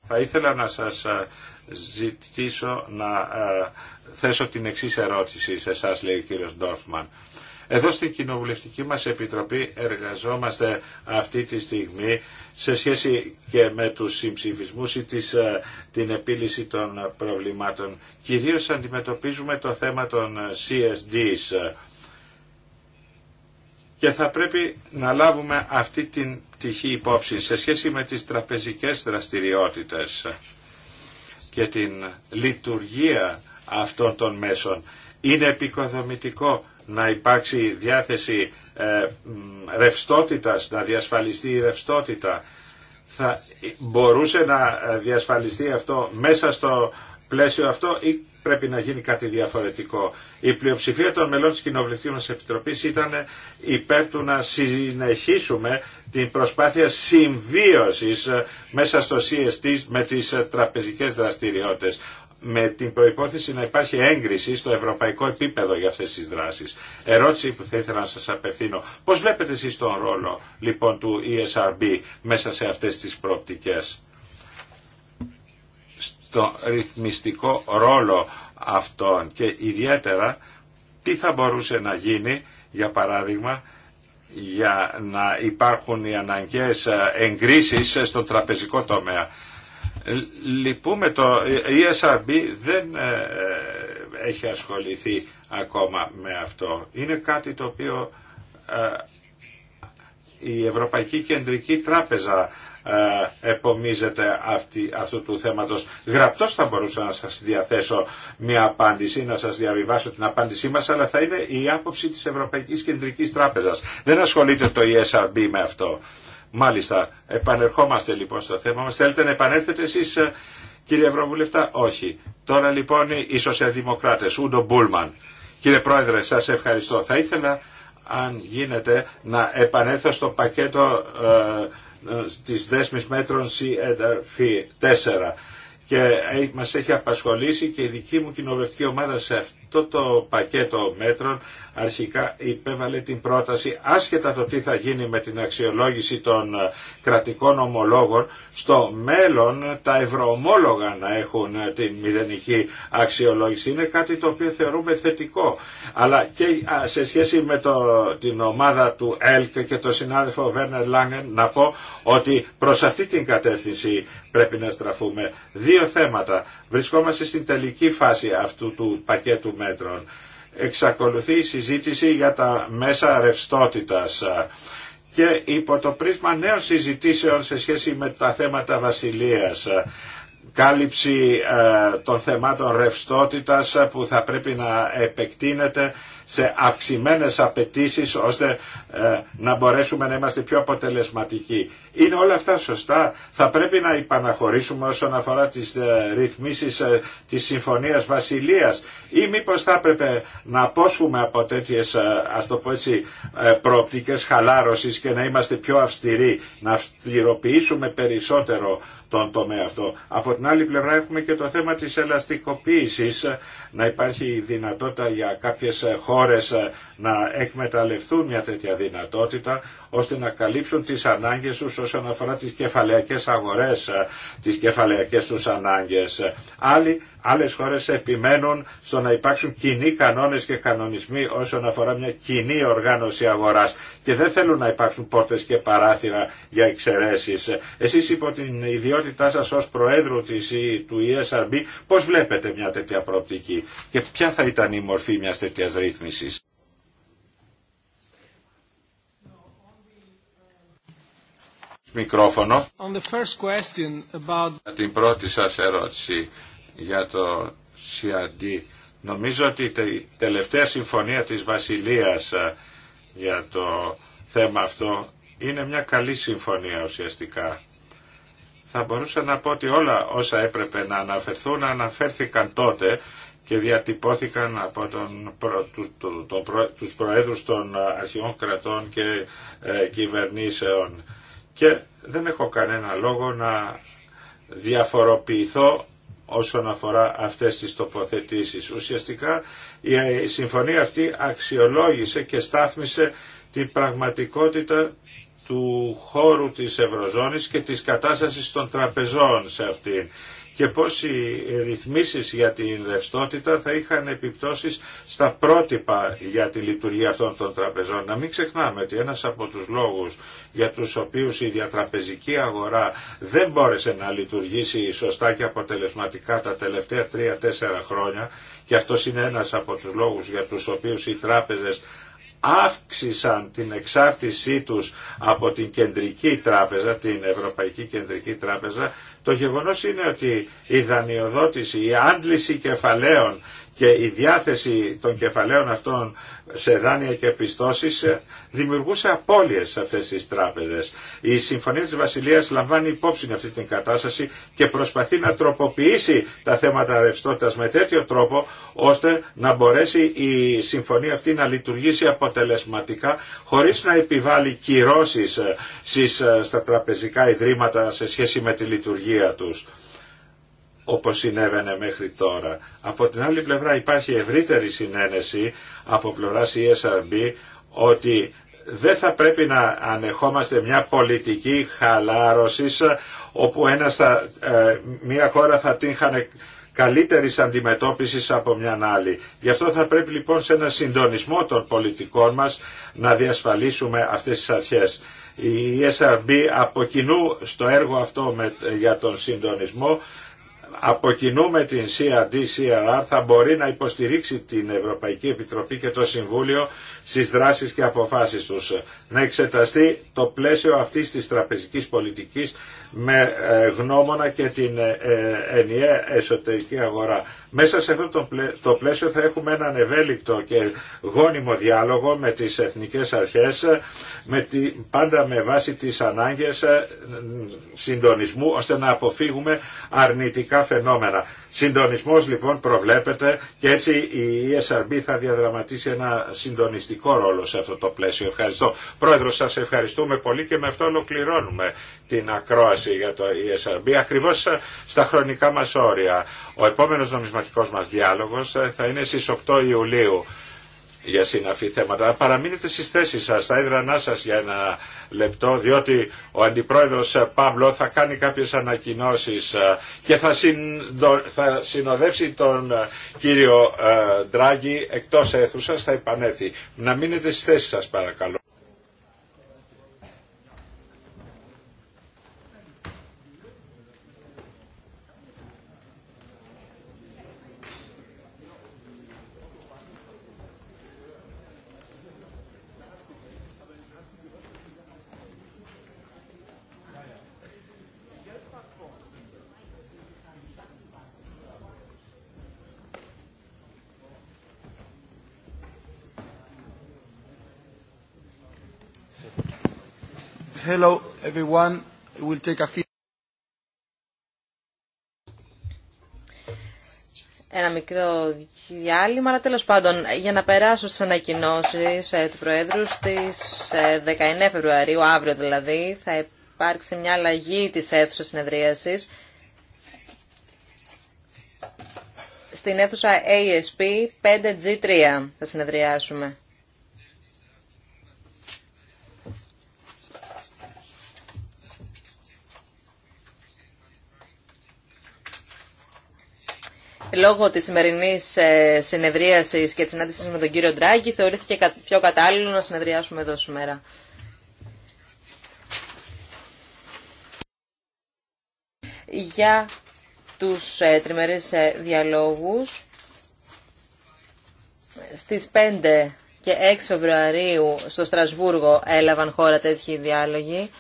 Θα ήθελα να σας ε, ζητήσω να ε, θέσω την εξής ερώτηση σε εσάς, λέει ο κύριος Ντόφμαν. Εδώ στην Κοινοβουλευτική μας Επιτροπή εργαζόμαστε αυτή τη στιγμή σε σχέση και με τους συμψηφισμούς ή της, ε, την επίλυση των προβλημάτων. Κυρίως αντιμετωπίζουμε το θέμα των CSDs και θα πρέπει να λάβουμε αυτή την πτυχή υπόψη σε σχέση με τις τραπεζικές δραστηριότητες και την λειτουργία αυτών των μέσων. Είναι επικοδομητικό να υπάρξει διάθεση ε, ρευστότητας, να διασφαλιστεί η ρευστότητα. Θα μπορούσε να ε, διασφαλιστεί αυτό μέσα στο πλαίσιο αυτό ή πρέπει να γίνει κάτι διαφορετικό. Η πλειοψηφία των μελών της Κοινοβουλευτικής μας Επιτροπής ήταν υπέρ του να συνεχίσουμε την προσπάθεια συμβίωσης ε, μέσα στο CST με τις ε, τραπεζικές δραστηριότητες με την προϋπόθεση να υπάρχει έγκριση στο ευρωπαϊκό επίπεδο για αυτές τις δράσεις. Ερώτηση που θα ήθελα να σας απευθύνω. Πώς βλέπετε εσείς τον ρόλο λοιπόν του ESRB μέσα σε αυτές τις προοπτικές. Στο ρυθμιστικό ρόλο αυτών και ιδιαίτερα τι θα μπορούσε να γίνει για παράδειγμα για να υπάρχουν οι αναγκαίες εγκρίσεις στον τραπεζικό τομέα λυπούμε το ESRB δεν ε, ε, έχει ασχοληθεί ακόμα με αυτό. Είναι κάτι το οποίο ε, η Ευρωπαϊκή Κεντρική Τράπεζα ε, επομίζεται αυτή, αυτού του θέματος. Γραπτός θα μπορούσα να σας διαθέσω μια απάντηση, να σας διαβιβάσω την απάντησή μας, αλλά θα είναι η άποψη της Ευρωπαϊκής Κεντρικής Τράπεζας. Δεν ασχολείται το ESRB με αυτό. Μάλιστα, επανερχόμαστε λοιπόν στο θέμα μας. Θέλετε να επανέλθετε εσείς ε, κύριε Ευρωβουλευτά, όχι. Τώρα λοιπόν οι σοσιαλδημοκράτες, Ούντο Μπούλμαν. Κύριε Πρόεδρε, σας ευχαριστώ. Θα ήθελα αν γίνεται να επανέλθω στο πακέτο ε, στις δεσμες μετρων μέτρων C4 και ε, μας έχει απασχολήσει και η δική μου κοινοβουλευτική ομάδα σε αυτή αυτό το πακέτο μέτρων αρχικά υπέβαλε την πρόταση άσχετα το τι θα γίνει με την αξιολόγηση των ε, κρατικών ομολόγων στο μέλλον τα ευρωομόλογα να έχουν ε, την μηδενική αξιολόγηση είναι κάτι το οποίο θεωρούμε θετικό αλλά και σε σχέση με το, την ομάδα του ΕΛΚ και το συνάδελφο Βέρνερ Λάγκεν να πω ότι προς αυτή την κατεύθυνση πρέπει να στραφούμε δύο θέματα βρισκόμαστε στην τελική φάση αυτού του πακέτου μέτρων Εξακολουθεί η συζήτηση για τα μέσα ρευστότητας και υπό το πρίσμα νέων συζητήσεων σε σχέση με τα θέματα βασιλείας κάλυψη ε, των θεμάτων ρευστότητας που θα πρέπει να επεκτείνεται σε αυξημένες απαιτήσει ώστε ε, να μπορέσουμε να είμαστε πιο αποτελεσματικοί. Είναι όλα αυτά σωστά. Θα πρέπει να υπαναχωρήσουμε όσον αφορά τις ε, ρυθμίσεις ε, της Συμφωνίας Βασιλείας ή μήπως θα έπρεπε να απόσχουμε από τέτοιες ε, ας το πω χαλάρωσης και να είμαστε πιο αυστηροί, να αυστηροποιήσουμε περισσότερο τον τομέα αυτό. Από την άλλη πλευρά έχουμε και το θέμα της ελαστικοποίησης, να υπάρχει δυνατότητα για κάποιες χώρες να εκμεταλλευτούν μια τέτοια δυνατότητα, ώστε να καλύψουν τις ανάγκες τους όσον αφορά τις κεφαλαιακές αγορές, ε, τις κεφαλαιακές τους ανάγκες. Άλλοι Άλλες χώρες επιμένουν στο να υπάρξουν κοινοί κανόνες και κανονισμοί όσον αφορά μια κοινή οργάνωση αγοράς και δεν θέλουν να υπάρξουν πόρτες και παράθυρα για εξαιρέσεις. Εσείς υπό την ιδιότητά σας ως Προέδρου της, του ESRB πώς βλέπετε μια τέτοια προοπτική και ποια θα ήταν η μορφή μιας τέτοιας ρύθμισης. Μικρόφωνο. Την πρώτη σας ερώτηση για το CRD. Νομίζω ότι η τελευταία συμφωνία της Βασιλείας για το θέμα αυτό είναι μια καλή συμφωνία ουσιαστικά. Θα μπορούσα να πω ότι όλα όσα έπρεπε να αναφερθούν αναφέρθηκαν τότε και διατυπώθηκαν από τον, προ, τους προέδρους των Αρχιών κρατών και ε, κυβερνήσεων και δεν έχω κανένα λόγο να διαφοροποιηθώ όσον αφορά αυτές τις τοποθετήσεις. Ουσιαστικά η συμφωνία αυτή αξιολόγησε και στάθμισε την πραγματικότητα του χώρου της Ευρωζώνης και της κατάστασης των τραπεζών σε αυτήν και πώς οι ρυθμίσεις για την ρευστότητα θα είχαν επιπτώσεις στα πρότυπα για τη λειτουργία αυτών των τραπεζών. Να μην ξεχνάμε ότι ένας από τους λόγους για τους οποίους η διατραπεζική αγορά δεν μπόρεσε να λειτουργήσει σωστά και αποτελεσματικά τα τελευταία τρία-τέσσερα χρόνια και αυτό είναι ένας από τους λόγους για τους οποίους οι τράπεζες αύξησαν την εξάρτησή τους από την κεντρική τράπεζα, την Ευρωπαϊκή Κεντρική Τράπεζα, το γεγονός είναι ότι η δανειοδότηση, η άντληση κεφαλαίων και η διάθεση των κεφαλαίων αυτών σε δάνεια και πιστώσεις δημιουργούσε απώλειες σε αυτές τις τράπεζες. Η Συμφωνία της Βασιλείας λαμβάνει υπόψη αυτή την κατάσταση και προσπαθεί να τροποποιήσει τα θέματα ρευστότητα με τέτοιο τρόπο ώστε να μπορέσει η συμφωνία αυτή να λειτουργήσει αποτελεσματικά χωρίς να επιβάλλει κυρώσεις ε, ε, στα τραπεζικά ιδρύματα σε σχέση με τη λειτουργία τους όπως συνέβαινε μέχρι τώρα. Από την άλλη πλευρά υπάρχει ευρύτερη συνένεση από πλευρά ESRB ότι δεν θα πρέπει να ανεχόμαστε μια πολιτική χαλάρωσης όπου ένας ε, μια χώρα θα την καλύτερη καλύτερη αντιμετώπισης από μια άλλη. Γι' αυτό θα πρέπει λοιπόν σε ένα συντονισμό των πολιτικών μας να διασφαλίσουμε αυτές τις αρχές. Η e SRB από κοινού στο έργο αυτό για τον συντονισμό από με την CRD-CRR θα μπορεί να υποστηρίξει την Ευρωπαϊκή Επιτροπή και το Συμβούλιο στις δράσεις και αποφάσεις τους. Να εξεταστεί το πλαίσιο αυτής της τραπεζικής πολιτικής με ε, γνώμονα και την ε, ε, ενιαία εσωτερική αγορά. Μέσα σε αυτό το πλαίσιο θα έχουμε έναν ευέλικτο και γόνιμο διάλογο με τις εθνικές αρχές, με τη, πάντα με βάση τις ανάγκες συντονισμού, ώστε να αποφύγουμε αρνητικά φαινόμενα. Συντονισμό λοιπόν προβλέπεται και έτσι η ESRB θα διαδραματίσει ένα συντονιστικό ρόλο σε αυτό το πλαίσιο. Ευχαριστώ. Πρόεδρο σας ευχαριστούμε πολύ και με αυτό ολοκληρώνουμε την ακρόαση για το ESRB Ακριβώ στα χρονικά μας όρια. Ο επόμενος νομισματικός μας διάλογος θα είναι στι 8 Ιουλίου για συναφή θέματα. Παραμείνετε στις θέσεις σας, στα έδρανά σας για ένα λεπτό, διότι ο Αντιπρόεδρος Παύλο θα κάνει κάποιες ανακοινώσεις ε, και θα, θα συνοδεύσει τον ε, κύριο ε, Ντράγκη εκτός αίθουσας, θα επανέλθει. Να μείνετε στις θέσεις σας παρακαλώ. Hello, everyone. We'll take a few... Ένα μικρό διάλειμμα, αλλά τέλος πάντων, για να περάσω στις ανακοινώσεις ε, του Προέδρου στις 19 ε, Φεβρουαρίου, αύριο δηλαδή, θα υπάρξει μια αλλαγή της αίθουσα συνεδρίασης. Στην αίθουσα ASP 5G3 θα συνεδριάσουμε. λόγω της σημερινή ε, συνεδρίασης και της συνάντησης με τον κύριο Ντράγκη θεωρήθηκε πιο κατάλληλο να συνεδριάσουμε εδώ σήμερα. Για τους ε, τριμερείς ε, διαλόγους στις 5 και 6 Φεβρουαρίου στο Στρασβούργο έλαβαν χώρα τέτοιοι διάλογοι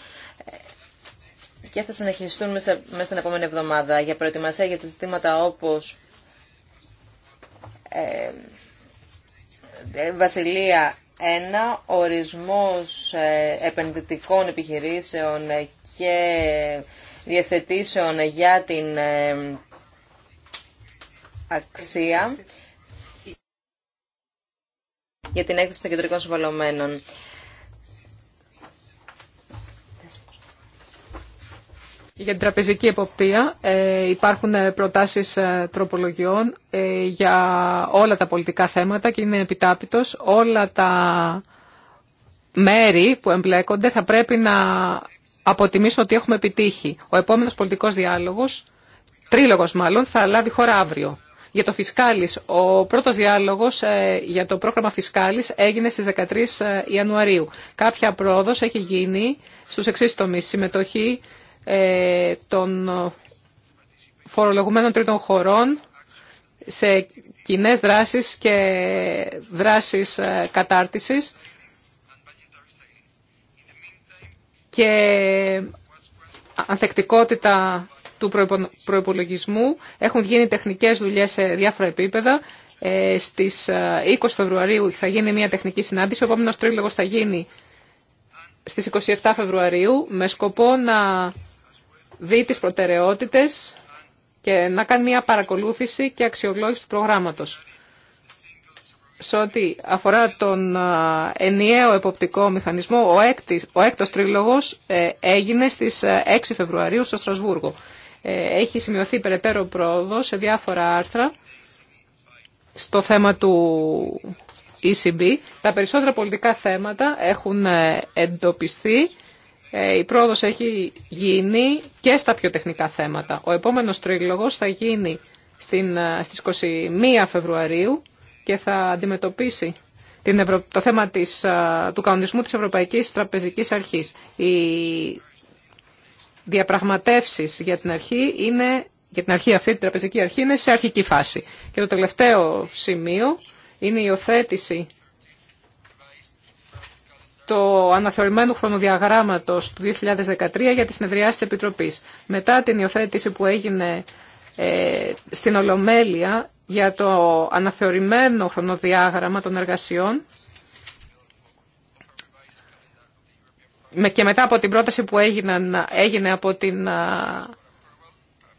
και θα συνεχιστούν μέσα, μέσα στην επόμενη εβδομάδα για προετοιμασία για τα ζητήματα όπως ε, Βασιλεία 1. Ορισμός ε, επενδυτικών επιχειρήσεων και διευθετήσεων για την ε, αξία για την έκθεση των κεντρικών συμβολωμένων. Για την τραπεζική εποπτεία ε, υπάρχουν ε, προτάσεις ε, τροπολογιών για όλα τα πολιτικά θέματα και είναι επιτάπητος όλα τα μέρη που εμπλέκονται θα πρέπει να αποτιμήσουν ότι έχουμε επιτύχει. Ο επόμενος πολιτικός διάλογος, τρίλογος μάλλον, θα λάβει χώρα αύριο. Για το φισκάλης ο πρώτος διάλογος για το πρόγραμμα Φισκάλης έγινε στις 13 Ιανουαρίου. Κάποια πρόοδος έχει γίνει στους εξής τομείς. Συμμετοχή ε, των φορολογουμένων τρίτων χωρών σε κοινέ δράσεις και δράσεις ε, κατάρτισης και ανθεκτικότητα του προϋπολογισμού. Έχουν γίνει τεχνικές δουλειές σε διάφορα επίπεδα. Ε, στις 20 ε, Φεβρουαρίου θα γίνει μια τεχνική συνάντηση. Ο επόμενος τρίλογος θα γίνει στις 27 Φεβρουαρίου με σκοπό να δει τις προτεραιότητες και να κάνει μια παρακολούθηση και αξιολόγηση του προγράμματος. Σε ό,τι αφορά τον ενιαίο εποπτικό μηχανισμό, ο, έκτης, ο έκτος τρίλογος ε, έγινε στις 6 ε, Φεβρουαρίου στο Στρασβούργο. Ε, έχει σημειωθεί περαιτέρω πρόοδο σε διάφορα άρθρα στο θέμα του ECB. Τα περισσότερα πολιτικά θέματα έχουν εντοπιστεί ε, η πρόοδος έχει γίνει και στα πιο τεχνικά θέματα. Ο επόμενος τρίλογος θα γίνει στην, ε, στις 21 Φεβρουαρίου και θα αντιμετωπίσει την το θέμα της, ε, του κανονισμού της Ευρωπαϊκής Τραπεζικής Αρχής. Οι διαπραγματεύσεις για την αρχή είναι για την αρχή αυτή, την τραπεζική αρχή, είναι σε αρχική φάση. Και το τελευταίο σημείο είναι η υιοθέτηση το αναθεωρημένο χρονοδιαγράμματο του 2013 για τις συνεδριάσεις τη Επιτροπής. Μετά την υιοθέτηση που έγινε ε, στην Ολομέλεια για το αναθεωρημένο χρονοδιάγραμμα των εργασιών και μετά από την πρόταση που έγινε, έγινε από, την,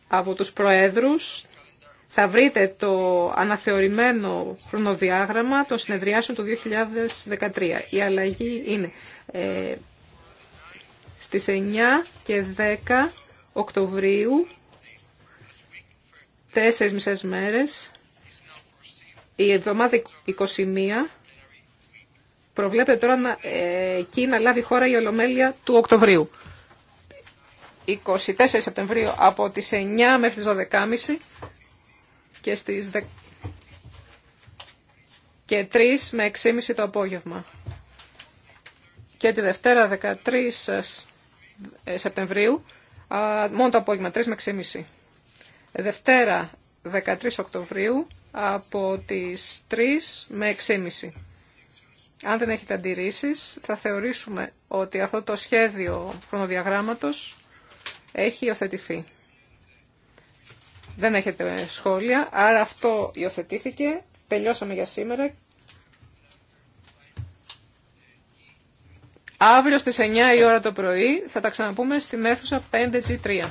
από τους Προέδρους θα βρείτε το αναθεωρημένο χρονοδιάγραμμα των συνεδριάσεων του 2013. Η αλλαγή είναι ε, στις 9 και 10 Οκτωβρίου, τέσσερις μισές μέρες, η εβδομάδα 21 Προβλέπετε τώρα να, ε, εκεί να λάβει χώρα η Ολομέλεια του Οκτωβρίου. 24 Σεπτεμβρίου από τις 9 μέχρι τις 12.30 και 3 με 6.30 το απόγευμα. Και τη Δευτέρα 13 ε, Σεπτεμβρίου, μόνο το απόγευμα, 3 με 6.30. Δευτέρα 13 Οκτωβρίου από τις 3 με 6.30. Αν δεν έχετε αντιρρήσεις, θα θεωρήσουμε ότι αυτό το σχέδιο χρονοδιαγράμματος έχει υιοθετηθεί. Δεν έχετε σχόλια, άρα αυτό υιοθετήθηκε. Τελειώσαμε για σήμερα. Αύριο στις 9 η ώρα το πρωί θα τα ξαναπούμε στην αίθουσα 5G3.